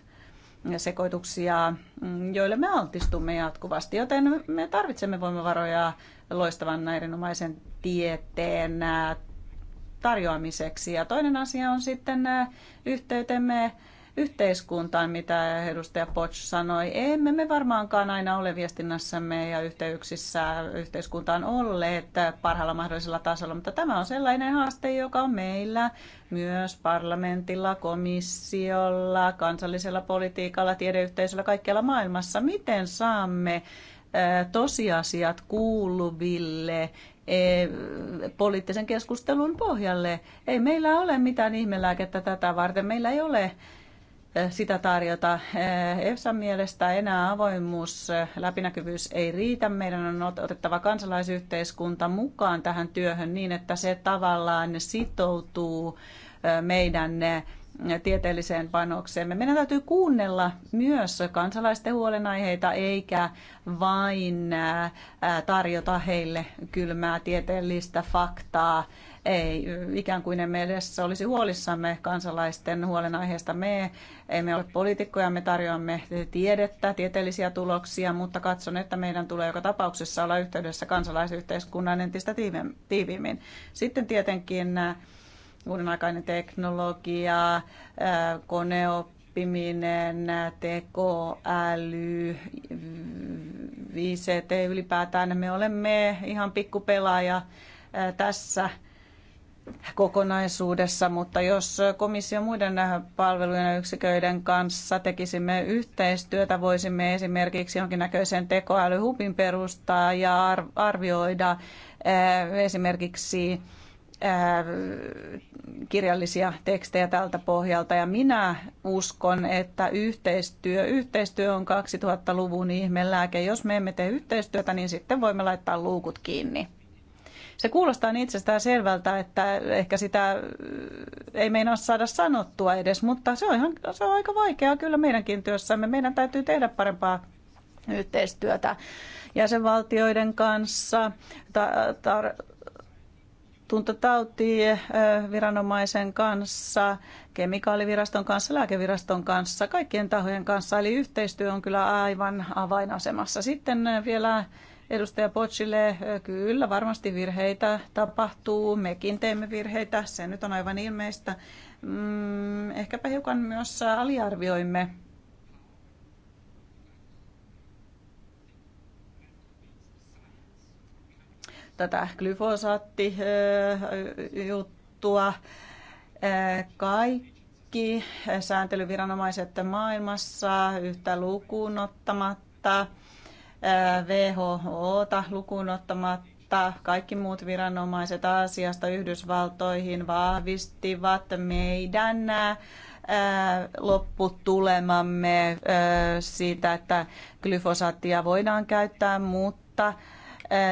sekoituksia, mm, joille me altistumme jatkuvasti, joten me tarvitsemme voimavaroja loistavan erinomaisen tieteen äh, tarjoamiseksi. Ja toinen asia on sitten äh, yhteytemme yhteiskuntaan, mitä edustaja Potsch sanoi. Emme me varmaankaan aina ole viestinnässämme ja yhteyksissä yhteiskuntaan olleet parhaalla mahdollisella tasolla, mutta tämä on sellainen haaste, joka on meillä myös parlamentilla, komissiolla, kansallisella politiikalla, tiedeyhteisöllä, kaikkialla maailmassa. Miten saamme tosiasiat kuuluville e, poliittisen keskustelun pohjalle. Ei meillä ole mitään ihmelääkettä tätä varten. Meillä ei ole sitä tarjota. Eh, EFSAn mielestä enää avoimuus, eh, läpinäkyvyys ei riitä. Meidän on otettava kansalaisyhteiskunta mukaan tähän työhön niin, että se tavallaan sitoutuu eh, meidän tieteelliseen panokseemme. Meidän täytyy kuunnella myös kansalaisten huolenaiheita, eikä vain tarjota heille kylmää tieteellistä faktaa ei ikään kuin emme edes olisi huolissamme kansalaisten huolenaiheesta. Me emme ole poliitikkoja, me tarjoamme tiedettä, tieteellisiä tuloksia, mutta katson, että meidän tulee joka tapauksessa olla yhteydessä kansalaisyhteiskunnan entistä tiiviimmin. Sitten tietenkin äh, uudenaikainen teknologia, äh, koneoppiminen, tekoäly, ICT ylipäätään. Me olemme ihan pikkupelaaja äh, tässä kokonaisuudessa, mutta jos komission muiden palvelujen ja yksiköiden kanssa tekisimme yhteistyötä, voisimme esimerkiksi jonkinnäköisen tekoälyhubin perustaa ja arvioida eh, esimerkiksi eh, kirjallisia tekstejä tältä pohjalta. Ja minä uskon, että yhteistyö, yhteistyö on 2000-luvun ihmelääke. Jos me emme tee yhteistyötä, niin sitten voimme laittaa luukut kiinni. Se kuulostaa niin itsestään selvältä, että ehkä sitä ei meinaa saada sanottua edes, mutta se on, ihan, se on aika vaikeaa kyllä meidänkin työssämme. Meidän täytyy tehdä parempaa yhteistyötä jäsenvaltioiden kanssa, ta- ta, tuntatautiin eh, viranomaisen kanssa, kemikaaliviraston kanssa, lääkeviraston kanssa, kaikkien tahojen kanssa. Eli yhteistyö on kyllä aivan avainasemassa. Sitten eh, vielä edustaja Potsille, kyllä varmasti virheitä tapahtuu, mekin teemme virheitä, se nyt on aivan ilmeistä. Mm, ehkäpä hiukan myös aliarvioimme tätä glyfosaatti-juttua. Kaikki sääntelyviranomaiset maailmassa yhtä lukuun ottamatta WHOta lukuun ottamatta kaikki muut viranomaiset Aasiasta Yhdysvaltoihin vahvistivat meidän lopputulemamme siitä, että glyfosaattia voidaan käyttää, mutta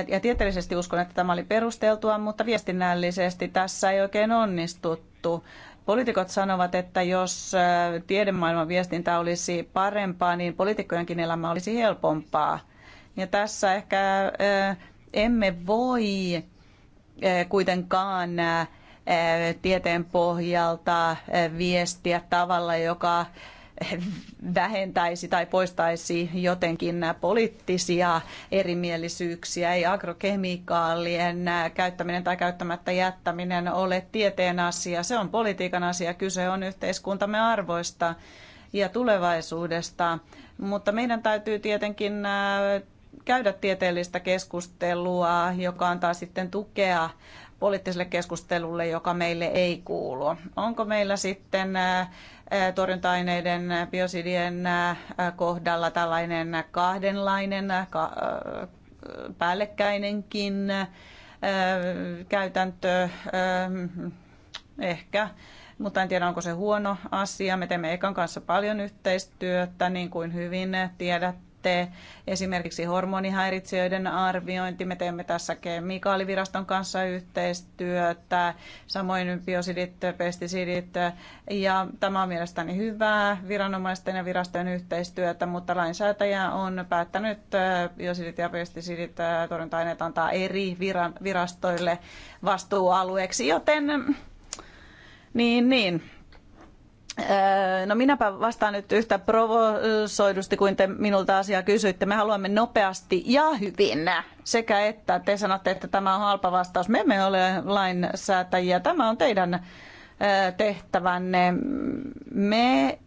ja tieteellisesti uskon, että tämä oli perusteltua, mutta viestinnällisesti tässä ei oikein onnistuttu. Poliitikot sanovat, että jos tiedemaailman viestintä olisi parempaa, niin poliitikkojenkin elämä olisi helpompaa ja tässä ehkä eh, emme voi eh, kuitenkaan eh, tieteen pohjalta viestiä tavalla, joka vähentäisi tai poistaisi jotenkin poliittisia erimielisyyksiä. Ei agrokemikaalien käyttäminen tai käyttämättä jättäminen ole tieteen asia. Se on politiikan asia. Kyse on yhteiskuntamme arvoista ja tulevaisuudesta. Mutta meidän täytyy tietenkin käydä tieteellistä keskustelua, joka antaa sitten tukea poliittiselle keskustelulle, joka meille ei kuulu. Onko meillä sitten torjunta-aineiden, biosidien kohdalla tällainen kahdenlainen, päällekkäinenkin käytäntö? Ehkä mutta en tiedä onko se huono asia. Me teemme Ekan kanssa paljon yhteistyötä, niin kuin hyvin tiedät lähtee. esimerkiksi hormonihäiritsijöiden arviointi. Me teemme tässä kemikaaliviraston kanssa yhteistyötä, samoin biosidit, pestisidit. Ja tämä on mielestäni hyvää viranomaisten ja virastojen yhteistyötä, mutta lainsäätäjä on päättänyt äh, biosidit ja pestisidit äh, torjunta-aineet antaa eri virastoille vastuualueeksi, joten mm, niin, niin Öö, no minäpä vastaan nyt yhtä provosoidusti kuin te minulta asiaa kysyitte. Me haluamme nopeasti ja hyvin sekä että. Te sanotte, että tämä on halpa vastaus. Me emme ole lainsäätäjiä. Tämä on teidän öö, tehtävänne. Me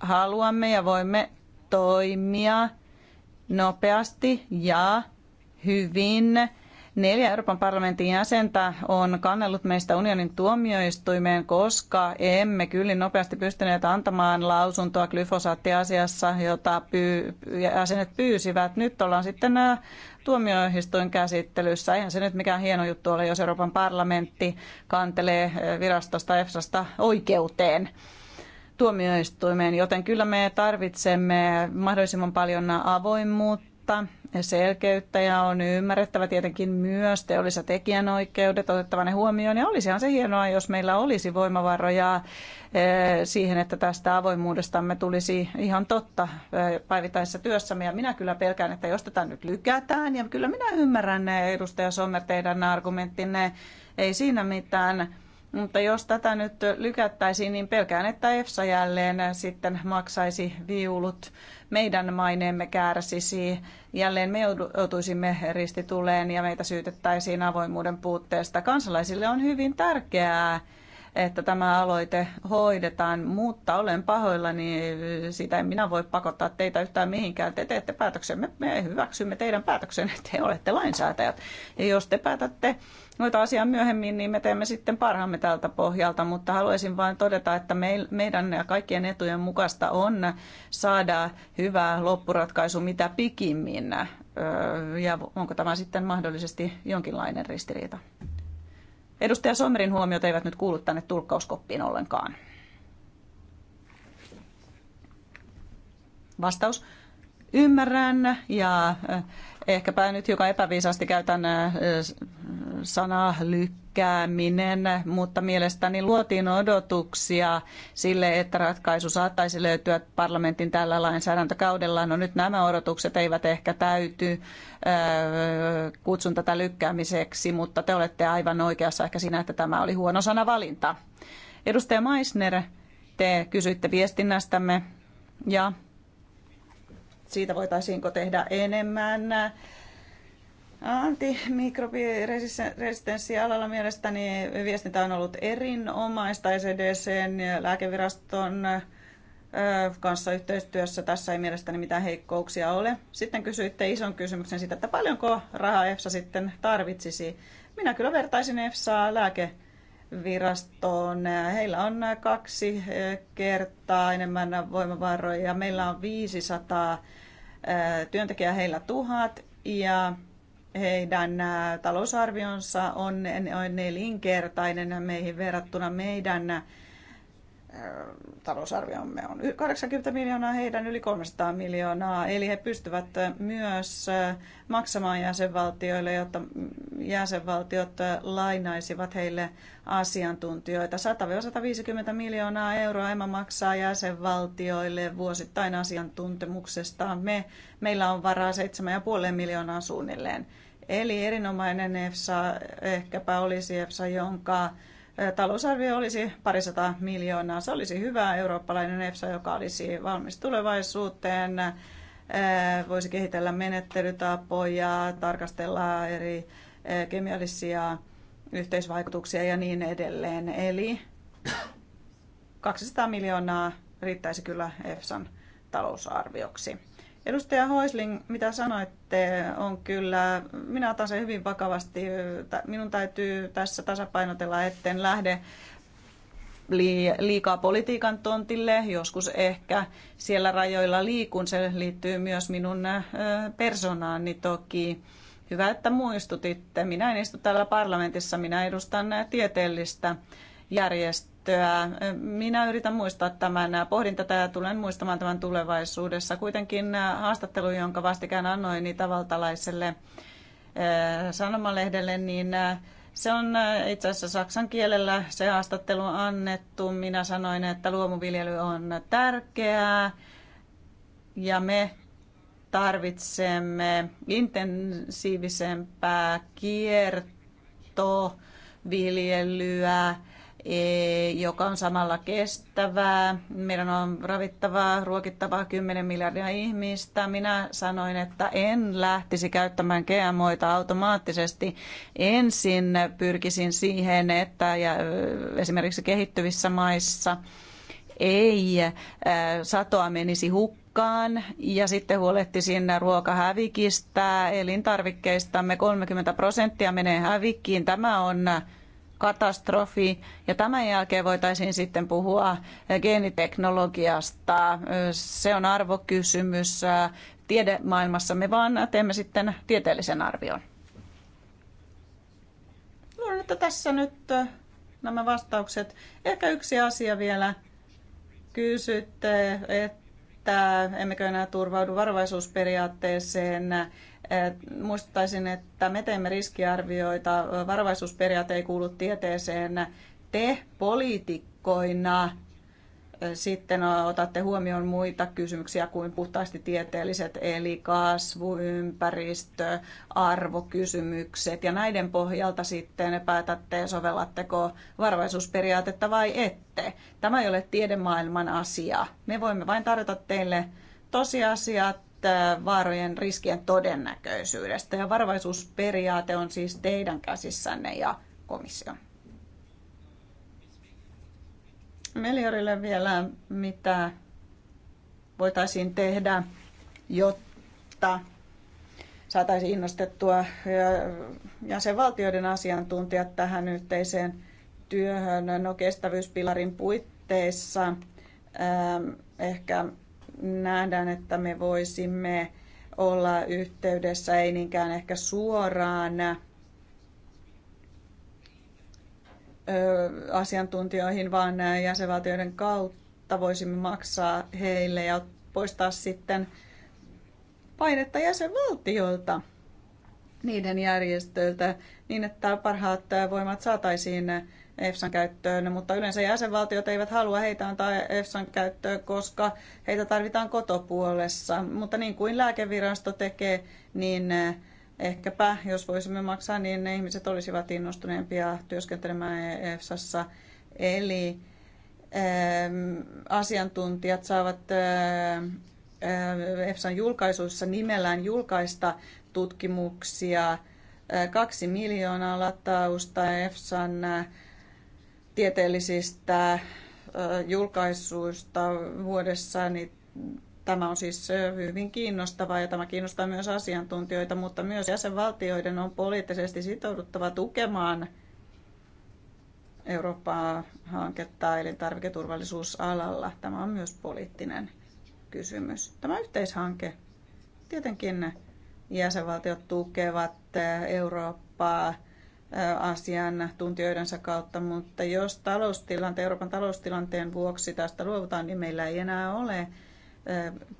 haluamme ja voimme toimia nopeasti ja hyvin Neljä Euroopan parlamentin jäsentä on kannellut meistä unionin tuomioistuimeen, koska emme kyllä nopeasti pystyneet antamaan lausuntoa glyfosaattiasiassa, jota jäsenet pyysivät. Nyt ollaan sitten äh, tuomioistuin käsittelyssä. Eihän se nyt mikään hieno juttu ole, jos Euroopan parlamentti kantelee äh, virastosta EFSAsta oikeuteen tuomioistuimeen, joten kyllä me tarvitsemme mahdollisimman paljon avoimuutta ja selkeyttä ja on ymmärrettävä tietenkin myös teolliset tekijänoikeudet, otettava ne huomioon. Ja olisihan se hienoa, jos meillä olisi voimavaroja eh, siihen, että tästä avoimuudestamme tulisi ihan totta eh, päivittäisessä työssämme. Ja minä kyllä pelkään, että jos tätä nyt lykätään, ja kyllä minä ymmärrän eh, edustaja Sommer teidän argumenttinne, ei siinä mitään mutta jos tätä nyt lykättäisiin, niin pelkään, että EFSA jälleen sitten maksaisi viulut. Meidän maineemme kärsisi. Jälleen me joutuisimme ristituleen ja meitä syytettäisiin avoimuuden puutteesta. Kansalaisille on hyvin tärkeää, että tämä aloite hoidetaan, mutta olen pahoillani, sitä en minä voi pakottaa teitä yhtään mihinkään. Te teette päätöksen, me hyväksymme teidän päätöksenne, te olette lainsäätäjät. Ja jos te päätätte noita asiaa myöhemmin, niin me teemme sitten parhaamme tältä pohjalta, mutta haluaisin vain todeta, että meidän ja kaikkien etujen mukaista on saada hyvä loppuratkaisu mitä pikimmin. Ja onko tämä sitten mahdollisesti jonkinlainen ristiriita? Edustaja Somerin huomiot eivät nyt kuulu tänne tulkkauskoppiin ollenkaan. Vastaus. Ymmärrän ja Ehkäpä nyt hiukan epäviisaasti käytän sanaa lykkääminen, mutta mielestäni luotiin odotuksia sille, että ratkaisu saattaisi löytyä parlamentin tällä lainsäädäntökaudella. No nyt nämä odotukset eivät ehkä täyty. Kutsun tätä lykkäämiseksi, mutta te olette aivan oikeassa ehkä siinä, että tämä oli huono sanavalinta. Edustaja Meissner, te kysyitte viestinnästämme ja siitä voitaisiinko tehdä enemmän. Antimikrobiresistenssialalla mielestäni viestintä on ollut erinomaista ECDC ja lääkeviraston kanssa yhteistyössä. Tässä ei mielestäni mitään heikkouksia ole. Sitten kysyitte ison kysymyksen siitä, että paljonko rahaa EFSA sitten tarvitsisi. Minä kyllä vertaisin EFSAa lääke virastoon. Heillä on kaksi eh, kertaa enemmän voimavaroja. Meillä on 500 eh, työntekijää, heillä tuhat ja heidän eh, talousarvionsa on nelinkertainen meihin verrattuna meidän talousarviomme on 80 miljoonaa, heidän yli 300 miljoonaa, eli he pystyvät myös maksamaan jäsenvaltioille, jotta jäsenvaltiot lainaisivat heille asiantuntijoita. 100-150 miljoonaa euroa EMA maksaa jäsenvaltioille vuosittain asiantuntemuksestaan. Me, meillä on varaa 7,5 miljoonaa suunnilleen. Eli erinomainen EFSA ehkäpä olisi EFSA, jonka talousarvio olisi parisataa miljoonaa. Se olisi hyvä eurooppalainen EFSA, joka olisi valmis tulevaisuuteen. Voisi kehitellä menettelytapoja, tarkastella eri kemiallisia yhteisvaikutuksia ja niin edelleen. Eli 200 miljoonaa riittäisi kyllä EFSAn talousarvioksi. Edustaja Hoisling, mitä sanoitte, on kyllä, minä otan sen hyvin vakavasti. Minun täytyy tässä tasapainotella, etten lähde liikaa politiikan tontille, joskus ehkä siellä rajoilla liikun, se liittyy myös minun persoonaani toki. Hyvä, että muistutitte. Minä en istu täällä parlamentissa, minä edustan tieteellistä järjestelmää käyttöä. Minä yritän muistaa tämän, pohdin tätä ja tulen muistamaan tämän tulevaisuudessa. Kuitenkin haastattelu, jonka vastikään annoin itävaltalaiselle eh, sanomalehdelle, niin eh, se on eh, itse asiassa saksan kielellä se haastattelu annettu. Minä sanoin, että luomuviljely on tärkeää ja me tarvitsemme intensiivisempää kiertoviljelyä. viljelyä, E, joka on samalla kestävää. Meidän on ravittavaa, ruokittavaa 10 miljardia ihmistä. Minä sanoin, että en lähtisi käyttämään GMOita automaattisesti. Ensin pyrkisin siihen, että ja esimerkiksi kehittyvissä maissa ei satoa menisi hukkaan ja sitten huolehtisin ruokahävikistä, elintarvikkeistamme 30 prosenttia menee hävikkiin. Tämä on katastrofi. Ja tämän jälkeen voitaisiin sitten puhua geeniteknologiasta. Se on arvokysymys tiedemaailmassa. Me vaan teemme sitten tieteellisen arvion. Luulen, että tässä nyt nämä vastaukset. Ehkä yksi asia vielä. Kysytte, että emmekö enää turvaudu varovaisuusperiaatteeseen Eh, Muistaisin, että me teemme riskiarvioita, varovaisuusperiaate ei kuulu tieteeseen. Te poliitikkoina eh, sitten otatte huomioon muita kysymyksiä kuin puhtaasti tieteelliset, eli kasvu, ympäristö, arvokysymykset, ja näiden pohjalta sitten päätätte, sovellatteko varovaisuusperiaatetta vai ette. Tämä ei ole tiedemaailman asia. Me voimme vain tarjota teille tosiasiat, vaarojen riskien todennäköisyydestä. Ja varovaisuusperiaate on siis teidän käsissänne ja komission. Meliorille vielä, mitä voitaisiin tehdä, jotta saataisiin innostettua jäsenvaltioiden asiantuntijat tähän yhteiseen työhön no kestävyyspilarin puitteissa. Ehkä nähdään, että me voisimme olla yhteydessä, ei niinkään ehkä suoraan asiantuntijoihin, vaan jäsenvaltioiden kautta voisimme maksaa heille ja poistaa sitten painetta jäsenvaltioilta niiden järjestöiltä niin, että parhaat voimat saataisiin EFSAn käyttöön, mutta yleensä jäsenvaltiot eivät halua heitä antaa EFSAn käyttöön, koska heitä tarvitaan kotopuolessa. Mutta niin kuin lääkevirasto tekee, niin eh, ehkäpä, jos voisimme maksaa, niin ne ihmiset olisivat innostuneempia työskentelemään EFSassa. Eli asiantuntijat saavat eh, EFSAn julkaisuissa nimellään julkaista tutkimuksia, eh, kaksi miljoonaa latausta EFSAn tieteellisistä julkaisuista vuodessa, niin tämä on siis hyvin kiinnostavaa ja tämä kiinnostaa myös asiantuntijoita, mutta myös jäsenvaltioiden on poliittisesti sitouduttava tukemaan Eurooppaa hanketta elintarviketurvallisuusalalla. Tämä on myös poliittinen kysymys. Tämä yhteishanke. Tietenkin jäsenvaltiot tukevat Eurooppaa tuntijoidensa kautta, mutta jos taloustilanteen, Euroopan taloustilanteen vuoksi tästä luovutaan, niin meillä ei enää ole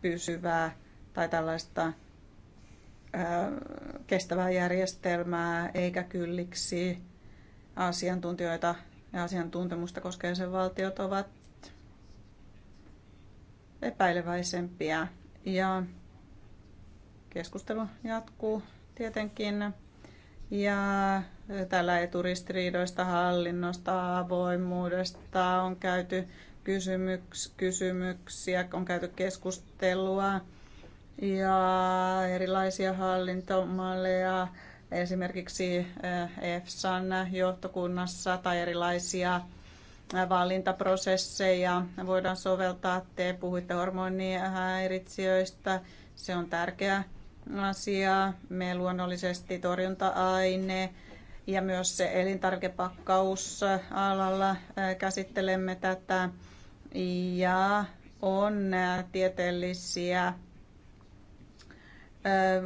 pysyvää tai tällaista kestävää järjestelmää eikä kylliksi asiantuntijoita ja asiantuntemusta koskevat sen valtiot ovat epäileväisempiä. Ja keskustelu jatkuu tietenkin ja täällä eturistiriidoista, hallinnosta, avoimuudesta on käyty kysymyks, kysymyksiä, on käyty keskustelua ja erilaisia hallintomalleja esimerkiksi EFSAn johtokunnassa tai erilaisia valintaprosesseja voidaan soveltaa. Te puhuitte hormonihäiritsijöistä, se on tärkeä asiaa. Me luonnollisesti torjunta-aine ja myös se elintarvikepakkaus alalla käsittelemme tätä. Ja on tieteellisiä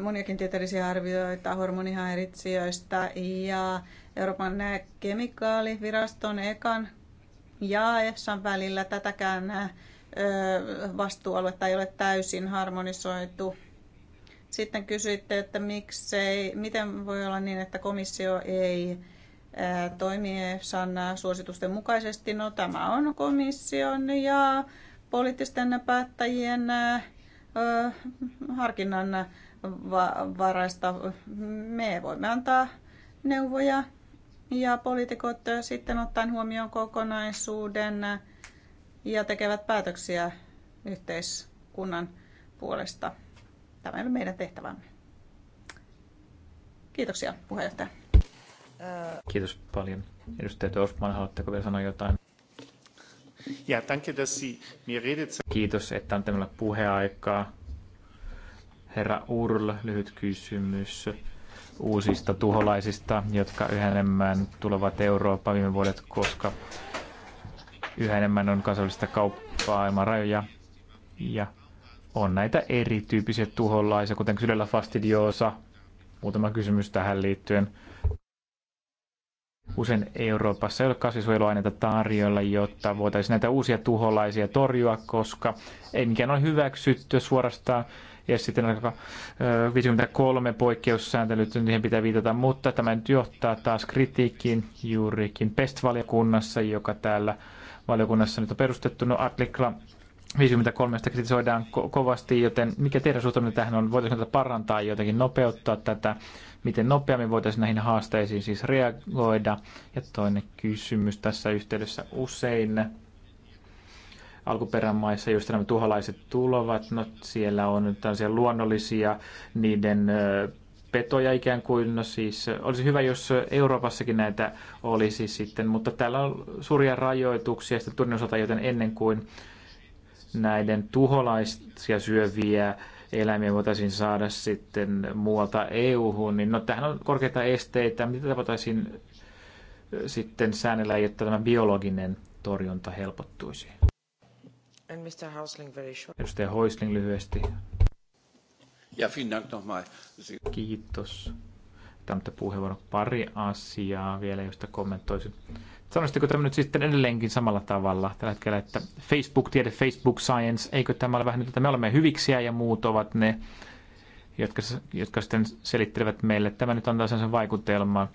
moniakin tieteellisiä arvioita hormonihäiritsijöistä ja Euroopan kemikaaliviraston EKAN ja EFSAn välillä tätäkään vastuualuetta ei ole täysin harmonisoitu sitten kysyitte, että miksei, miten voi olla niin, että komissio ei toimi EFSAn suositusten mukaisesti. No tämä on komission ja poliittisten päättäjien harkinnan varaista. Me voimme antaa neuvoja ja poliitikot sitten ottaen huomioon kokonaisuuden ja tekevät päätöksiä yhteiskunnan puolesta. Tämä on meidän tehtävämme. Kiitoksia puheenjohtaja. Kiitos paljon. Edustaja Dorfman, haluatteko vielä sanoa jotain? Ja, danke, dass Sie mir redet. Kiitos, että on tämmöinen puheaikaa. Herra Url, lyhyt kysymys uusista tuholaisista, jotka yhä enemmän tulevat Eurooppaan viime vuodet, koska yhä enemmän on kansallista kauppaa ilman rajoja. Ja on näitä erityyppisiä tuholaisia, kuten Xylella fastidiosa. Muutama kysymys tähän liittyen. Usein Euroopassa ei ole kasvisuojeluaineita tarjolla, jotta voitaisiin näitä uusia tuholaisia torjua, koska ei mikään ole hyväksytty suorastaan. Ja sitten 53 poikkeussääntelyt, niihin pitää viitata, mutta tämä nyt johtaa taas kritiikkiin juurikin PEST-valiokunnassa, joka täällä valiokunnassa nyt on perustettu. No Artikla 53 kritisoidaan ko- kovasti, joten mikä teidän suhtautuminen tähän on? voitaisiin tätä parantaa jotenkin, nopeuttaa tätä? Miten nopeammin voitaisiin näihin haasteisiin siis reagoida? Ja toinen kysymys tässä yhteydessä usein alkuperämaissa, joista nämä tuholaiset tulovat, no siellä on tällaisia luonnollisia niiden petoja ikään kuin, no siis olisi hyvä, jos Euroopassakin näitä olisi sitten, mutta täällä on suuria rajoituksia sitten turnin osalta, joten ennen kuin näiden tuholaisia syöviä eläimiä voitaisiin saada sitten muualta EU-hun, niin no tähän on korkeita esteitä. Mitä voitaisiin sitten säännellä, jotta tämä biologinen torjunta helpottuisi? And Mr. Hausling, very short. Edustaja Hoisling lyhyesti. Ja Dank Kiitos. Tämä puheenvuoro pari asiaa vielä, josta kommentoisin. Sanoisitteko tämä nyt sitten edelleenkin samalla tavalla tällä hetkellä, että Facebook, tiede, Facebook Science, eikö tämä ole vähän nyt, että me olemme hyviksiä ja muut ovat ne, jotka, jotka sitten selittelevät meille. että Tämä nyt antaa sen vaikutelman.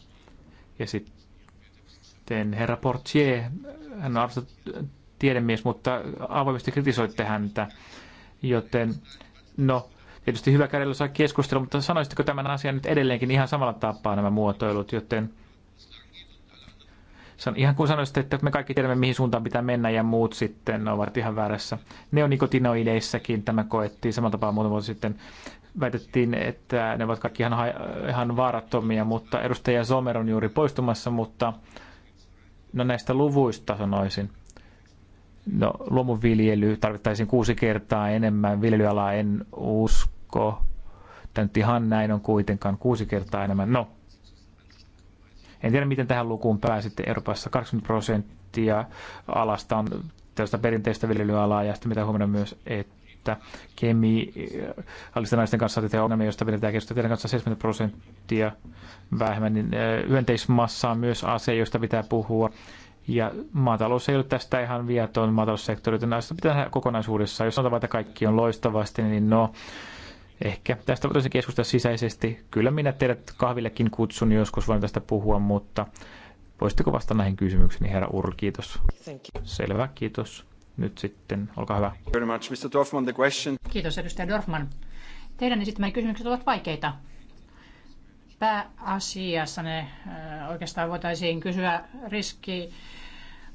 Ja sitten herra Portier, hän on arvostettu tiedemies, mutta avoimesti kritisoitte häntä, joten no, tietysti hyvä kädellä saa keskustella, mutta sanoisitteko tämän asian nyt edelleenkin ihan samalla tapaa nämä muotoilut, joten ihan kuin sanoisit, että me kaikki tiedämme, mihin suuntaan pitää mennä ja muut sitten ovat ihan väärässä. Neonikotinoideissakin tämä koettiin samalla tapaa muutama vuosi sitten. Väitettiin, että ne ovat kaikki ihan, ihan vaarattomia, mutta edustaja Somer on juuri poistumassa, mutta no näistä luvuista sanoisin. No, luomuviljely tarvittaisiin kuusi kertaa enemmän. Viljelyalaa en usko. Tämä nyt ihan näin on kuitenkaan kuusi kertaa enemmän. No, en tiedä, miten tähän lukuun pääsitte. Euroopassa 80 prosenttia alasta on tällaista perinteistä viljelyalaa, ja sitten mitä huomioida myös, että kemi alisten naisten kanssa tehdään ongelmia, joista pidetään keskustelua teidän kanssa 70 prosenttia vähemmän, niin hyönteismassa on myös ase, josta pitää puhua. Ja maatalous ei ole tästä ihan viaton maataloussektori, joten näistä pitää kokonaisuudessaan. Jos sanotaan, että kaikki on loistavasti, niin no, Ehkä tästä voitaisiin keskustella sisäisesti. Kyllä minä teidät kahvillekin kutsun, joskus voin tästä puhua, mutta voisitteko vastata näihin kysymyksiin, herra Url, kiitos. Selvä, kiitos. Nyt sitten, olkaa hyvä. much, Mr. Dorfman, the question. Kiitos, edustaja Dorfman. Teidän esittämäni kysymykset ovat vaikeita. Pääasiassa ne äh, oikeastaan voitaisiin kysyä riski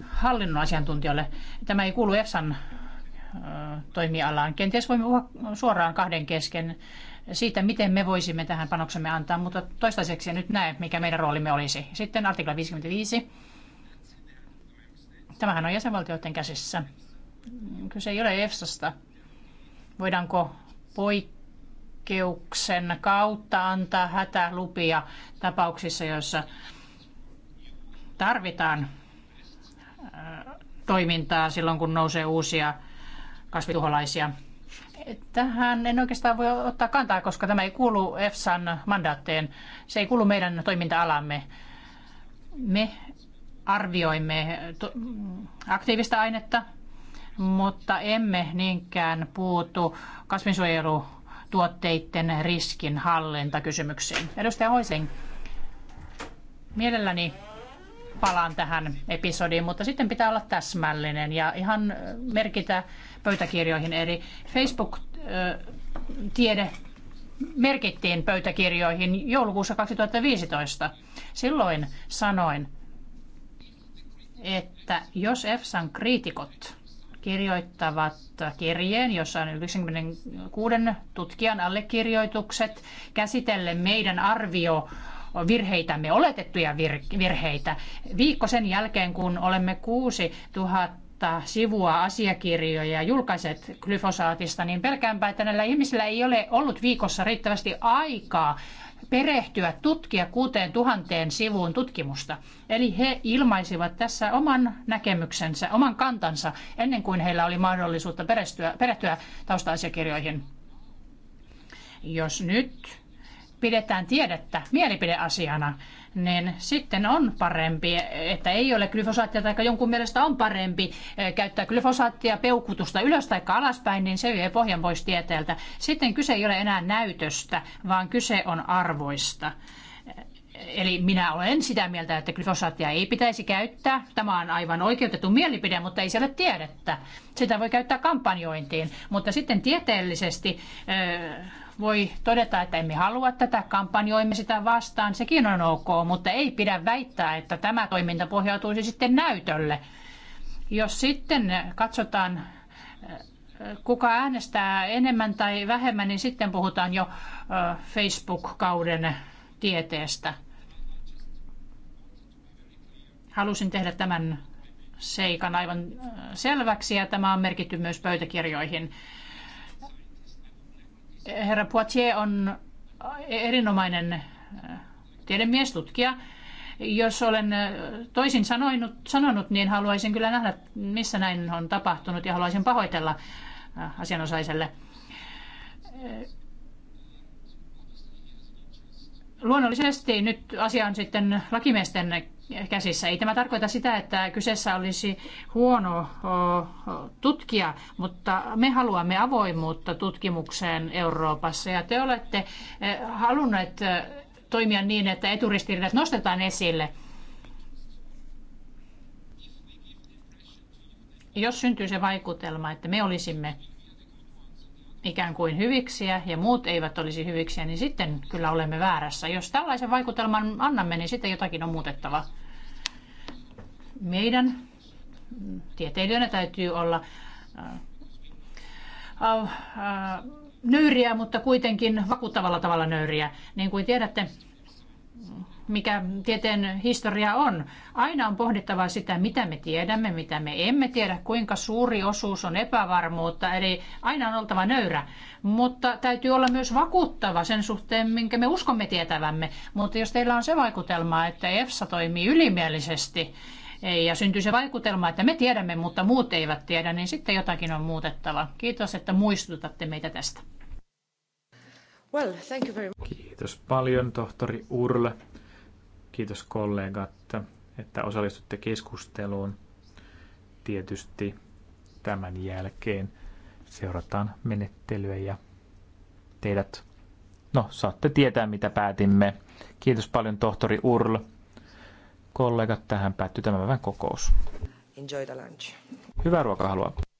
hallinnon asiantuntijoille. Tämä ei kuulu EFSAn toimialaan. Kenties voimme puhua suoraan kahden kesken siitä, miten me voisimme tähän panoksemme antaa, mutta toistaiseksi en nyt näe, mikä meidän roolimme olisi. Sitten artikla 55. Tämähän on jäsenvaltioiden käsissä. Kyse ei ole EFSasta. Voidaanko poikkeuksen kautta antaa hätälupia tapauksissa, joissa tarvitaan toimintaa silloin, kun nousee uusia kasvituholaisia. Tähän en oikeastaan voi ottaa kantaa, koska tämä ei kuulu EFSAn mandaatteen. Se ei kuulu meidän toiminta-alamme. Me arvioimme aktiivista ainetta, mutta emme niinkään puutu kasvinsuojelutuotteiden riskin hallintakysymyksiin. Edustaja Hoising, mielelläni palaan tähän episodiin, mutta sitten pitää olla täsmällinen ja ihan merkitä pöytäkirjoihin. Eli Facebook-tiede merkittiin pöytäkirjoihin joulukuussa 2015. Silloin sanoin, että jos EFSAn kriitikot kirjoittavat kirjeen, jossa on 96 tutkijan allekirjoitukset, käsitellen meidän arvio virheitämme, oletettuja virheitä. Viikko sen jälkeen, kun olemme 6000 tuhatta sivua asiakirjoja julkaiset glyfosaatista, niin pelkäänpä, että näillä ihmisillä ei ole ollut viikossa riittävästi aikaa perehtyä, tutkia kuuteen tuhanteen sivuun tutkimusta. Eli he ilmaisivat tässä oman näkemyksensä, oman kantansa, ennen kuin heillä oli mahdollisuutta perehtyä, perehtyä tausta-asiakirjoihin. Jos nyt pidetään tiedettä mielipideasiana, niin sitten on parempi, että ei ole glyfosaattia tai jonkun mielestä on parempi eh, käyttää glyfosaattia peukutusta ylös tai alaspäin, niin se vie pohjan pois tieteeltä. Sitten kyse ei ole enää näytöstä, vaan kyse on arvoista. Eh, eli minä olen sitä mieltä, että glyfosaattia ei pitäisi käyttää. Tämä on aivan oikeutettu mielipide, mutta ei siellä tiedettä. Sitä voi käyttää kampanjointiin, mutta sitten tieteellisesti eh, voi todeta, että emme halua tätä, kampanjoimme sitä vastaan, sekin on ok, mutta ei pidä väittää, että tämä toiminta pohjautuisi sitten näytölle. Jos sitten katsotaan, äh, kuka äänestää enemmän tai vähemmän, niin sitten puhutaan jo äh, Facebook-kauden tieteestä. Halusin tehdä tämän seikan aivan äh, selväksi ja tämä on merkitty myös pöytäkirjoihin. Herra Poitier on erinomainen äh, tiedemies, tutkija. Jos olen äh, toisin sanoinut, sanonut, niin haluaisin kyllä nähdä, missä näin on tapahtunut ja haluaisin pahoitella äh, asianosaiselle luonnollisesti nyt asia on sitten lakimiesten käsissä. Ei tämä tarkoita sitä, että kyseessä olisi huono tutkija, mutta me haluamme avoimuutta tutkimukseen Euroopassa ja te olette e, halunneet e, toimia niin, että eturistiriidat nostetaan esille. Jos syntyy se vaikutelma, että me olisimme ikään kuin hyviksiä ja muut eivät olisi hyviksiä, niin sitten kyllä olemme väärässä. Jos tällaisen vaikutelman annamme, niin sitten jotakin on muutettava. Meidän tieteilijöinä täytyy olla äh, äh, äh, nöyriä, mutta kuitenkin vakuuttavalla tavalla nöyriä. Niin kuin tiedätte, mikä tieteen historia on. Aina on pohdittava sitä, mitä me tiedämme, mitä me emme tiedä, kuinka suuri osuus on epävarmuutta, eli aina on oltava nöyrä. Mutta täytyy olla myös vakuuttava sen suhteen, minkä me uskomme tietävämme. Mutta jos teillä on se vaikutelma, että EFSA toimii ylimielisesti, ja syntyy se vaikutelma, että me tiedämme, mutta muut eivät tiedä, niin sitten jotakin on muutettava. Kiitos, että muistutatte meitä tästä. Well, thank you very much. Kiitos paljon, tohtori Urle. Kiitos kollegat, että osallistutte keskusteluun. Tietysti tämän jälkeen seurataan menettelyä ja teidät, no saatte tietää mitä päätimme. Kiitos paljon tohtori Url. Kollegat, tähän päättyy tämän päivän kokous. Enjoy the lunch. Hyvää ruokahalua.